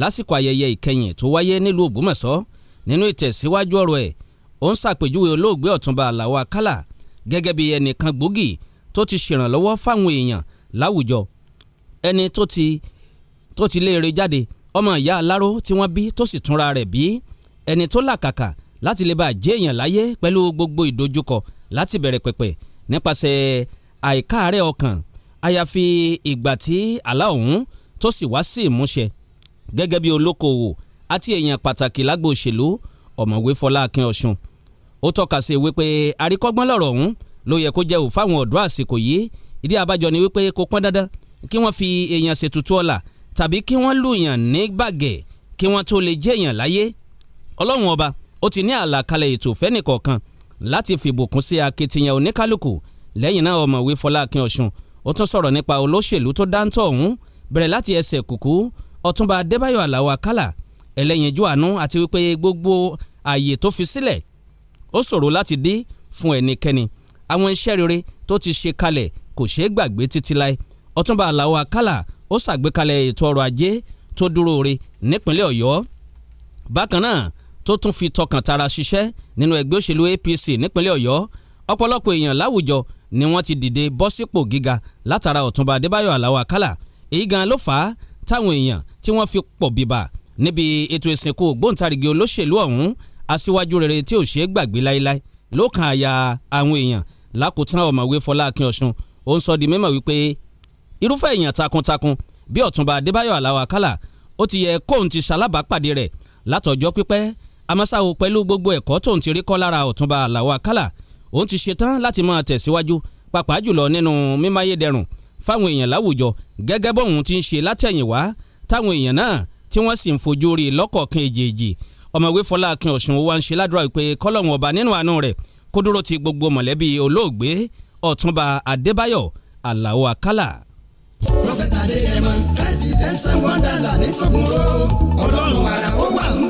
lásìkò ayẹyẹ ìkẹyìn tó wáyé nílùú ògbómọ̀ṣọ́ nínú ìtẹ̀síwájú ọ̀rọ̀ ẹ̀ ó ń ṣàpèjúwe olóògbé ọ̀túnba aláwọ̀ àkàlà gẹ́gẹ́ bí ẹnìkan gbòógì tó ti ṣèrànlọ́wọ́ fáwọn èèyàn láwùjọ ẹni tó ti tó ti léèrè jáde ọmọ ìyá aláró tí wọ́n bí tó sì túnra rẹ̀ bí ẹni tó làkàkà láti lè bá jẹ́ èèyàn láyé pẹ̀lú gbogbo ìdojúkọ láti bẹ̀rẹ̀ pẹ̀pẹ̀ nípasẹ̀ àìkáàárẹ̀ ọkàn àyàfi ìgbà tí àlá ọ̀hún tó sì wá sí ìmúṣẹ gẹ́gẹ́ bí olókoòwò àti èèyàn pàtàkì lágbo òṣèlú ọ̀mọ̀wé Fọlá Akin Ọ̀ṣun ó tọ́ka sí wípé àríkọ́gbọ́n lọ̀rọ̀ ọ̀hún ló yẹ kó jẹ́ òfò àwọn ọ̀dọ́ àsìkò yìí ìdí àbájọ ni wípé kó pọ́n dandan kí wọ́n fi èèyàn ṣètùtù ọ̀la tàbí kí wọ́n lùyàn ní gbàgẹ̀ kí wọ́n tó lè jẹ́ èèyàn láyé ọlọ́run ọba ó ti ní àlàkalẹ̀ ètò fẹ́nìkọ̀ọ̀kan láti fìbùkún sí akitiyan oníkálukú lẹ́yìn náà ọ̀mọ̀wé Fọlá Akin Ọ̀ṣun ó tún sọ̀rọ̀ nípa olóṣèlú tó dáńtọ́ ọ̀hún bẹ̀rẹ̀ láti ẹsẹ̀ kùkú ọ̀túnba adébáyọ̀ aláwọ̀ àkàlà ẹlẹ́yinjú àánú àti wípé gbogbo ààyè tó fi sílẹ̀ ó ṣòro láti dí fún ẹnikẹ́ni àwọn iṣẹ́ rere tó ti ṣe kalẹ̀ kò ṣeé gbàgbé títí láé ọ̀túnba aláwọ̀ àkàlà ó ṣàgbékalẹ̀ ètò ọrọ̀ ajé tó dúró re nípínlẹ̀ ọ̀yọ́ bákan náà tó tún fi tọkàn tara ṣiṣẹ́ nínú ẹgbẹ́ òṣèlú apc nípínlẹ̀ ọ̀yọ́ ọ̀pọ̀lọpọ̀ èèyàn láwùjọ ni wọ́n ti dìde bọ́ sípò gíga látara ọ̀túnba adébáyọ̀ aláwọ̀ àkàlà èyí gan ló fà á táwọn èèyàn tí wọ́n fi pọ̀ bíbà níbi ètò ìsìnkú ògbóǹtarìgì olóṣèlú ọ̀hún aṣíwájú rere tí ò ṣeé gbàgbé láéláé ló kan àyà àwọn èèyàn lákòótán ọ̀mọ̀wé fọlákin ọ̀sùn ó ń sọ di mímọ̀ wípé irúfẹ́ èèyàn takuntakun bí ọ̀túnba adébáyọ̀ aláwọ̀ àkàlà ó ti yẹ kóun ti ṣalábàápàdé rẹ̀ látọjọ́ pípẹ́ amásáwo pẹ̀lú gbogbo ẹ̀kọ́ tóun ti rí kọ́ lára ọ̀túnba aláwọ̀ àkàlà òun ti ṣetán láti máa tẹ̀síwájú pàápàá jùlọ nínú mímáyédẹrùn fáwọn èèyàn láwùjọ gẹ́gẹ́ bọ́ọ̀hún ti ń ṣe látẹ̀yìnwá táwọn èèyàn náà tí wọ́n sì ń fojú rí lọ́kọ̀ọ̀kan èjèèjì ọmọwé Fọlákin Ọ̀ṣun wa ń ṣe ládùúrà pé kọ́lọ́hún ọba nínú àánú rẹ̀ kó dúró ti gbogbo mọ̀lẹ́bí olóògbé Ọ̀túnba Adébáyọ̀ Àlàó Àkàlà prọfẹ̀tà adéyẹmọ president wonderland ní sọgùnrò ọlọ́run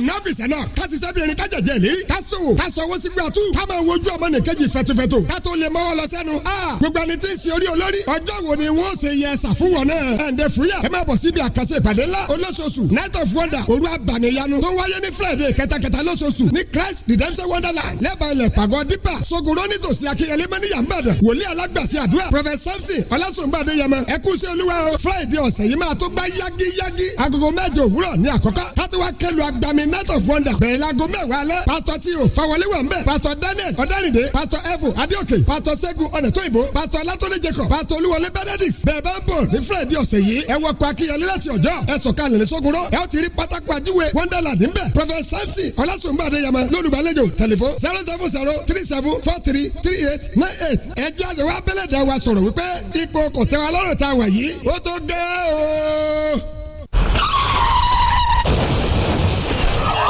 ẹ̀ná fìṣẹ́ náà ká ṣiṣẹ́ bí irin tájẹ̀jẹ̀ lé ká sòwò ká sanwó sí gbàtú ká máa wojú ọmọ nìkejì fẹ̀tùfẹ̀tù ká tó lè mọ́wọ́ lọ sẹ́nu. gbogbo ẹni tí ń sin orí olórí ọjọ́ wo ni wọ́n ṣe yẹ ṣàfùwọ̀ náà. ẹ̀ǹdẹ̀ fúyà ẹ máa bọ̀ síbi àkànṣe ìpàdé ńlá olóṣooṣù night of wonder òru abàmìyanu tó wáyé ní friday kẹtàkẹtà lóṣooṣù ní christ redemption wonderland lẹ́bàá ilẹ̀ pàgọ́ dípà sogoro nítòsí akínyẹlé mẹ́níyà mbàdàn wòlíì alágbàsí àdúrà prophet samson ọlásùnbàdé yẹmọ ẹkúṣẹ́ olúwa o friday ọ̀sẹ̀ yìí máa tó gbá yágíyágí agogo mẹ́jọ òwúrọ̀ ní àkọ́kọ́ ká tó wá kẹlu agbami night of wonder bẹ̀rẹ̀ láago mẹ́wàá alẹ́ Pastor tí o fawọlé wà Pastor bẹ̀ pásítọ̀ daniel ọ̀dẹ́rìndé Pastor evo adéòkè pásítọ̀ ṣẹ́gun ọ̀nẹ́tọ́yìnbó pásítọ̀ alátọ́lé jacob Pastor olúwọlé benedict bẹ́ẹ̀ bá ń bọ̀ ní friday ọ̀sẹ̀ yìí ẹ wọ akíyanlé láti ọjọ́ ẹ sọ̀kalẹ̀ ní sógunró ẹ ó ti rí pátákó àjúwe wonderland ń bẹ̀ prophet samson ọlásùnmọ́ adéyàmọ lólùgbàlejò telephone zero seven zero three seven four three three eight nine eight ẹ jẹ́ àjẹwà abẹ́lẹ̀dá wa sọ̀rọ̀ wípé ipò kọ̀tẹ́wà lọ́rọ̀ tá a wà yìí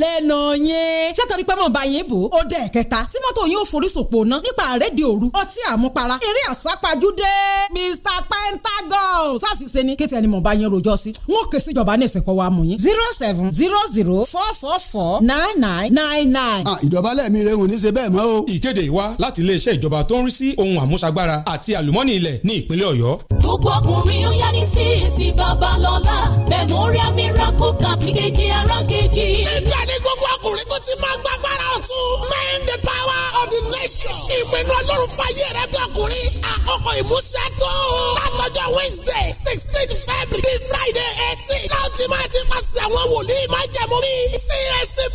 lẹ́nu yẹn ṣètọ́rí pé mọ̀ bá yẹn bò ó dẹ̀ kẹta tí mọ́tò yóò forísòpò ná nípa àrédè òru ọtí àmupara eré àsápajúdé Mr Pentagon sáfìsẹ́ ni kéte ẹni mọ̀ bá yẹn rojọ́ sí wọn kè sí ìjọba ní ìsìnkọ́ wa mú yín zero seven zero zero four four four nine nine nine nine. ìjọba lẹ́ẹ̀mí rẹ̀ wò ní ṣe bẹ́ẹ̀ mọ́ o. ìkéde wa láti iléeṣẹ́ ìjọba tó ń rí sí ohun àmúṣagbára àti àlùmọ́nì ilẹ̀ ní ìpínlẹ̀ Ọ̀yọ́ gbogbo ọkùnrin ó yá ní sísì babalọ́lá memorial miracle camp kejì ara kejì. ìgbà ní gbogbo ọkùnrin tó ti máa gbàgbára ọ̀tún. main the power of the nation. ṣe ìpinnu ọlọ́run fàyè rẹ bí ọkùnrin. àkókò ìmúṣẹ tó. látọjọ́ wednesday sixteen february friday eighteen. káwọn ti máa ti pàṣẹ àwọn wòlíì máa jẹ mi. csc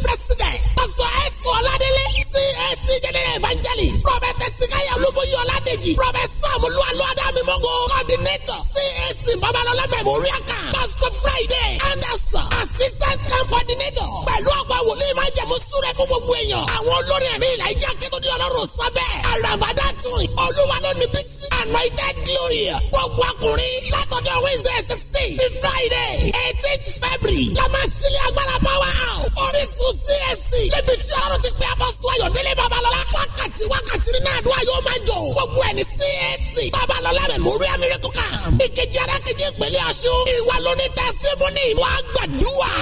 president pastor s. ọlá CAC general evangelist prophet sikaya olúbóyè ọládèjì prophet sam olúwalú adámímọ́gò coordinator CAC babalọlá memorial camp pastor friday anderson assistant camp coordinator pẹ̀lú ọ̀pọ̀ fẹ́ fún gbogbo èèyàn. àwọn olórí ẹ̀mí ìlà ìjà kẹ́tọ́dí ọlọ́run sábẹ́. àràbàdà tún olúwa ló ní bí sí. anointed glory gbogbo ọkùnrin látọjọ́ wednesday sixteen ní friday eighteenth february la máa ṣílẹ̀ agbára power house orísun csc níbi tí ọlọ́run ti pè apọ́sítọ́ ayọ̀délé babalọ́lá wákàtí wákàtí nínú àdúrà yóò máa jọ gbogbo ẹni csc babalọ́lá memorial miracle camp ìkejì arákejì ìpínlẹ̀ ọ̀ṣun ìwà lóní testimony wàá gbàdúrà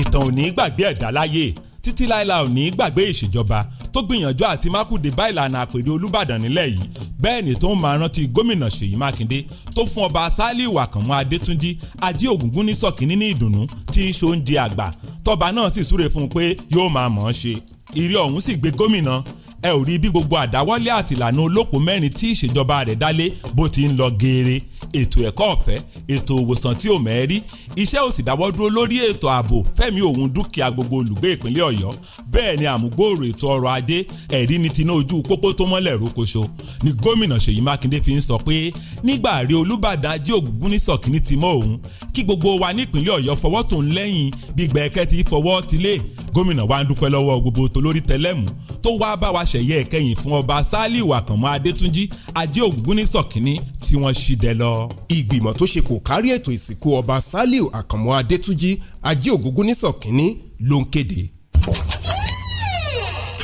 ìtàn ò ní gbàgbé ẹ̀dá láyé títí láìla ò ní gbàgbé ìṣèjọba tó gbìyànjú àti mákùdé bá ìlànà àpèrè olùbàdàn nílẹ̀ yìí bẹ́ẹ̀ ni tó ń máa rántí gómìnà ṣèyí mákindé tó fún ọba sálíù àkànmọ́ adétúnjì ajé ògúngún ní sọ̀kínní ní ìdùnnú tí í ṣe oúnjẹ àgbà tọba náà sì súre fún un pé yóò máa mọ̀ ọ́n ṣe ìrí ọ̀hún sì gbé gómìnà ẹ ò rí bí gbogbo àdáwọ́lé àtìlànà olóko mẹ́rin tí ìṣèjọba rẹ̀ dálé bó ti ń lọ geere ètò ẹ̀kọ́ ọ̀fẹ́ ètò òwòsàn tí ò mẹ́rí iṣẹ́ ò sì dáwọ́ dúró lórí ètò ààbò fẹ́mi òun dúkìá gbogbo olùgbé ìpínlẹ̀ ọ̀yọ́ bẹ́ẹ̀ ni àmúgbòòrò ètò ọrọ̀ ajé ẹ̀rí ni tinú ojú pópó tó mọ́lẹ̀ rókoṣo ni gómìnà ṣèyí mákindé fi ń sọ pé nígbà rí olúbàdàn ajé ògúngún ní sọ̀kíní ti mọ́ òun kí gbogbo wa nípínlẹ̀ ọ̀yọ́ fọwọ́ tó ń lẹ́yìn bí gbẹ̀kẹ́ ti fọwọ́ ti lé gómìnà wa ń dúpẹ́ lọ́wọ́ gbogbo tolórí tẹlẹ́mù tó wá bá wa ṣẹ̀yẹ ìkẹyìn fún ọba sálíù adétúnjì ajé ògúngún ní sọ̀kíní tí wọ́n ṣì dẹ lọ lọ. ìgbìmọ̀ tó ṣe kò kárí ètò ìsìnkú ọba Sàlíù Àkànmú Adétúnjì Ajé Ògúngúnnísọ̀ kínní ló ń kéde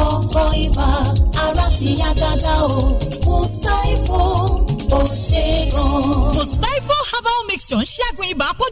ọkọ̀ ibà ara ti yá gágá o mustapho ò ṣe é gan. Mustaifo, herbal mixture ń ṣẹ́gun ibà kójú